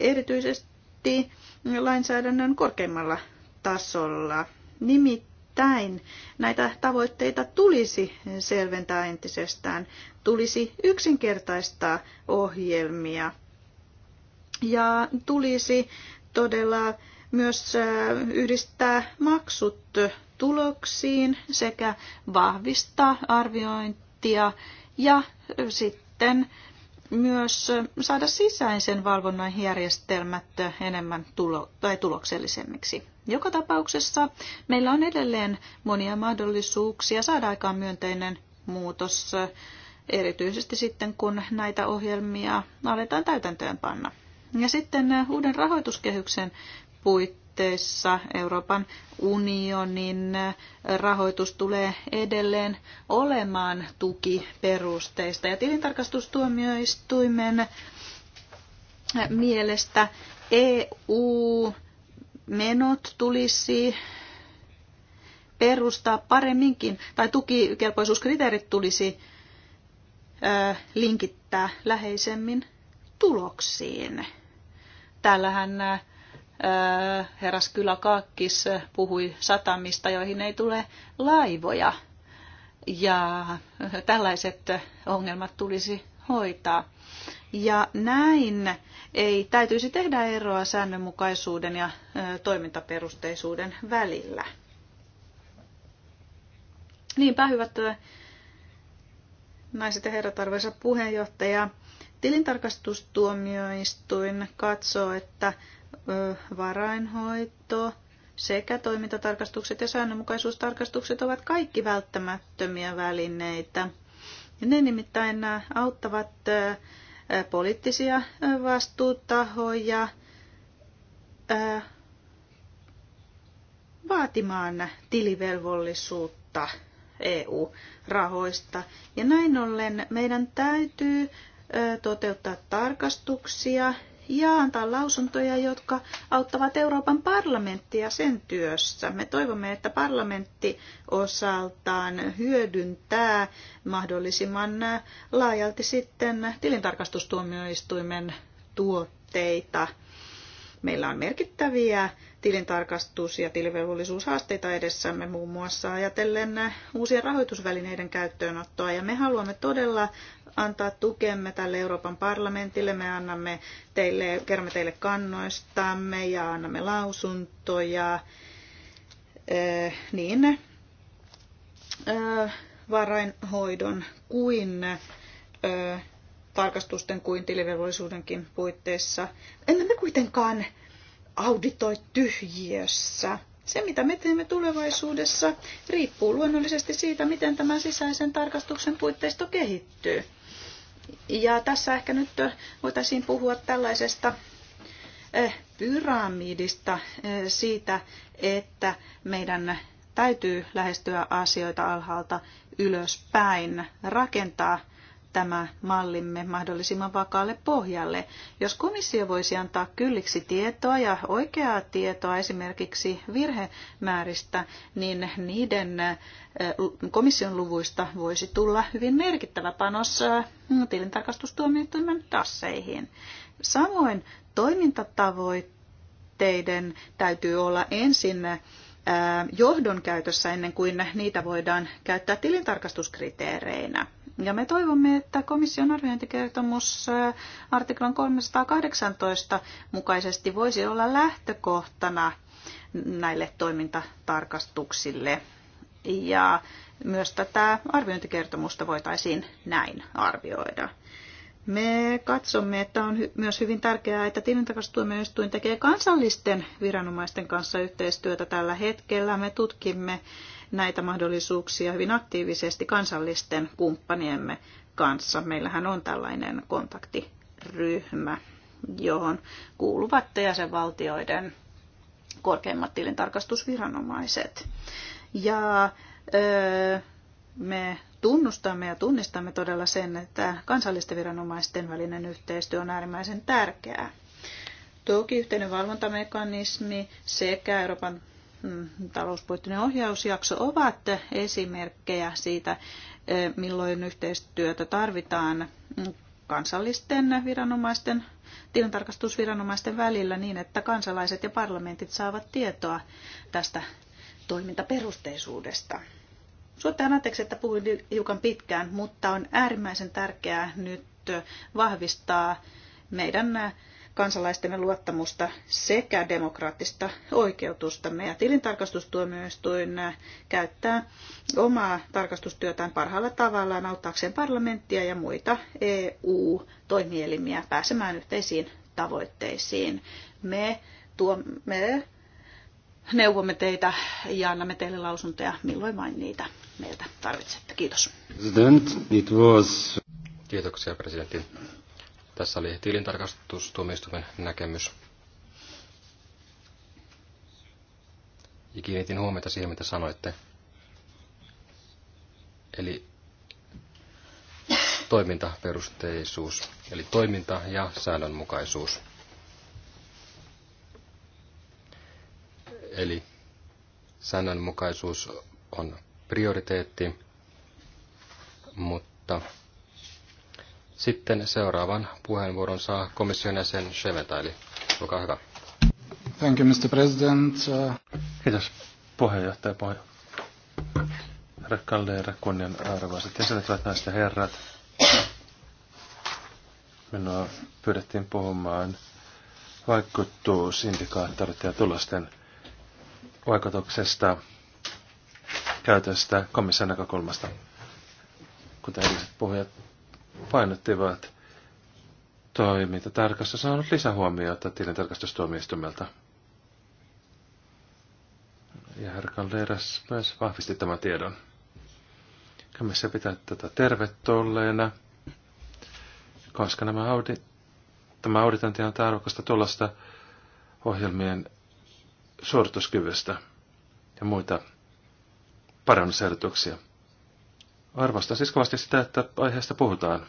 erityisesti lainsäädännön korkeimmalla tasolla. Nimittäin Nimittäin näitä tavoitteita tulisi selventää entisestään, tulisi yksinkertaistaa ohjelmia ja tulisi todella myös yhdistää maksut tuloksiin sekä vahvistaa arviointia ja sitten myös saada sisäisen valvonnan järjestelmät enemmän tulo- tai tuloksellisemmiksi. Joka tapauksessa meillä on edelleen monia mahdollisuuksia saada aikaan myönteinen muutos, erityisesti sitten kun näitä ohjelmia aletaan täytäntöönpanna. Ja sitten eh, uuden rahoituskehyksen puitteissa Euroopan unionin eh, rahoitus tulee edelleen olemaan tukiperusteista. Ja tilintarkastustuomioistuimen eh, mielestä EU menot tulisi perustaa paremminkin, tai tukikelpoisuuskriteerit tulisi linkittää läheisemmin tuloksiin. Täällähän herras Kaakkis puhui satamista, joihin ei tule laivoja. Ja tällaiset ongelmat tulisi hoitaa. Ja näin ei täytyisi tehdä eroa säännönmukaisuuden ja toimintaperusteisuuden välillä. Niinpä hyvät naiset ja herrat, arvoisa puheenjohtaja. Tilintarkastustuomioistuin katsoo, että varainhoito sekä toimintatarkastukset ja säännönmukaisuustarkastukset ovat kaikki välttämättömiä välineitä. Ne nimittäin auttavat poliittisia vastuutahoja vaatimaan tilivelvollisuutta EU-rahoista. Ja näin ollen meidän täytyy toteuttaa tarkastuksia ja antaa lausuntoja, jotka auttavat Euroopan parlamenttia sen työssä. Me toivomme, että parlamentti osaltaan hyödyntää mahdollisimman laajalti sitten tilintarkastustuomioistuimen tuotteita. Meillä on merkittäviä tilintarkastus- ja tilivelvollisuushaasteita edessämme muun muassa ajatellen uusien rahoitusvälineiden käyttöönottoa. Ja me haluamme todella antaa tukemme tälle Euroopan parlamentille. Me annamme teille, kerromme teille kannoistamme ja annamme lausuntoja eh, niin eh, varainhoidon kuin eh, tarkastusten kuin tilivelvollisuudenkin puitteissa. Emme me kuitenkaan auditoi tyhjiössä. Se, mitä me teemme tulevaisuudessa, riippuu luonnollisesti siitä, miten tämä sisäisen tarkastuksen puitteisto kehittyy. Ja tässä ehkä nyt voitaisiin puhua tällaisesta eh, pyramidista eh, siitä, että meidän täytyy lähestyä asioita alhaalta ylöspäin, rakentaa tämä mallimme mahdollisimman vakaalle pohjalle. Jos komissio voisi antaa kylliksi tietoa ja oikeaa tietoa esimerkiksi virhemääristä, niin niiden komission luvuista voisi tulla hyvin merkittävä panos tilintarkastustuomioistuimen tasseihin. Samoin toimintatavoitteiden täytyy olla ensin johdon käytössä ennen kuin niitä voidaan käyttää tilintarkastuskriteereinä. Ja me toivomme, että komission arviointikertomus artiklan 318 mukaisesti voisi olla lähtökohtana näille toimintatarkastuksille. Ja myös tätä arviointikertomusta voitaisiin näin arvioida. Me katsomme, että on myös hyvin tärkeää, että tilintarkastustuomioistuin tekee kansallisten viranomaisten kanssa yhteistyötä tällä hetkellä. Me tutkimme näitä mahdollisuuksia hyvin aktiivisesti kansallisten kumppaniemme kanssa. Meillähän on tällainen kontaktiryhmä, johon kuuluvat jäsenvaltioiden korkeimmat tilintarkastusviranomaiset. Ja öö, me tunnustamme ja tunnistamme todella sen, että kansallisten viranomaisten välinen yhteistyö on äärimmäisen tärkeää. Toki yhteinen valvontamekanismi sekä Euroopan mm, talouspoliittinen ohjausjakso ovat esimerkkejä siitä, eh, milloin yhteistyötä tarvitaan kansallisten viranomaisten, tilintarkastusviranomaisten välillä niin, että kansalaiset ja parlamentit saavat tietoa tästä toimintaperusteisuudesta. Suotaan anteeksi, että puhuin hiukan pitkään, mutta on äärimmäisen tärkeää nyt vahvistaa meidän kansalaistemme luottamusta sekä demokraattista oikeutustamme. Ja tilintarkastustuomioistuin käyttää omaa tarkastustyötään parhaalla tavallaan auttaakseen parlamenttia ja muita EU-toimielimiä pääsemään yhteisiin tavoitteisiin. Me, tuo, me neuvomme teitä ja annamme teille lausuntoja milloin vain niitä meiltä tarvitsette. Kiitos. President, it was... Kiitoksia presidentti. Tässä oli tilintarkastustuomioistuimen näkemys. Ja kiinnitin huomiota siihen, mitä sanoitte. Eli toimintaperusteisuus, eli toiminta ja säännönmukaisuus. Eli säännönmukaisuus on prioriteetti, mutta sitten seuraavan puheenvuoron saa komission jäsen Shevetaili. Olkaa hyvä. Thank you, Mr. President. Kiitos puheenjohtaja. puheenjohtaja. Herra Kalleera, kunnian arvoiset jäsenet, hyvät naiset ja herrat. Minua pyydettiin puhumaan vaikuttuusindikaattorit ja tulosten vaikutuksesta käytöstä komission näkökulmasta. Kuten edelliset puhujat painottivat, toimintatarkastus on ollut lisähuomiota tilintarkastustuomioistuimelta. Ja herra Kalderas myös vahvisti tämän tiedon. Komissio pitää tätä tervetulleena, koska nämä audit, tämä auditointi on arvokasta tulosta ohjelmien suorituskyvystä ja muita parannusehdotuksia. Arvosta siis kovasti sitä, että aiheesta puhutaan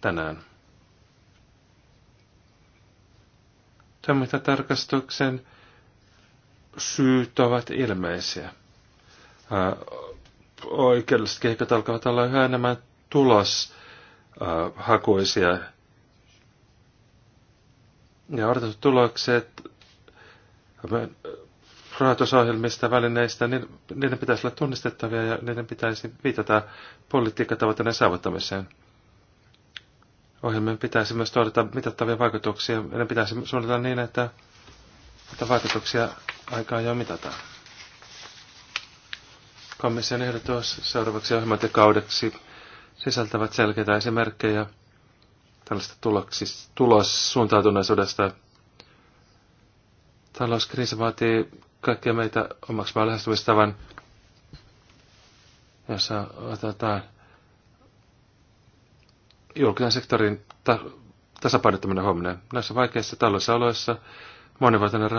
tänään. tarkastuksen syyt ovat ilmeisiä. Ää, oikeudelliset kehikot alkavat olla yhä enemmän tuloshakuisia. Ja odotetut tulokset rahoitusohjelmista välineistä, niin niiden pitäisi olla tunnistettavia ja niiden pitäisi viitata politiikkatavoitteiden saavuttamiseen. Ohjelmien pitäisi myös tuoda mitattavia vaikutuksia. Ne pitäisi suunnitella niin, että, että vaikutuksia aikaa jo mitataan. Komission ehdotus seuraavaksi kaudeksi sisältävät selkeitä esimerkkejä tällaista tulossuuntautuneisuudesta. talouskriisi vaatii kaikkia meitä maan lähestymistavan, jossa otetaan julkisen sektorin ta- tasapainottaminen hommeen, Näissä vaikeissa taloudellisissa oloissa monivuotinen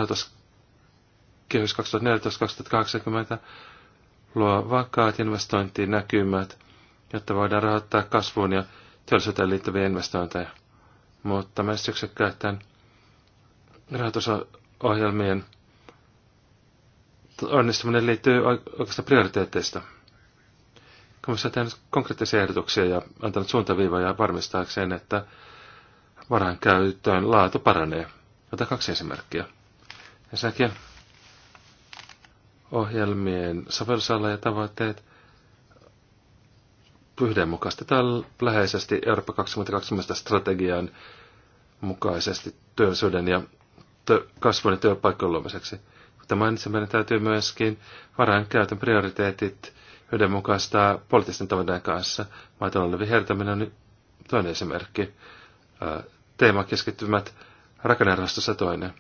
kehys 2014-2080 luo vakaat näkymät, jotta voidaan rahoittaa kasvuun ja teollisuuteen liittyviä investointeja. Mutta menestyksekkäiden rahoitusohjelmien onnistuminen liittyy oikeastaan prioriteetteista. Komissio on tehnyt konkreettisia ehdotuksia ja antanut suuntaviivoja varmistaakseen, että käyttöön laatu paranee. Ota kaksi esimerkkiä. Ensinnäkin ohjelmien sovellusala ja tavoitteet yhdenmukaistetaan läheisesti Eurooppa 2020 strategian mukaisesti työllisyyden ja kasvun ja työpaikkojen luomiseksi – mutta mainitsemme täytyy myöskin varan käytön prioriteetit yhdenmukaistaa poliittisten tavoitteiden kanssa. Maatalouden vihertäminen on toinen esimerkki. keskittymät rakennerahastossa toinen.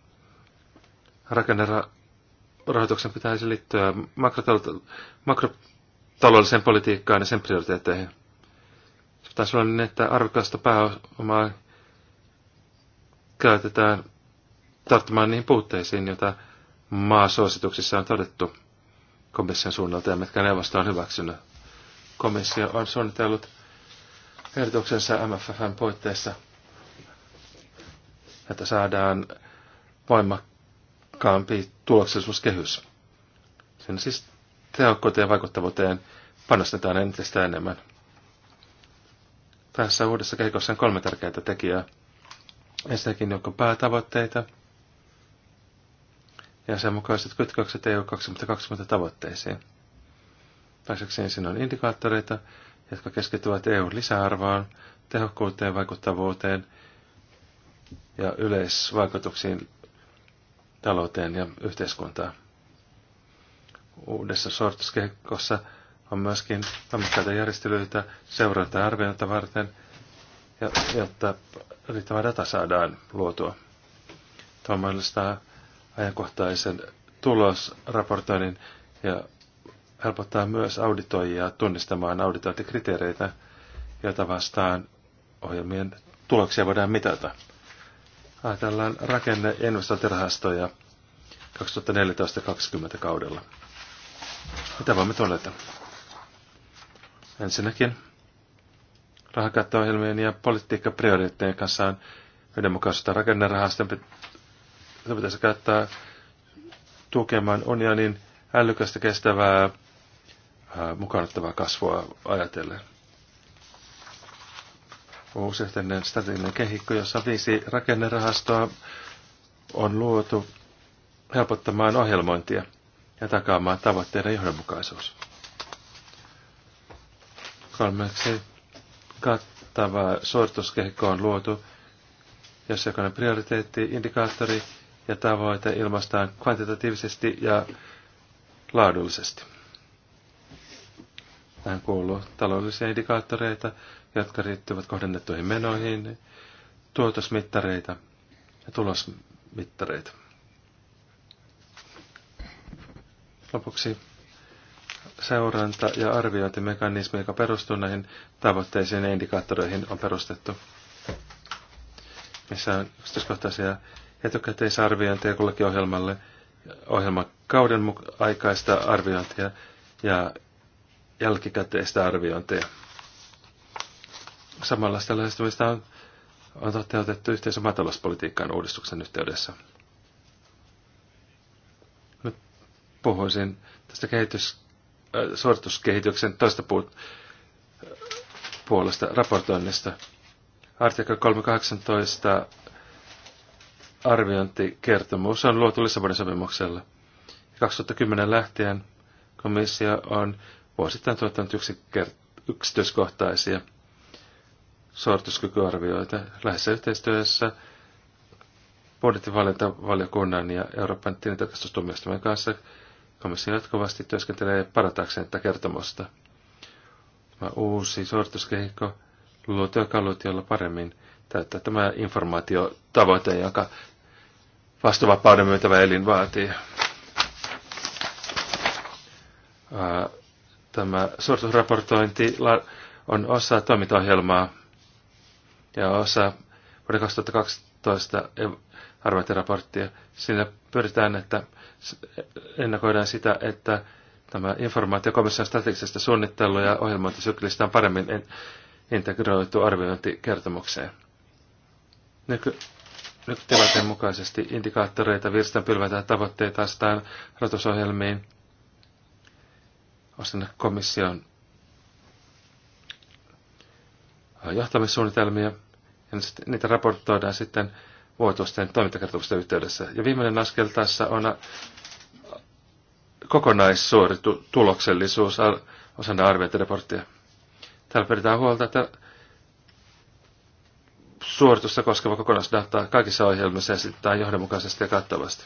Rakennerahoituksen pitäisi liittyä makrotaloudelliseen politiikkaan ja sen prioriteetteihin. Se pitäisi olla niin, että arvokasta pääomaa käytetään tarttumaan niihin puutteisiin, joita maasuosituksissa on todettu komission suunnalta ja mitkä neuvosto on hyväksynyt. Komissio on suunnitellut ehdotuksensa MFFn puitteissa, että saadaan voimakkaampi tuloksellisuuskehys. Sen siis tehokkuuteen ja vaikuttavuuteen panostetaan entistä enemmän. Tässä uudessa kehikossa on kolme tärkeää tekijää. Ensinnäkin joukko päätavoitteita – ja sen mukaiset kytkökset EU 2020 tavoitteisiin. Pääseksi ensin on indikaattoreita, jotka keskittyvät EUn lisäarvoon, tehokkuuteen, vaikuttavuuteen ja yleisvaikutuksiin talouteen ja yhteiskuntaan. Uudessa sortuskehikossa on myöskin tämmöistä järjestelyitä seuranta ja varten, jotta riittävä data saadaan luotua. Tämä mahdollistaa ajankohtaisen tulosraportoinnin ja helpottaa myös auditoijia tunnistamaan auditointikriteereitä, joita vastaan ohjelmien tuloksia voidaan mitata. Ajatellaan rakenne- investointirahastoja 2014-2020 kaudella. Mitä voimme todeta? Ensinnäkin rahankäyttöohjelmien ja politiikkaprioriteettien kanssa on yhdenmukaisuutta rakennerahastojen jota pitäisi käyttää tukemaan niin älykästä kestävää mukaanottavaa kasvua ajatellen. yhteinen strateginen kehikko, jossa viisi rakennerahastoa on luotu helpottamaan ohjelmointia ja takaamaan tavoitteiden johdonmukaisuus. Kolmeksi kattava suorituskehikko on luotu, jossa jokainen prioriteetti, indikaattori ja tavoite ilmaistaan kvantitatiivisesti ja laadullisesti. Tähän kuuluu taloudellisia indikaattoreita, jotka riittyvät kohdennettuihin menoihin, tuotosmittareita ja tulosmittareita. Lopuksi seuranta- ja arviointimekanismi, joka perustuu näihin tavoitteisiin ja indikaattoreihin, on perustettu, missä on yksityiskohtaisia etukäteisarviointia kullekin ohjelmalle, ohjelmakauden aikaista arviointia ja jälkikäteistä arviointia. Samanlaista lähestymistä on, on toteutettu yhteisö- maatalouspolitiikan uudistuksen yhteydessä. Nyt puhuisin tästä kehitys, äh, suorituskehityksen toista puu, puolesta raportoinnista. Artikla 318 arviointikertomus on luotu Lissabonin sopimuksella. 2010 lähtien komissio on vuosittain tuottanut yksityiskohtaisia suorituskykyarvioita lähes yhteistyössä budjettivalintavaliokunnan ja Euroopan tilintarkastustuomioistuimen kanssa. Komissio jatkuvasti työskentelee parantaakseen tätä kertomusta. Tämä uusi suorituskehikko luo työkalut, joilla paremmin täyttää tämä informaatiotavoite, joka vastuvapauden myöntävä elin vaatii. Tämä suoritusraportointi on osa toimintaohjelmaa ja osa vuoden 2012 arviointiraporttia. Siinä pyritään, että ennakoidaan sitä, että tämä informaatio komission strategisesta suunnittelu- ja ohjelmointisyklistä on paremmin integroitu arviointikertomukseen. Nyky- nyt tilanteen mukaisesti indikaattoreita, virstanpylväitä ja tavoitteita astaan rahoitusohjelmiin osana komission johtamissuunnitelmia, ja niitä raportoidaan sitten vuotuisten toimintakertomusten yhteydessä. Ja viimeinen askel tässä on kokonaissuoritu tuloksellisuus osana arviointireporttia. Täällä pidetään huolta, että suoritusta koskeva kokonaisdata kaikissa ohjelmissa esitetään johdonmukaisesti ja kattavasti.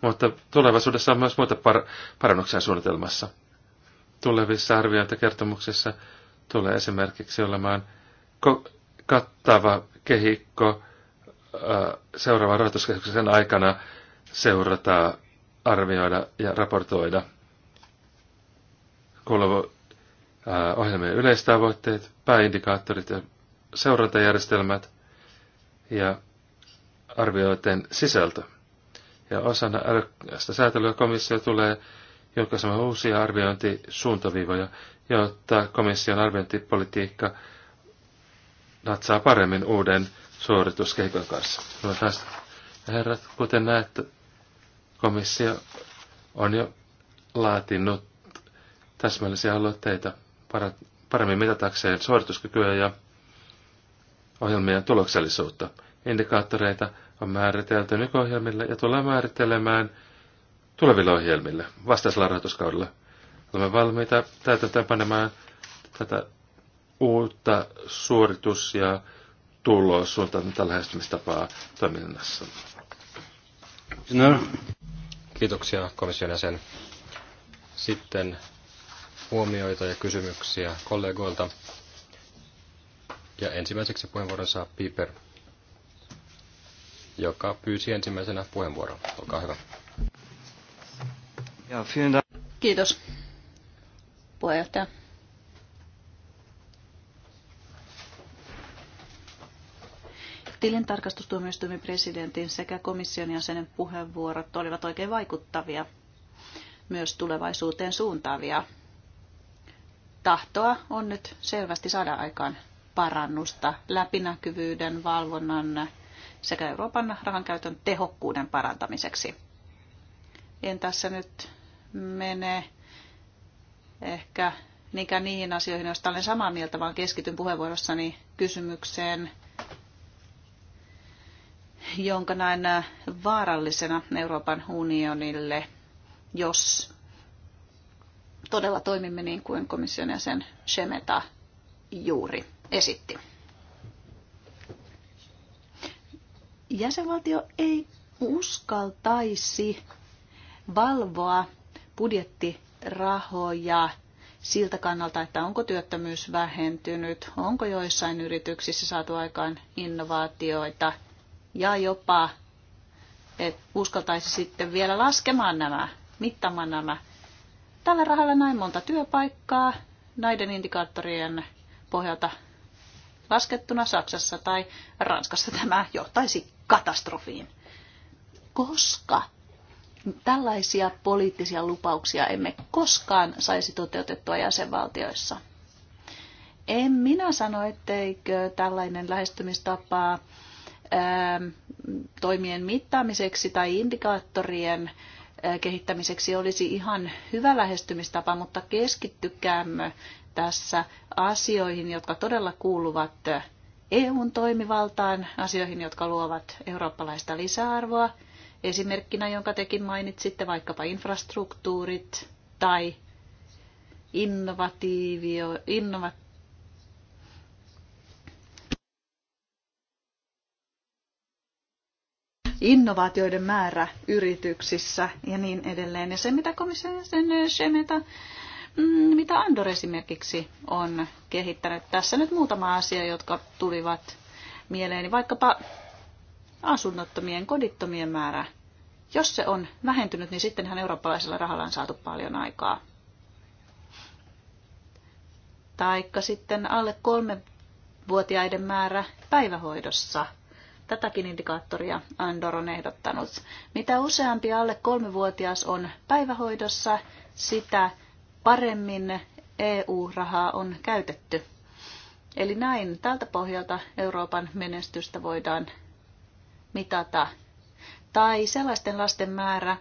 Mutta tulevaisuudessa on myös muita par- parannuksia suunnitelmassa. Tulevissa arviointikertomuksissa tulee esimerkiksi olemaan ko- kattava kehikko äh, seuraavan rahoituskeskuksen aikana seurata, arvioida ja raportoida kuuluva äh, ohjelmien yleistavoitteet, pääindikaattorit ja seurantajärjestelmät, ja arvioiden sisältö. Ja osana älykkäästä säätelyä komissio tulee julkaisemaan uusia arviointisuuntaviivoja, jotta komission arviointipolitiikka natsaa paremmin uuden suorituskehikon kanssa. Hyvät naiset herrat, kuten näette, komissio on jo laatinut täsmällisiä aloitteita paremmin mitatakseen suorituskykyä ja ohjelmien tuloksellisuutta. Indikaattoreita on määritelty nykyohjelmille ja tulee määrittelemään tuleville ohjelmille vastaisella rahoituskaudella. Olemme valmiita täytäntöön panemaan tätä uutta suoritus- ja tulossuuntaan lähestymistapaa toiminnassa. No. Kiitoksia komission jäsen. Sitten huomioita ja kysymyksiä kollegoilta. Ja ensimmäiseksi puheenvuoron saa Piper, joka pyysi ensimmäisenä puheenvuoron. Olkaa hyvä. Kiitos, puheenjohtaja. Tilintarkastustuomioistuimen presidentin sekä komission jäsenen puheenvuorot olivat oikein vaikuttavia, myös tulevaisuuteen suuntaavia. Tahtoa on nyt selvästi saada aikaan parannusta läpinäkyvyyden, valvonnan sekä Euroopan rahankäytön tehokkuuden parantamiseksi. En tässä nyt mene ehkä niinkään niihin asioihin, joista olen samaa mieltä, vaan keskityn puheenvuorossani kysymykseen, jonka näen vaarallisena Euroopan unionille, jos todella toimimme niin kuin komission jäsen Shemeta juuri esitti. Jäsenvaltio ei uskaltaisi valvoa budjettirahoja siltä kannalta, että onko työttömyys vähentynyt, onko joissain yrityksissä saatu aikaan innovaatioita ja jopa et uskaltaisi sitten vielä laskemaan nämä, mittamaan nämä. Tällä rahalla näin monta työpaikkaa näiden indikaattorien pohjalta laskettuna Saksassa tai Ranskassa tämä johtaisi katastrofiin. Koska tällaisia poliittisia lupauksia emme koskaan saisi toteutettua jäsenvaltioissa. En minä sano, etteikö tällainen lähestymistapa toimien mittaamiseksi tai indikaattorien kehittämiseksi olisi ihan hyvä lähestymistapa, mutta keskittykäämme tässä asioihin, jotka todella kuuluvat EUn toimivaltaan, asioihin, jotka luovat eurooppalaista lisäarvoa. Esimerkkinä, jonka tekin mainitsitte, vaikkapa infrastruktuurit tai innovatiivio, innovat, innovaatioiden määrä yrityksissä ja niin edelleen. Ja se, mitä komission jäsen Shemeta, mm, mitä Andor esimerkiksi on kehittänyt. Tässä nyt muutama asia, jotka tulivat mieleeni. Vaikkapa asunnottomien, kodittomien määrä. Jos se on vähentynyt, niin sittenhän eurooppalaisella rahalla on saatu paljon aikaa. Taikka sitten alle kolme vuotiaiden määrä päivähoidossa. Tätäkin indikaattoria Andor on ehdottanut. Mitä useampi alle kolmivuotias on päivähoidossa, sitä paremmin EU-rahaa on käytetty. Eli näin tältä pohjalta Euroopan menestystä voidaan mitata. Tai sellaisten lasten määrä,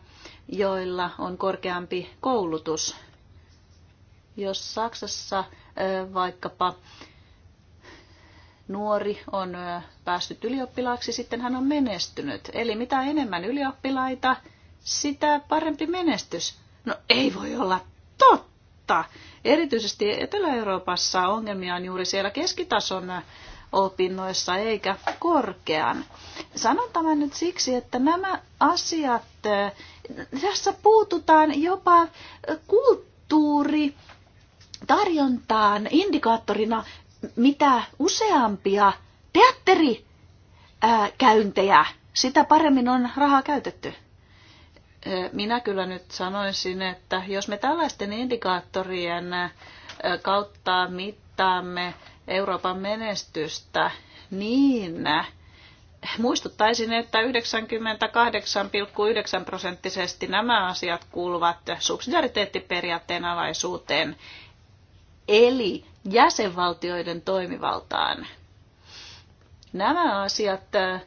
joilla on korkeampi koulutus. Jos Saksassa vaikkapa nuori on päässyt ylioppilaaksi, sitten hän on menestynyt. Eli mitä enemmän ylioppilaita, sitä parempi menestys. No ei voi olla totta. Erityisesti Etelä-Euroopassa ongelmia on juuri siellä keskitason opinnoissa eikä korkean. Sanon tämän nyt siksi, että nämä asiat, tässä puututaan jopa kulttuuri tarjontaan indikaattorina mitä useampia teatterikäyntejä, sitä paremmin on rahaa käytetty. Minä kyllä nyt sanoisin, että jos me tällaisten indikaattorien kautta mittaamme Euroopan menestystä, niin muistuttaisin, että 98,9 prosenttisesti nämä asiat kuuluvat subsidiariteettiperiaatteen alaisuuteen. Eli jäsenvaltioiden toimivaltaan. Nämä asiat äh,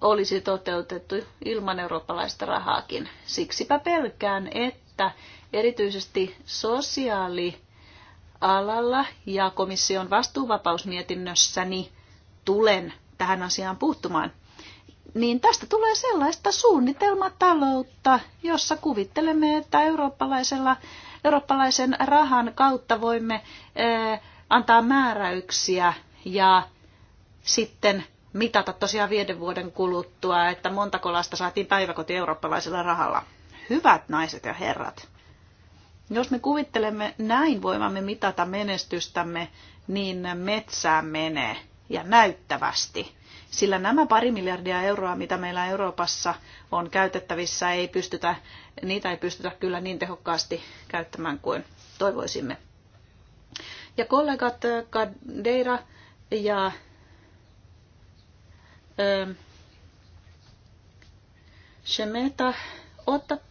olisi toteutettu ilman eurooppalaista rahaakin. Siksipä pelkään, että erityisesti sosiaalialalla ja komission vastuuvapausmietinnössäni tulen tähän asiaan puuttumaan. Niin tästä tulee sellaista suunnitelmataloutta, jossa kuvittelemme, että eurooppalaisella, eurooppalaisen rahan kautta voimme ää, äh, antaa määräyksiä ja sitten mitata tosiaan viiden vuoden kuluttua, että montako lasta saatiin päiväkoti eurooppalaisella rahalla. Hyvät naiset ja herrat, jos me kuvittelemme näin voimamme mitata menestystämme, niin metsää menee ja näyttävästi. Sillä nämä pari miljardia euroa, mitä meillä Euroopassa on käytettävissä, ei pystytä, niitä ei pystytä kyllä niin tehokkaasti käyttämään kuin toivoisimme. Ja kollegat äh, Kadeira ja ähm, Shemeta,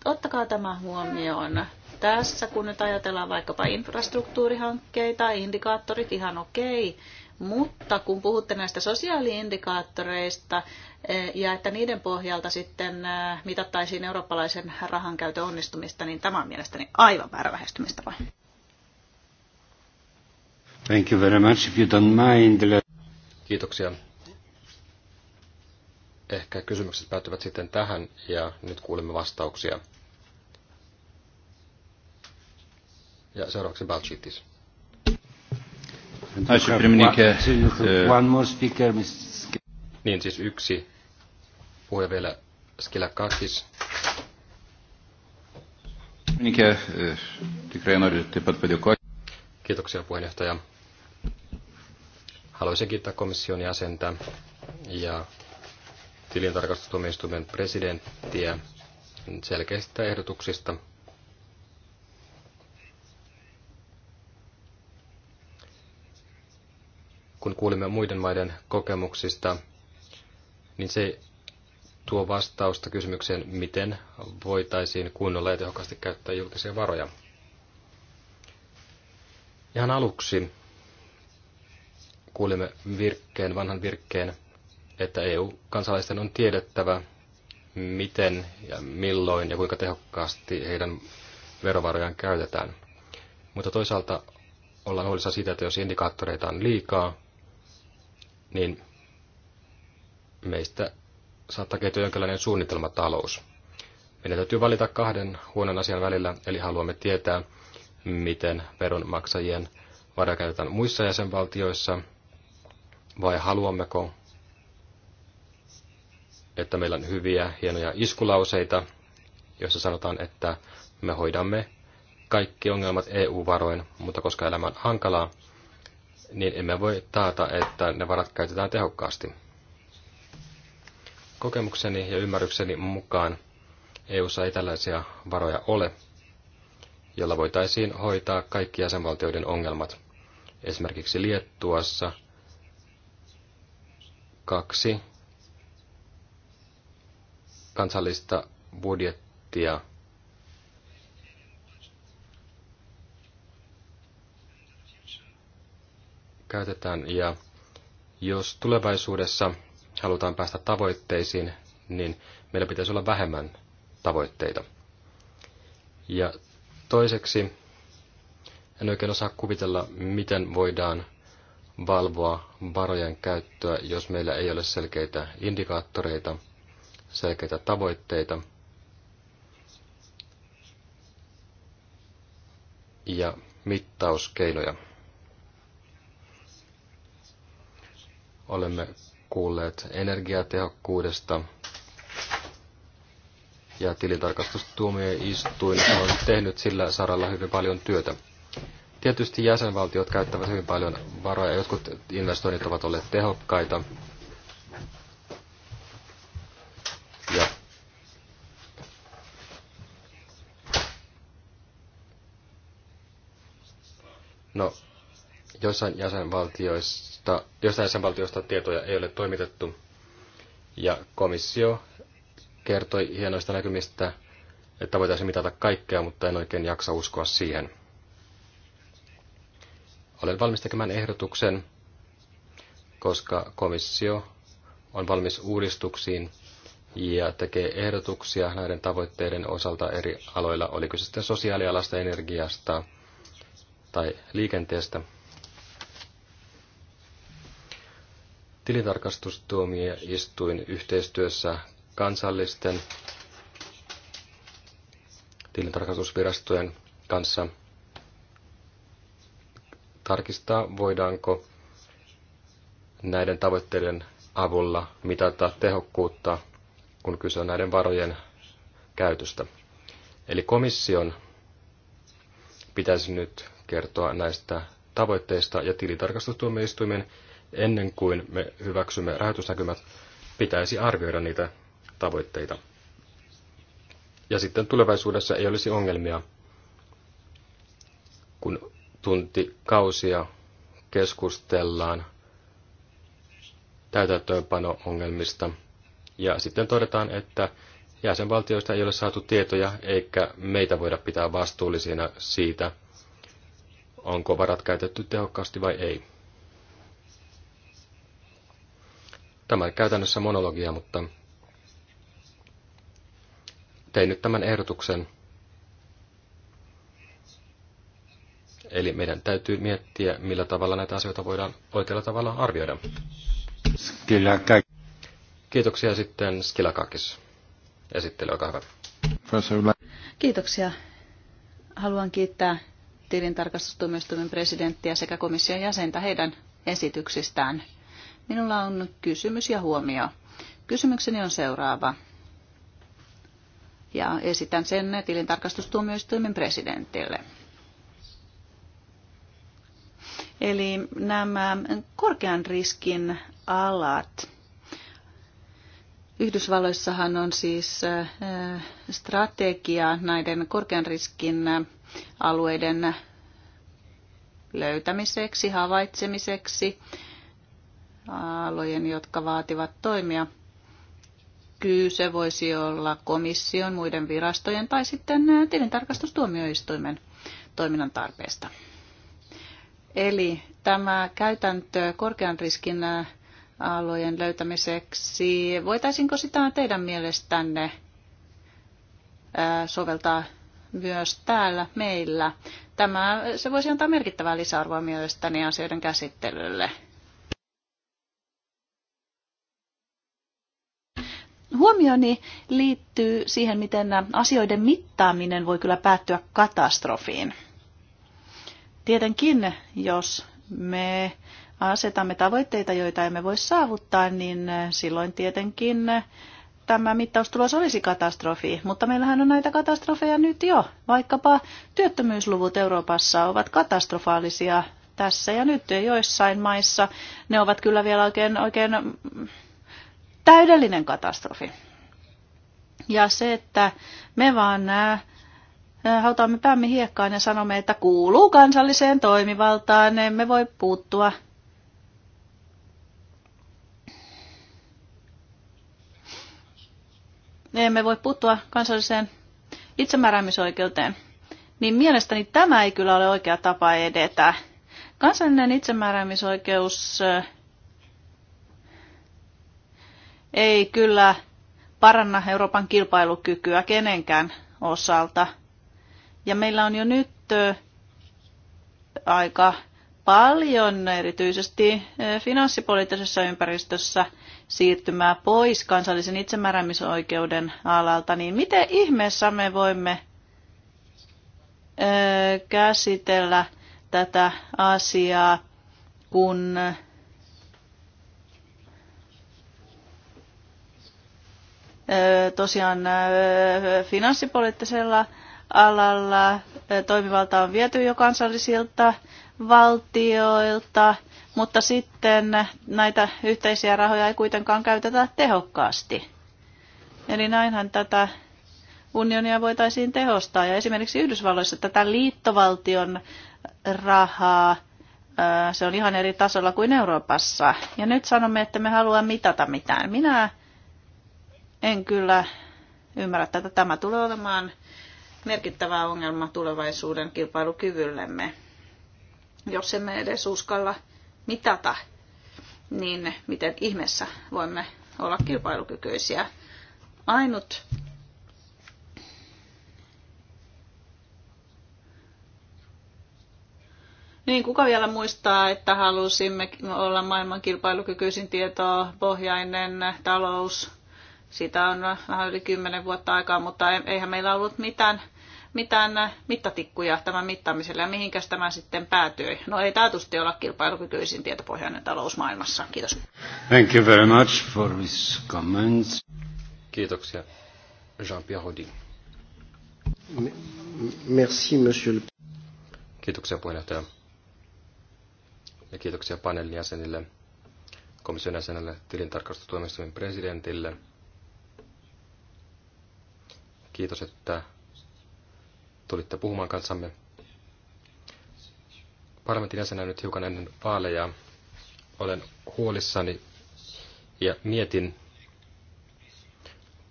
ottakaa tämä huomioon tässä, kun nyt ajatellaan vaikkapa infrastruktuurihankkeita, indikaattorit ihan okei, mutta kun puhutte näistä sosiaaliindikaattoreista äh, ja että niiden pohjalta sitten äh, mitattaisiin eurooppalaisen rahankäytön onnistumista, niin tämä on mielestäni aivan väärä lähestymistapa. Thank you very much. If you don't mind. Kiitoksia. Ehkä kysymykset päättyvät sitten tähän ja nyt kuulemme vastauksia. Ja seuraavaksi Balchitis. One more speaker, Niin siis yksi puhuja vielä Skilakakis. E, Kiitoksia puheenjohtaja. Haluaisin kiittää komission jäsentä ja tilintarkastustuomioistuimen presidenttiä selkeistä ehdotuksista. Kun kuulimme muiden maiden kokemuksista, niin se tuo vastausta kysymykseen, miten voitaisiin kunnolla ja tehokkaasti käyttää julkisia varoja. Ihan aluksi kuulimme virkkeen, vanhan virkkeen, että EU-kansalaisten on tiedettävä, miten ja milloin ja kuinka tehokkaasti heidän verovarojaan käytetään. Mutta toisaalta ollaan huolissa siitä, että jos indikaattoreita on liikaa, niin meistä saattaa kehittyä jonkinlainen suunnitelmatalous. Meidän täytyy valita kahden huonon asian välillä, eli haluamme tietää, miten veronmaksajien varoja käytetään muissa jäsenvaltioissa – vai haluammeko, että meillä on hyviä, hienoja iskulauseita, joissa sanotaan, että me hoidamme kaikki ongelmat EU-varoin, mutta koska elämä on hankalaa, niin emme voi taata, että ne varat käytetään tehokkaasti. Kokemukseni ja ymmärrykseni mukaan EUssa ei tällaisia varoja ole, jolla voitaisiin hoitaa kaikki jäsenvaltioiden ongelmat. Esimerkiksi Liettuassa – kaksi kansallista budjettia käytetään ja jos tulevaisuudessa halutaan päästä tavoitteisiin, niin meillä pitäisi olla vähemmän tavoitteita. Ja toiseksi en oikein osaa kuvitella, miten voidaan valvoa varojen käyttöä, jos meillä ei ole selkeitä indikaattoreita, selkeitä tavoitteita. ja mittauskeinoja. Olemme kuulleet energiatehokkuudesta ja tilintarkastustuomioistuin on tehnyt sillä saralla hyvin paljon työtä. Tietysti jäsenvaltiot käyttävät hyvin paljon varoja. Jotkut investoinnit ovat olleet tehokkaita. Ja No, jossain jäsenvaltioista, jossain jäsenvaltioista tietoja ei ole toimitettu. Ja komissio kertoi hienoista näkymistä, että voitaisiin mitata kaikkea, mutta en oikein jaksa uskoa siihen. Olen valmis tekemään ehdotuksen, koska komissio on valmis uudistuksiin ja tekee ehdotuksia näiden tavoitteiden osalta eri aloilla, oliko se sitten sosiaalialasta, energiasta tai liikenteestä. Tilintarkastustuomioistuin yhteistyössä kansallisten tilintarkastusvirastojen kanssa – tarkistaa, voidaanko näiden tavoitteiden avulla mitata tehokkuutta, kun kyse on näiden varojen käytöstä. Eli komission pitäisi nyt kertoa näistä tavoitteista ja tilitarkastustuomioistuimen ennen kuin me hyväksymme rahoitusnäkymät, pitäisi arvioida niitä tavoitteita. Ja sitten tulevaisuudessa ei olisi ongelmia, kun tuntikausia keskustellaan täytäntöönpano-ongelmista. Ja sitten todetaan, että jäsenvaltioista ei ole saatu tietoja, eikä meitä voida pitää vastuullisina siitä, onko varat käytetty tehokkaasti vai ei. Tämä on käytännössä monologia, mutta tein nyt tämän ehdotuksen, Eli meidän täytyy miettiä, millä tavalla näitä asioita voidaan oikealla tavalla arvioida. Kiitoksia sitten Skilakakis. Esittely, olkaa hyvä. Kiitoksia. Haluan kiittää tilintarkastustuomioistuimen presidenttiä sekä komission jäsentä heidän esityksistään. Minulla on kysymys ja huomio. Kysymykseni on seuraava. Ja esitän sen tilintarkastustuomioistuimen presidentille. Eli nämä korkean riskin alat. Yhdysvalloissahan on siis eh, strategia näiden korkean riskin alueiden löytämiseksi, havaitsemiseksi, alojen, jotka vaativat toimia. Kyse voisi olla komission, muiden virastojen tai sitten eh, tilintarkastustuomioistuimen toiminnan tarpeesta. Eli tämä käytäntö korkean riskin alojen löytämiseksi, voitaisiinko sitä teidän mielestänne soveltaa myös täällä meillä? Tämä, se voisi antaa merkittävää lisäarvoa mielestäni asioiden käsittelylle. Huomioni liittyy siihen, miten asioiden mittaaminen voi kyllä päättyä katastrofiin. Tietenkin, jos me asetamme tavoitteita, joita emme voi saavuttaa, niin silloin tietenkin tämä mittaustulos olisi katastrofi, mutta meillähän on näitä katastrofeja nyt jo. Vaikkapa työttömyysluvut Euroopassa ovat katastrofaalisia tässä ja nyt ja joissain maissa ne ovat kyllä vielä oikein, oikein täydellinen katastrofi. Ja se, että me vaan äh, hautaamme päämme hiekkaan ja sanomme, että kuuluu kansalliseen toimivaltaan, emme voi puuttua. Emme voi puuttua kansalliseen itsemääräämisoikeuteen. Niin mielestäni tämä ei kyllä ole oikea tapa edetä. Kansallinen itsemääräämisoikeus ei kyllä paranna Euroopan kilpailukykyä kenenkään osalta – ja meillä on jo nyt aika paljon, erityisesti finanssipoliittisessa ympäristössä, siirtymää pois kansallisen itsemääräämisoikeuden alalta, niin miten ihmeessä me voimme käsitellä tätä asiaa, kun tosiaan finanssipoliittisella alalla toimivalta on viety jo kansallisilta valtioilta, mutta sitten näitä yhteisiä rahoja ei kuitenkaan käytetä tehokkaasti. Eli näinhän tätä unionia voitaisiin tehostaa. Ja esimerkiksi Yhdysvalloissa tätä liittovaltion rahaa, se on ihan eri tasolla kuin Euroopassa. Ja nyt sanomme, että me haluamme mitata mitään. Minä en kyllä ymmärrä tätä. Tämä tulee olemaan merkittävä ongelma tulevaisuuden kilpailukyvyllemme. Jos emme edes uskalla mitata, niin miten ihmeessä voimme olla kilpailukykyisiä? Ainut Niin, kuka vielä muistaa, että halusimme olla maailman kilpailukykyisin tietoa pohjainen talous? Sitä on vähän yli kymmenen vuotta aikaa, mutta e- eihän meillä ollut mitään mitään mittatikkuja tämän mittaamiselle ja mihinkäs tämä sitten päätyi. No ei taatusti olla kilpailukykyisin tietopohjainen talous maailmassa. Kiitos. Thank you very much for this comments. Kiitoksia. Jean-Pierre Audi. Merci, monsieur. Kiitoksia puheenjohtaja. Ja kiitoksia paneelin jäsenille, komission jäsenelle, tilintarkastustuomioistuimen presidentille. Kiitos, että tulitte puhumaan kanssamme. Parlamentin jäsenä nyt hiukan ennen vaaleja olen huolissani ja mietin,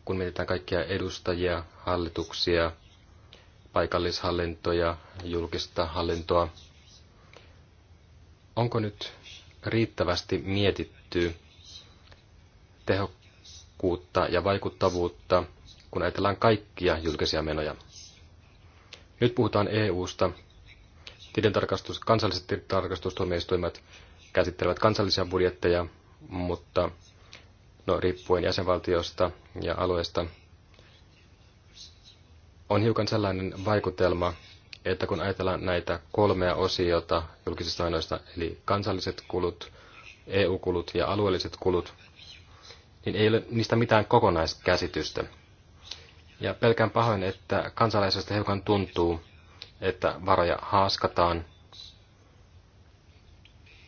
kun mietitään kaikkia edustajia, hallituksia, paikallishallintoja, julkista hallintoa, onko nyt riittävästi mietitty tehokkuutta ja vaikuttavuutta, kun ajatellaan kaikkia julkisia menoja? Nyt puhutaan EU-sta. Tilintarkastus, kansalliset tarkastustuomioistuimet käsittelevät kansallisia budjetteja, mutta no, riippuen jäsenvaltiosta ja alueesta on hiukan sellainen vaikutelma, että kun ajatellaan näitä kolmea osiota julkisista ainoista, eli kansalliset kulut, EU-kulut ja alueelliset kulut, niin ei ole niistä mitään kokonaiskäsitystä. Ja pelkään pahoin, että kansalaisesta hiukan tuntuu, että varoja haaskataan,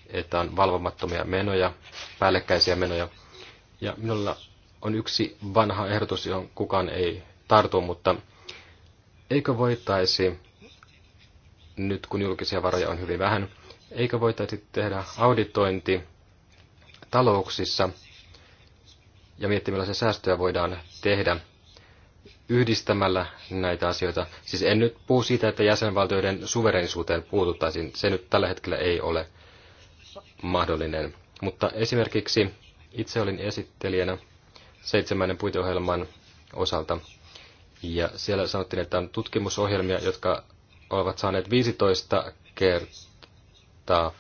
että on valvomattomia menoja, päällekkäisiä menoja. Ja minulla on yksi vanha ehdotus, johon kukaan ei tartu, mutta eikö voitaisi, nyt kun julkisia varoja on hyvin vähän, eikö voitaisi tehdä auditointi talouksissa ja miettiä, millaisia säästöjä voidaan tehdä – yhdistämällä näitä asioita. Siis en nyt puhu siitä, että jäsenvaltioiden suverenisuuteen puututtaisiin. Se nyt tällä hetkellä ei ole mahdollinen. Mutta esimerkiksi itse olin esittelijänä seitsemännen puiteohjelman osalta. Ja siellä sanottiin, että on tutkimusohjelmia, jotka ovat saaneet 15 kertaa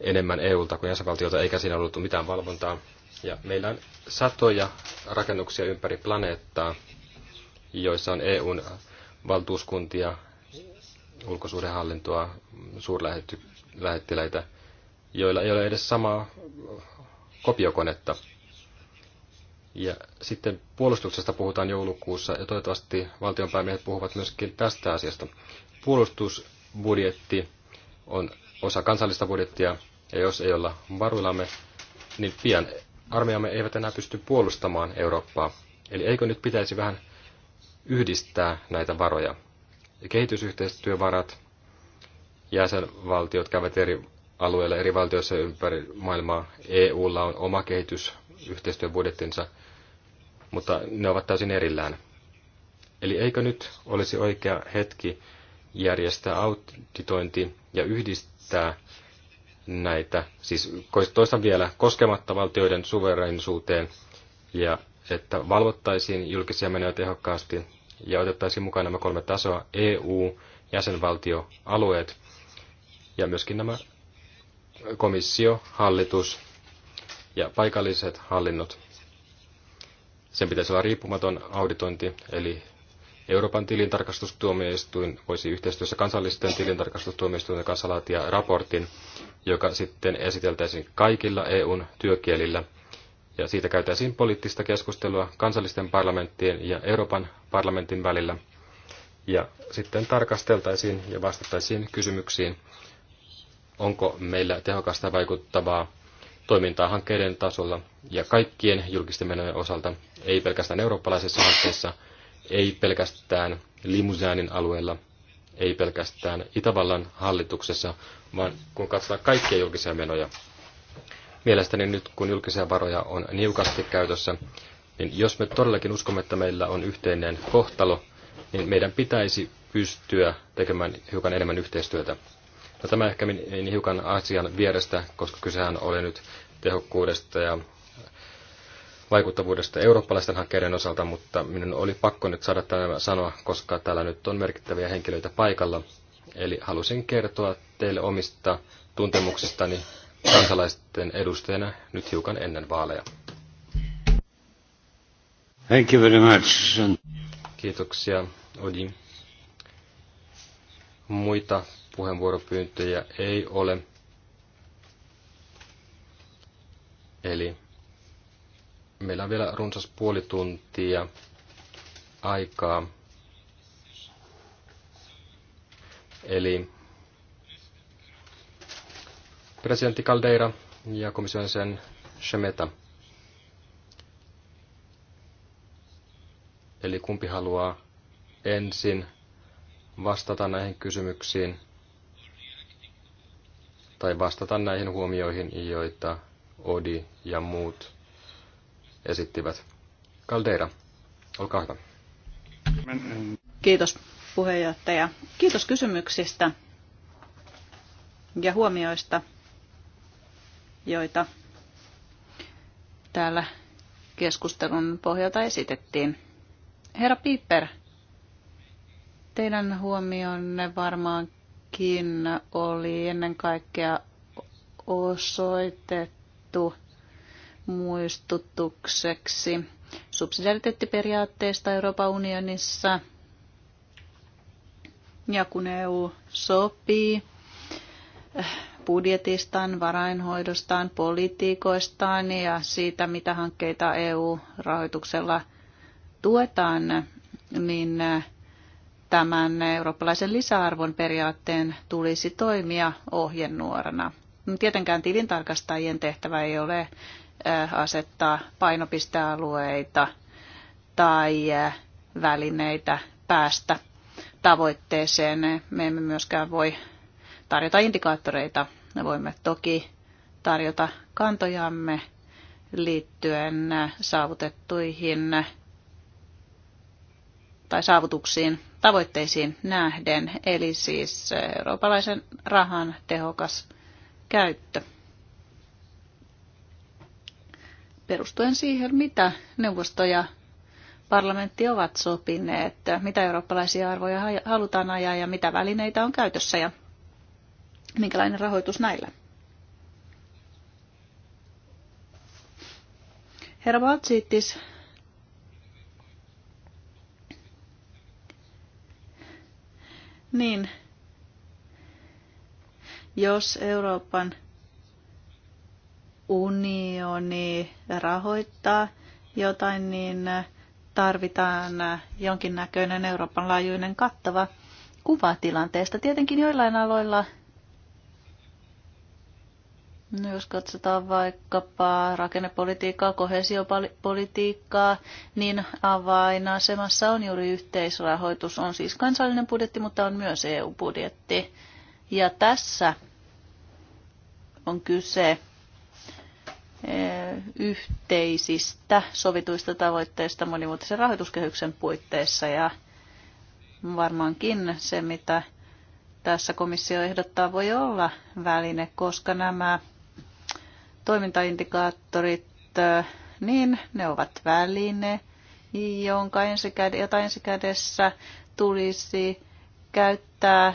enemmän EUlta kuin jäsenvaltiota, eikä siinä ollut mitään valvontaa. Ja meillä on satoja rakennuksia ympäri planeettaa, joissa on EUn valtuuskuntia, ulkosuhdehallintoa, suurlähettiläitä, joilla ei ole edes samaa kopiokonetta. Ja sitten puolustuksesta puhutaan joulukuussa, ja toivottavasti valtionpäämiehet puhuvat myöskin tästä asiasta. Puolustusbudjetti on osa kansallista budjettia, ja jos ei olla varuillamme, niin pian armeijamme eivät enää pysty puolustamaan Eurooppaa. Eli eikö nyt pitäisi vähän yhdistää näitä varoja. Kehitysyhteistyövarat, jäsenvaltiot käyvät eri alueilla, eri valtioissa ympäri maailmaa. EUlla on oma kehitysyhteistyöbudjettinsa, mutta ne ovat täysin erillään. Eli eikö nyt olisi oikea hetki järjestää auditointi ja yhdistää näitä, siis toistan vielä, koskematta valtioiden suverensuuteen ja että valvottaisiin julkisia menoja tehokkaasti ja otettaisiin mukaan nämä kolme tasoa, EU, jäsenvaltio, alueet ja myöskin nämä komissio, hallitus ja paikalliset hallinnot. Sen pitäisi olla riippumaton auditointi, eli Euroopan tilintarkastustuomioistuin voisi yhteistyössä kansallisten tilintarkastustuomioistuinten kanssa laatia raportin, joka sitten esiteltäisiin kaikilla EUn työkielillä – ja siitä käytäisiin poliittista keskustelua kansallisten parlamenttien ja Euroopan parlamentin välillä. Ja sitten tarkasteltaisiin ja vastattaisiin kysymyksiin, onko meillä tehokasta vaikuttavaa toimintaa hankkeiden tasolla ja kaikkien julkisten menojen osalta, ei pelkästään eurooppalaisissa hankkeissa, ei pelkästään Limusäänin alueella, ei pelkästään Itävallan hallituksessa, vaan kun katsotaan kaikkia julkisia menoja, Mielestäni nyt, kun julkisia varoja on niukasti käytössä, niin jos me todellakin uskomme, että meillä on yhteinen kohtalo, niin meidän pitäisi pystyä tekemään hiukan enemmän yhteistyötä. No, tämä ehkä niin hiukan asian vierestä, koska kysehän oli nyt tehokkuudesta ja vaikuttavuudesta eurooppalaisten hankkeiden osalta, mutta minun oli pakko nyt saada tämä sanoa, koska täällä nyt on merkittäviä henkilöitä paikalla. Eli halusin kertoa teille omista tuntemuksistani kansalaisten edustajana nyt hiukan ennen vaaleja. Thank you very much. Kiitoksia, Odi. Muita puheenvuoropyyntöjä ei ole. Eli meillä on vielä runsas puoli tuntia aikaa. Eli presidentti Caldeira ja komission sen Shemeta. Eli kumpi haluaa ensin vastata näihin kysymyksiin tai vastata näihin huomioihin, joita Odi ja muut esittivät. Caldeira, olkaa hyvä. Kiitos puheenjohtaja. Kiitos kysymyksistä ja huomioista joita täällä keskustelun pohjalta esitettiin. Herra Piper, teidän huomionne varmaankin oli ennen kaikkea osoitettu muistutukseksi subsidiariteettiperiaatteesta Euroopan unionissa. Ja kun EU sopii budjetistaan, varainhoidostaan, politiikoistaan ja siitä, mitä hankkeita EU-rahoituksella tuetaan, niin eh, tämän eurooppalaisen lisäarvon periaatteen tulisi toimia ohjenuorana. Tietenkään tilintarkastajien tehtävä ei ole eh, asettaa painopistealueita tai eh, välineitä päästä tavoitteeseen. Me emme myöskään voi tarjota indikaattoreita. Me voimme toki tarjota kantojamme liittyen saavutettuihin tai saavutuksiin tavoitteisiin nähden, eli siis eurooppalaisen rahan tehokas käyttö. Perustuen siihen, mitä neuvosto ja parlamentti ovat sopineet, mitä eurooppalaisia arvoja halutaan ajaa ja mitä välineitä on käytössä ja minkälainen rahoitus näillä. Herra Valtsiittis, niin jos Euroopan unioni rahoittaa jotain, niin tarvitaan jonkinnäköinen Euroopan laajuinen kattava kuva tilanteesta. Tietenkin joillain aloilla No jos katsotaan vaikkapa rakennepolitiikkaa, kohesiopolitiikkaa, niin avainasemassa on juuri yhteisrahoitus. On siis kansallinen budjetti, mutta on myös EU-budjetti. Ja tässä on kyse eh, yhteisistä sovituista tavoitteista monimuotoisen rahoituskehyksen puitteissa. Ja varmaankin se, mitä tässä komissio ehdottaa, voi olla väline, koska nämä toimintaindikaattorit, niin ne ovat väline, jonka ensikäde, jota ensikädessä tulisi käyttää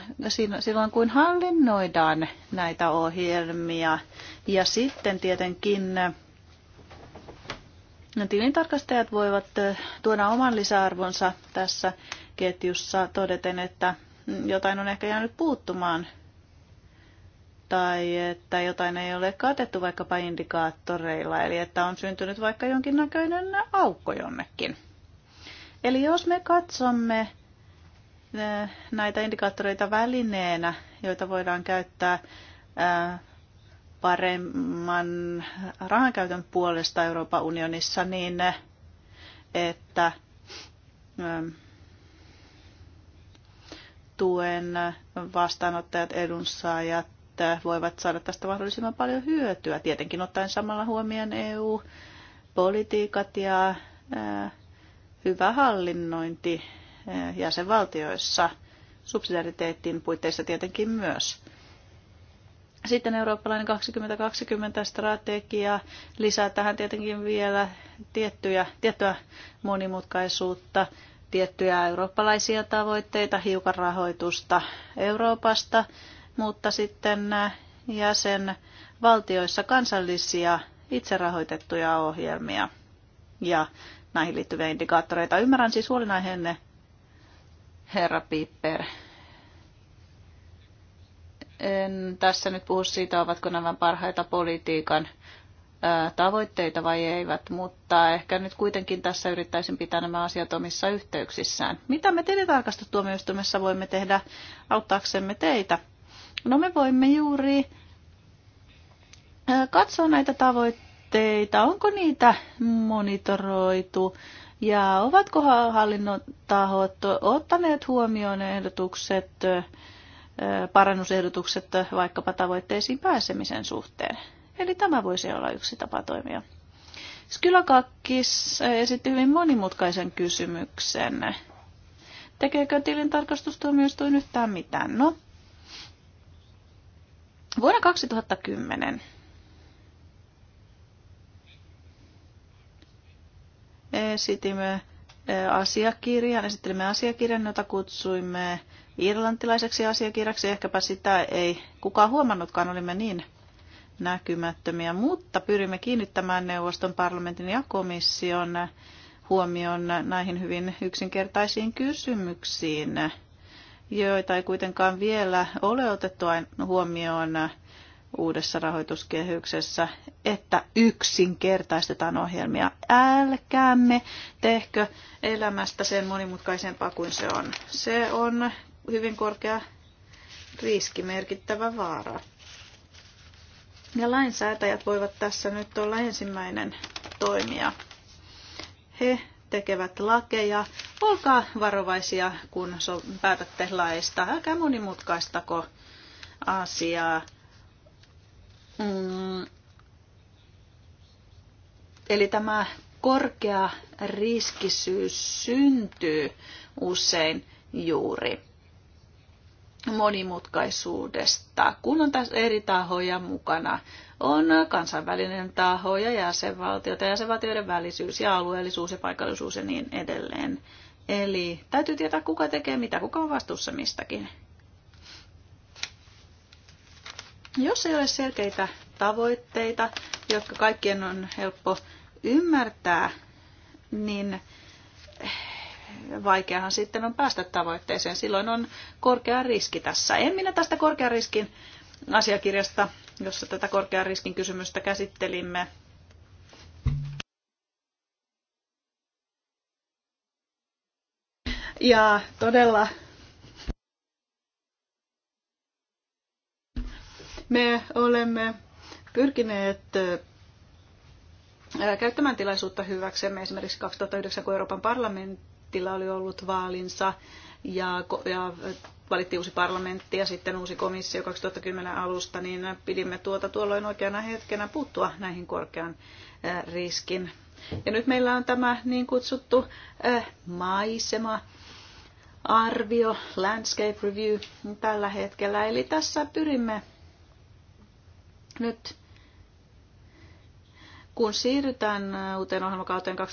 silloin, kun hallinnoidaan näitä ohjelmia. Ja sitten tietenkin tilintarkastajat voivat tuoda oman lisäarvonsa tässä ketjussa todeten, että jotain on ehkä jäänyt puuttumaan tai että jotain ei ole katettu vaikkapa indikaattoreilla, eli että on syntynyt vaikka jonkinnäköinen aukko jonnekin. Eli jos me katsomme eh, näitä indikaattoreita välineenä, joita voidaan käyttää eh, paremman rahankäytön puolesta Euroopan unionissa, niin että eh, tuen vastaanottajat, edunsaajat voivat saada tästä mahdollisimman paljon hyötyä, tietenkin ottaen samalla huomioon EU-politiikat ja hyvä hallinnointi jäsenvaltioissa, subsidiariteettin puitteissa tietenkin myös. Sitten eurooppalainen 2020-strategia lisää tähän tietenkin vielä tiettyjä, tiettyä monimutkaisuutta, tiettyjä eurooppalaisia tavoitteita, hiukan rahoitusta Euroopasta, mutta sitten äh, jäsenvaltioissa kansallisia itserahoitettuja ohjelmia ja näihin liittyviä indikaattoreita. Ymmärrän siis huolinaiheenne, herra Piper. En tässä nyt puhu siitä, ovatko nämä parhaita politiikan äh, tavoitteita vai eivät, mutta ehkä nyt kuitenkin tässä yrittäisin pitää nämä asiat omissa yhteyksissään. Mitä me tilintarkastustuomioistuimessa voimme tehdä auttaaksemme teitä? No me voimme juuri äh, katsoa näitä tavoitteita, onko niitä monitoroitu ja ovatko hallinnon tahot ottaneet huomioon ehdotukset, äh, parannusehdotukset vaikkapa tavoitteisiin pääsemisen suhteen. Eli tämä voisi olla yksi tapa toimia. Skylakakkis äh, esitti hyvin monimutkaisen kysymyksen. Tekeekö tilintarkastustuomioistuin yhtään mitään? No, Vuonna 2010 esitimme e, asiakirjan, esittelimme asiakirjan, jota kutsuimme irlantilaiseksi asiakirjaksi. Ehkäpä sitä ei kukaan huomannutkaan, olimme niin näkymättömiä, mutta pyrimme kiinnittämään neuvoston, parlamentin ja komission huomioon näihin hyvin yksinkertaisiin kysymyksiin joita ei kuitenkaan vielä ole otettu huomioon uudessa rahoituskehyksessä, että yksinkertaistetaan ohjelmia. Älkäämme tehkö elämästä sen monimutkaisempaa kuin se on. Se on hyvin korkea riski, merkittävä vaara. Ja lainsäätäjät voivat tässä nyt olla ensimmäinen toimija. He tekevät lakeja, Olkaa varovaisia, kun so- päätätte laista. Älkää monimutkaistako asiaa. Mm. Eli tämä korkea riskisyys syntyy usein juuri monimutkaisuudesta, kun on tässä eri tahoja mukana. On kansainvälinen taho ja jäsenvaltiot ja jäsenvaltioiden välisyys ja alueellisuus ja paikallisuus ja niin edelleen. Eli täytyy tietää, kuka tekee mitä, kuka on vastuussa mistäkin. Jos ei ole selkeitä tavoitteita, jotka kaikkien on helppo ymmärtää, niin vaikeahan sitten on päästä tavoitteeseen. Silloin on korkea riski tässä. En minä tästä korkean riskin asiakirjasta, jossa tätä korkean riskin kysymystä käsittelimme, Ja todella me olemme pyrkineet käyttämään tilaisuutta hyväksemme esimerkiksi 2009, kun Euroopan parlamentilla oli ollut vaalinsa ja, ja valittiin uusi parlamentti ja sitten uusi komissio 2010 alusta, niin pidimme tuota tuolloin oikeana hetkenä puuttua näihin korkean riskin. Ja nyt meillä on tämä niin kutsuttu äh, maisema arvio, landscape review tällä hetkellä. Eli tässä pyrimme nyt, kun siirrytään uuteen ohjelmakauteen 2014-2020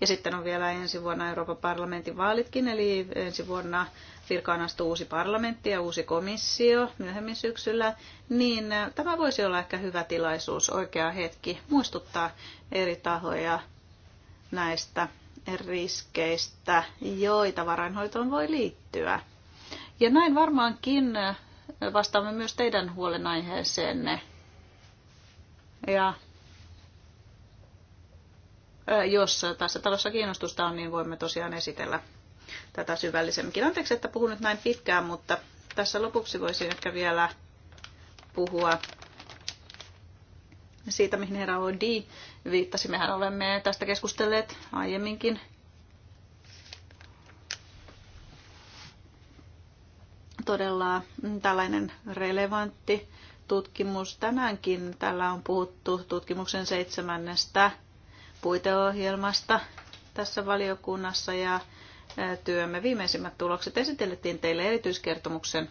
ja sitten on vielä ensi vuonna Euroopan parlamentin vaalitkin, eli ensi vuonna virkaan astuu uusi parlamentti ja uusi komissio myöhemmin syksyllä, niin tämä voisi olla ehkä hyvä tilaisuus, oikea hetki muistuttaa eri tahoja näistä riskeistä, joita varainhoitoon voi liittyä. Ja näin varmaankin vastaamme myös teidän huolenaiheeseenne. Ja jos tässä talossa kiinnostusta on, niin voimme tosiaan esitellä tätä syvällisemminkin. Anteeksi, että puhun nyt näin pitkään, mutta tässä lopuksi voisin ehkä vielä puhua siitä, mihin herra Odi viittasi. Mehän olemme tästä keskustelleet aiemminkin. Todella tällainen relevantti tutkimus. Tänäänkin täällä on puhuttu tutkimuksen seitsemännestä puiteohjelmasta tässä valiokunnassa ja työmme viimeisimmät tulokset esitellettiin teille erityiskertomuksen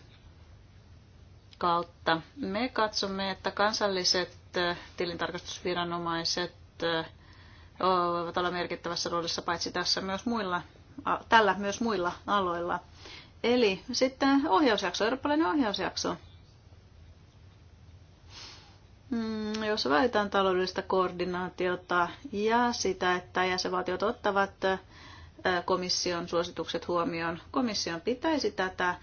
kautta. Me katsomme, että kansalliset tilintarkastusviranomaiset voivat olla merkittävässä roolissa paitsi tässä myös muilla, tällä myös muilla aloilla. Eli sitten ohjausjakso, eurooppalainen ohjausjakso. Mm, jos väitän taloudellista koordinaatiota ja sitä, että jäsenvaltiot ottavat komission suositukset huomioon, komission pitäisi tätä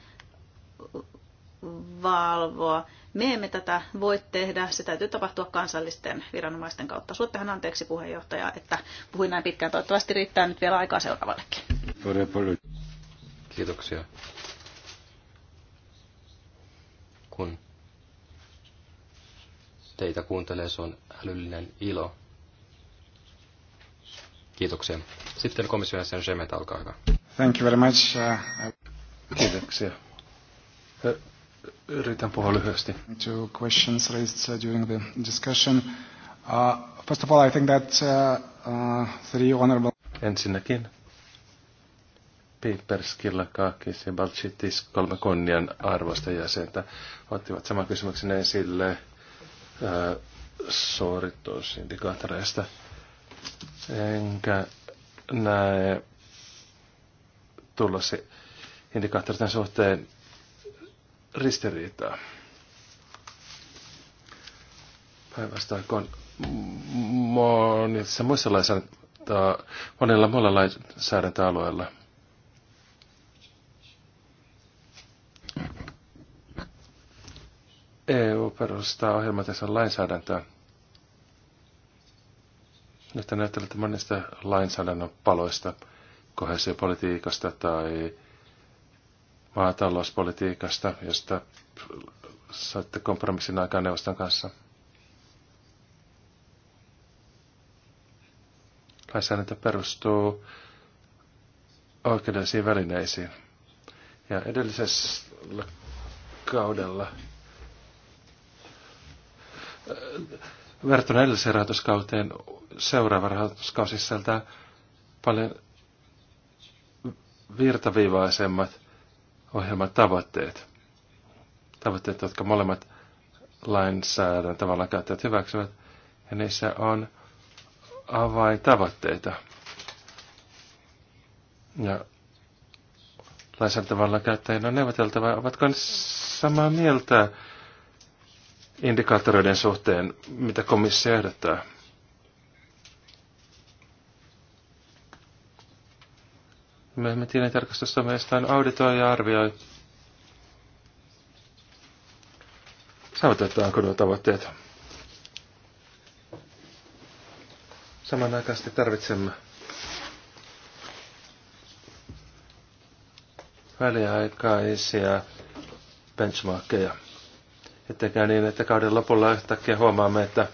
valvoa. Me emme tätä voi tehdä, se täytyy tapahtua kansallisten viranomaisten kautta. Suottehan anteeksi puheenjohtaja, että puhuin näin pitkään. Toivottavasti riittää nyt vielä aikaa seuraavallekin. Kiitoksia. Kun teitä kuuntelee, se on älyllinen ilo. Kiitoksia. Sitten komission jäsen Shemet, alkaa hyvä. Thank you very much. Uh, Kiitoksia. Yritän puhua lyhyesti. Two questions raised uh, during the discussion. Uh, first of all, I think that uh, uh, three honorable... Ensinnäkin Piperskilla, Kaakis ja Balchitis, kolme kunnian arvoista jäsentä, ottivat saman kysymyksen esille uh, suoritusindikaattoreista. Enkä näe tulla se indikaattorien suhteen ristiriitaa. Päinvastoin kun monissa muissa lainsäädäntöä, monilla muilla lainsäädäntöalueilla EU perustaa ohjelmatensa lainsäädäntöä. Nyt että monista lainsäädännön paloista, kohesiopolitiikasta tai maatalouspolitiikasta, josta saitte kompromissin aikaan neuvoston kanssa. Lainsäädäntö perustuu oikeudellisiin välineisiin. Ja edellisellä kaudella äh, verrattuna edelliseen rahoituskauteen seuraava rahoituskausi sisältää paljon virtaviivaisemmat ohjelman tavoitteet. Tavoitteet, jotka molemmat tavalla käyttäjät hyväksyvät, ja niissä on avaintavoitteita. Ja lainsäädäntövallan käyttäjien on neuvoteltava, ovatko ne samaa mieltä indikaattoreiden suhteen, mitä komissio ehdottaa. Myöhemmin on auditoi ja arvioi. Saavutetaanko nuo tavoitteet? Samanaikaisesti tarvitsemme väliaikaisia benchmarkkeja. Ettekä niin, että kauden lopulla yhtäkkiä huomaamme, että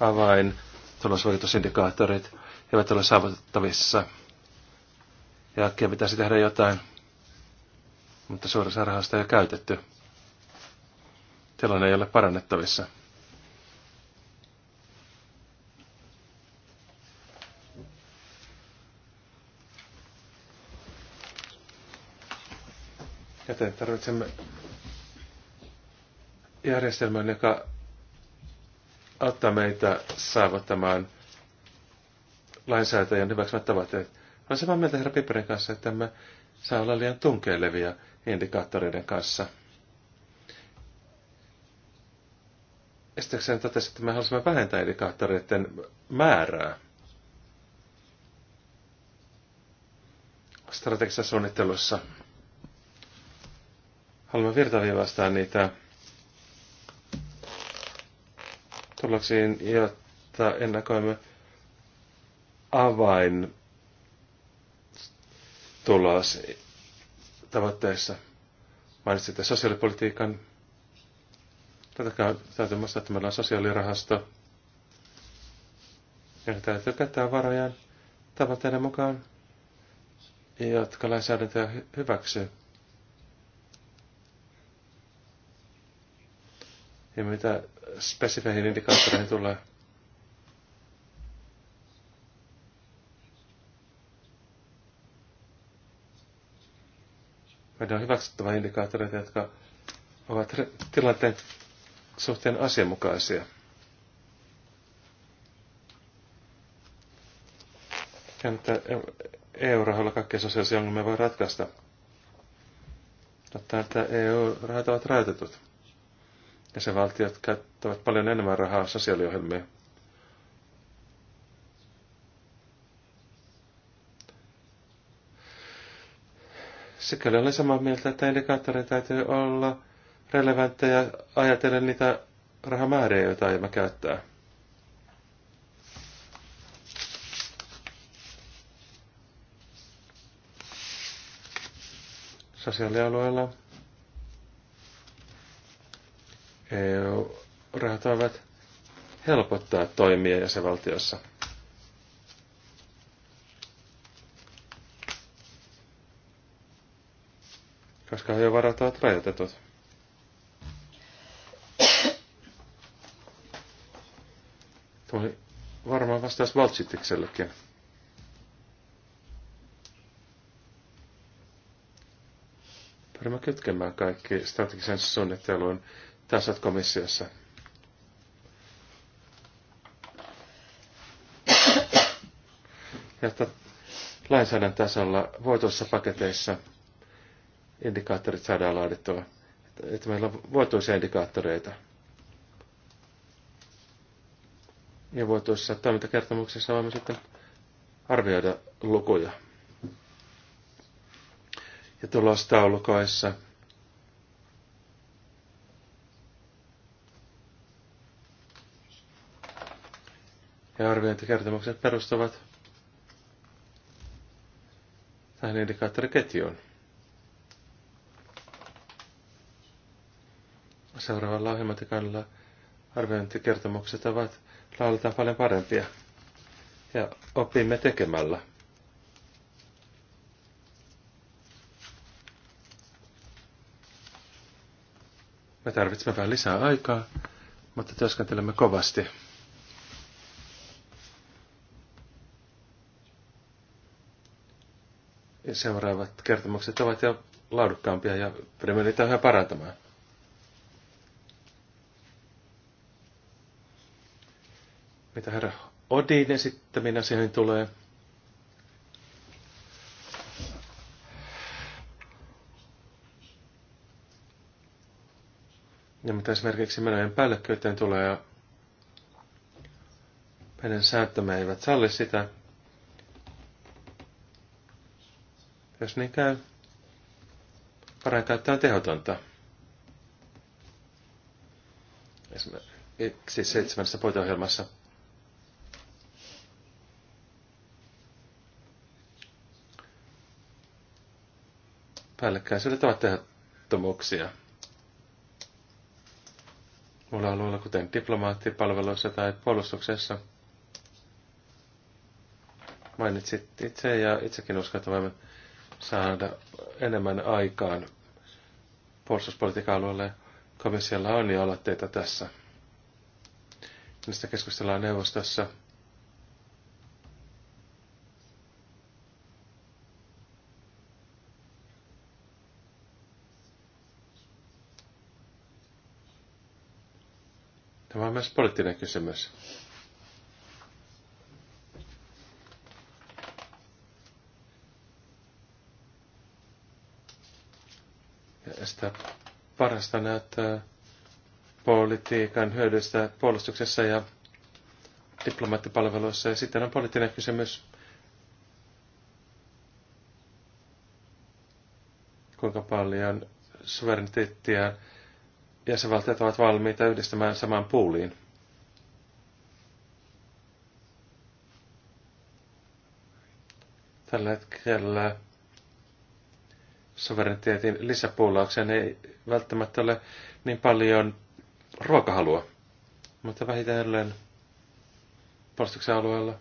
avain tulosvaikutusindikaattorit eivät ole saavutettavissa – jälkeen pitäisi tehdä jotain, mutta suurissa rahasta ei ole käytetty. Tilanne ei ole parannettavissa. Joten tarvitsemme järjestelmän, joka auttaa meitä saavuttamaan lainsäätäjän hyväksymät tavoitteet. Olen samaa mieltä herra Piperin kanssa, että me saa olla liian tunkeilevia indikaattoreiden kanssa. Estäkseen totesi, että me haluaisimme vähentää indikaattoreiden määrää. strategisessa suunnittelussa. Haluamme virtaviivastaa niitä tuloksiin, jotta ennakoimme avain tulos tavoitteissa. Mainitsitte sosiaalipolitiikan. Tätäkään täytyy muistaa, että meillä on sosiaalirahasto. Ja täytyy käyttää varoja tavoitteiden mukaan, jotka lainsäädäntöä hyväksyy. Ja mitä spesifeihin indikaattoreihin tulee, Meidän on hyväksyttävä indikaattoreita, jotka ovat tilanteen suhteen asianmukaisia. Ja että EU-rahoilla kaikkia sosiaalisia ongelmia voi ratkaista. Totta, että EU-rahat ovat rajoitetut. Ja se valtiot käyttävät paljon enemmän rahaa sosiaaliohjelmiin. Sikäli olen samaa mieltä, että indikaattorin täytyy olla relevantteja ajatellen niitä rahamääriä, joita aiemmin käyttää. sosiaalialueella EU-rahat voivat helpottaa toimia jäsenvaltiossa. koska hajovarat ovat rajoitetut. Tämä oli varmaan vastaus valtsittiksellekin. Pyrimme kytkemään kaikki strategisen suunnittelun tässä komissiossa. Ja että lainsäädäntötasolla voitossa paketeissa indikaattorit saadaan laadittua. Että meillä on vuotuisia indikaattoreita. Ja vuotuisessa toimintakertomuksessa voimme sitten arvioida lukuja. Ja tulostaulukoissa ja arviointikertomukset perustuvat tähän indikaattoriketjuun. seuraavalla ohjelmointikannalla arviointikertomukset ovat laulutaan paljon parempia. Ja opimme tekemällä. Me tarvitsemme vähän lisää aikaa, mutta työskentelemme kovasti. Ja seuraavat kertomukset ovat jo laadukkaampia ja pyrimme niitä yhä parantamaan. mitä herra Odin esittämiin asioihin tulee. Ja mitä esimerkiksi menojen päällekkyyteen tulee, meidän sääntömme eivät salli sitä. Jos niin käy, parain käyttää on tehotonta. Esimerkiksi seitsemännessä puiteohjelmassa päällekkäisyydet ovat tehottomuuksia. Mulla alueella, kuten diplomaattipalveluissa tai puolustuksessa, mainitsit itse ja itsekin voimme saada enemmän aikaan puolustuspolitiikan alueelle. Komissiolla on jo aloitteita tässä. Niistä keskustellaan neuvostossa myös poliittinen kysymys. Ja sitä parasta näyttää politiikan hyödystä puolustuksessa ja diplomaattipalveluissa. Ja sitten on poliittinen kysymys, kuinka paljon suvereniteettia jäsenvaltiot ovat valmiita yhdistämään samaan puuliin. Tällä hetkellä sovereniteetin lisäpuulaukseen ei välttämättä ole niin paljon ruokahalua, mutta vähitellen puolustuksen alueella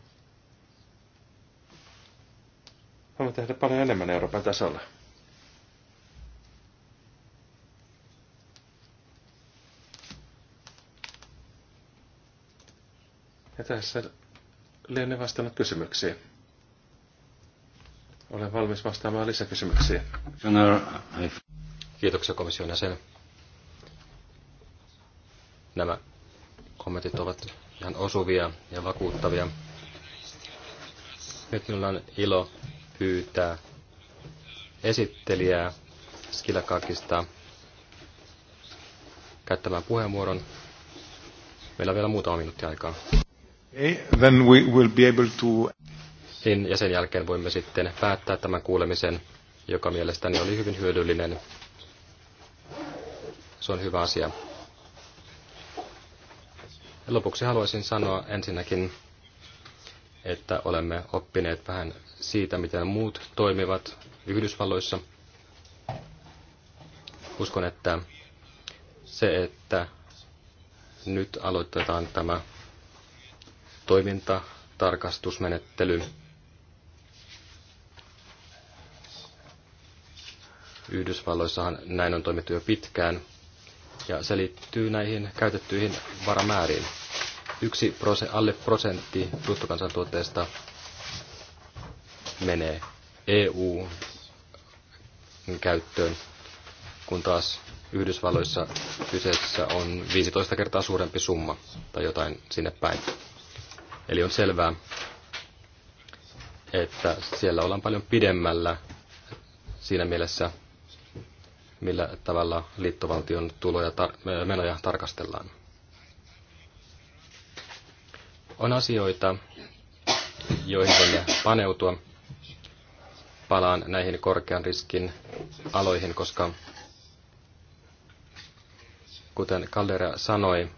voimme tehdä paljon enemmän Euroopan tasolla. Ja tässä lienee vastannut kysymyksiä. Olen valmis vastaamaan lisäkysymyksiä. Kiitoksia komission jäsen. Nämä kommentit ovat ihan osuvia ja vakuuttavia. Nyt minulla on ilo pyytää esittelijää Skilakakista käyttämään puheenvuoron. Meillä on vielä muutama minuutti aikaa. Eh, then we will be able to... Niin, ja sen jälkeen voimme sitten päättää tämän kuulemisen, joka mielestäni oli hyvin hyödyllinen. Se on hyvä asia. Ja lopuksi haluaisin sanoa ensinnäkin, että olemme oppineet vähän siitä, miten muut toimivat Yhdysvalloissa. Uskon, että se, että nyt aloitetaan tämä toimintatarkastusmenettely Yhdysvalloissahan näin on toimittu jo pitkään, ja se liittyy näihin käytettyihin varamääriin. Yksi prose, alle prosentti bruttokansantuotteesta menee EU-käyttöön, kun taas Yhdysvalloissa kyseessä on 15 kertaa suurempi summa tai jotain sinne päin. Eli on selvää, että siellä ollaan paljon pidemmällä siinä mielessä, millä tavalla liittovaltion tuloja tar- menoja tarkastellaan. On asioita, joihin voimme paneutua. Palaan näihin korkean riskin aloihin, koska kuten Caldera sanoi,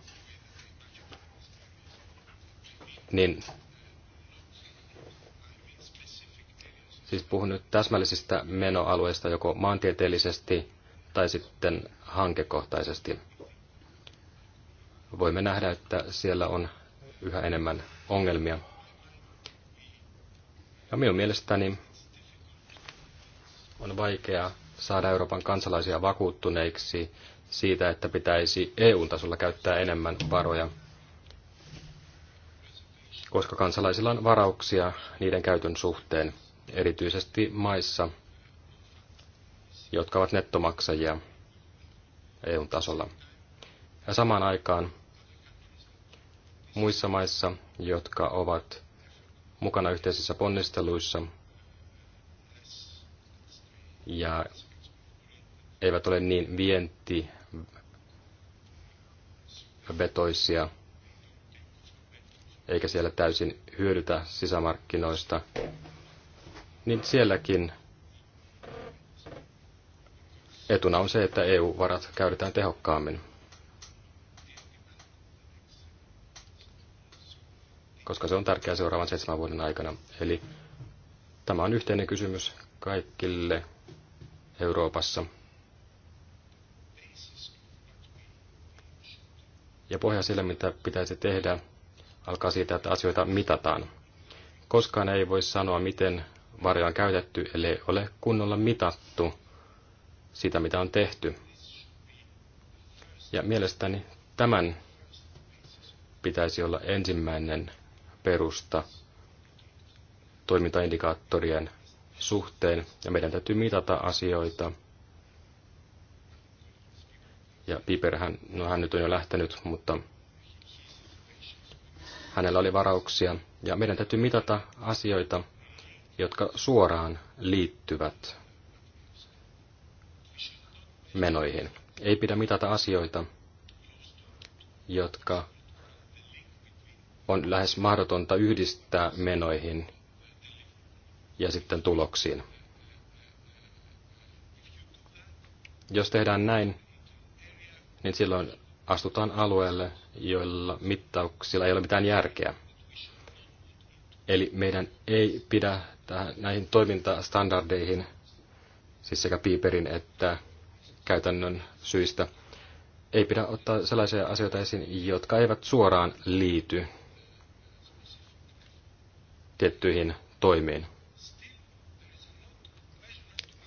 niin siis puhun nyt täsmällisistä menoalueista joko maantieteellisesti tai sitten hankekohtaisesti. Voimme nähdä, että siellä on yhä enemmän ongelmia. Ja minun mielestäni on vaikea saada Euroopan kansalaisia vakuuttuneiksi siitä, että pitäisi EU-tasolla käyttää enemmän varoja – koska kansalaisilla on varauksia niiden käytön suhteen, erityisesti maissa, jotka ovat nettomaksajia EUn tasolla. Ja samaan aikaan muissa maissa, jotka ovat mukana yhteisissä ponnisteluissa ja eivät ole niin vientivetoisia, eikä siellä täysin hyödytä sisämarkkinoista, niin sielläkin etuna on se, että EU-varat käytetään tehokkaammin. koska se on tärkeää seuraavan seitsemän vuoden aikana. Eli tämä on yhteinen kysymys kaikille Euroopassa. Ja pohja sille, mitä pitäisi tehdä, alkaa siitä, että asioita mitataan. Koskaan ei voi sanoa, miten varja on käytetty, ellei ole kunnolla mitattu sitä, mitä on tehty. Ja mielestäni tämän pitäisi olla ensimmäinen perusta toimintaindikaattorien suhteen, ja meidän täytyy mitata asioita. Ja Piperhän, no hän nyt on jo lähtenyt, mutta hänellä oli varauksia. Ja meidän täytyy mitata asioita, jotka suoraan liittyvät menoihin. Ei pidä mitata asioita, jotka on lähes mahdotonta yhdistää menoihin ja sitten tuloksiin. Jos tehdään näin, niin silloin astutaan alueelle, joilla mittauksilla ei ole mitään järkeä. Eli meidän ei pidä tähän, näihin toimintastandardeihin, siis sekä piiperin että käytännön syistä, ei pidä ottaa sellaisia asioita esiin, jotka eivät suoraan liity tiettyihin toimiin.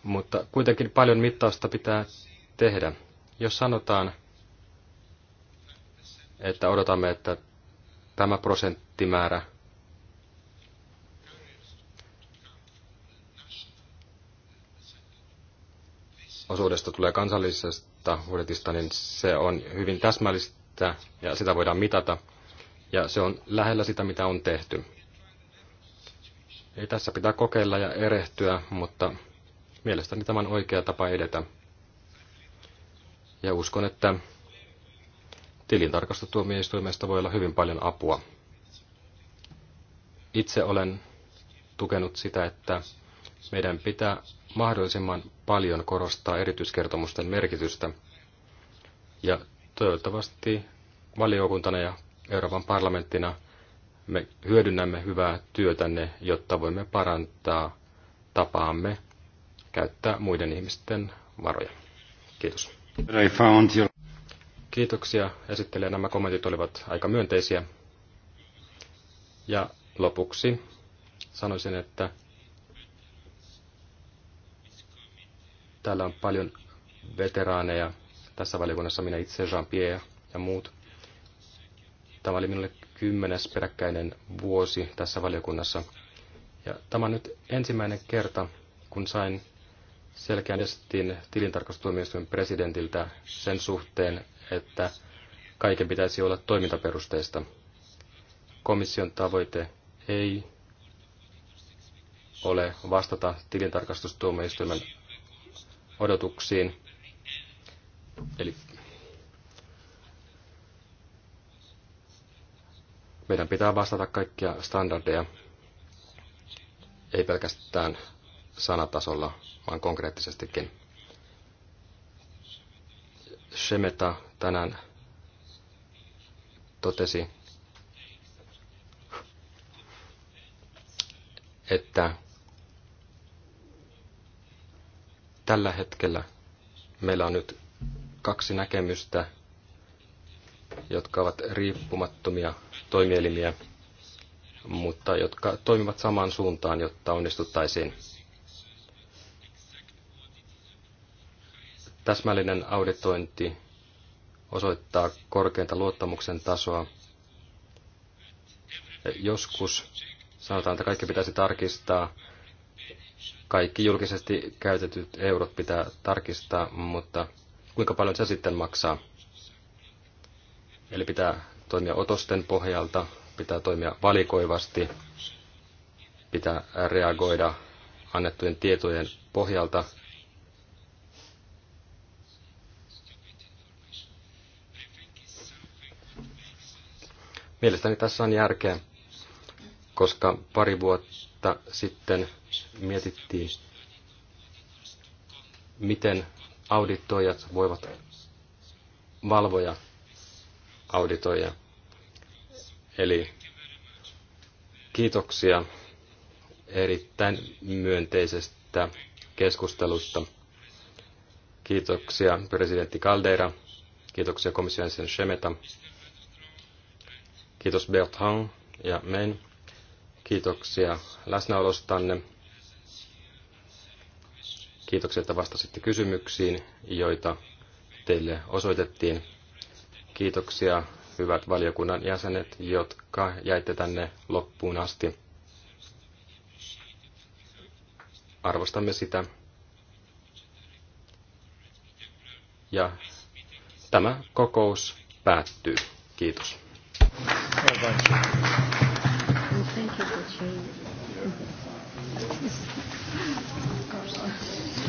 Mutta kuitenkin paljon mittausta pitää tehdä. Jos sanotaan, että odotamme, että tämä prosenttimäärä osuudesta tulee kansallisesta budjetista, niin se on hyvin täsmällistä ja sitä voidaan mitata. Ja se on lähellä sitä, mitä on tehty. Ei tässä pitää kokeilla ja erehtyä, mutta mielestäni tämä on oikea tapa edetä. Ja uskon, että Tilintarkastustuomioistuimesta voi olla hyvin paljon apua. Itse olen tukenut sitä, että meidän pitää mahdollisimman paljon korostaa erityiskertomusten merkitystä. Ja toivottavasti valiokuntana ja Euroopan parlamenttina me hyödynnämme hyvää työtänne, jotta voimme parantaa tapaamme käyttää muiden ihmisten varoja. Kiitos. I found your... Kiitoksia esittelijä. Nämä kommentit olivat aika myönteisiä. Ja lopuksi sanoisin, että täällä on paljon veteraaneja tässä valiokunnassa, minä itse, Jean-Pierre ja muut. Tämä oli minulle kymmenes peräkkäinen vuosi tässä valiokunnassa. Ja tämä on nyt ensimmäinen kerta, kun sain selkeän estin tilintarkastustuomioistuimen presidentiltä sen suhteen, että kaiken pitäisi olla toimintaperusteista. Komission tavoite ei ole vastata tilintarkastustuomioistuimen odotuksiin. Eli meidän pitää vastata kaikkia standardeja, ei pelkästään sanatasolla, vaan konkreettisestikin. Shemeta tänään totesi, että tällä hetkellä meillä on nyt kaksi näkemystä, jotka ovat riippumattomia toimielimiä, mutta jotka toimivat samaan suuntaan, jotta onnistuttaisiin. Täsmällinen auditointi osoittaa korkeinta luottamuksen tasoa. joskus sanotaan, että kaikki pitäisi tarkistaa. Kaikki julkisesti käytetyt eurot pitää tarkistaa, mutta kuinka paljon se sitten maksaa? Eli pitää toimia otosten pohjalta, pitää toimia valikoivasti, pitää reagoida annettujen tietojen pohjalta Mielestäni tässä on järkeä, koska pari vuotta sitten mietittiin, miten auditoijat voivat valvoja auditoijia. Eli kiitoksia erittäin myönteisestä keskustelusta. Kiitoksia presidentti Caldeira, kiitoksia komission sen Kiitos Bertrand ja Men. Kiitoksia läsnäolostanne. Kiitoksia, että vastasitte kysymyksiin, joita teille osoitettiin. Kiitoksia, hyvät valiokunnan jäsenet, jotka jäitte tänne loppuun asti. Arvostamme sitä. Ja tämä kokous päättyy. Kiitos. Thank you for sharing.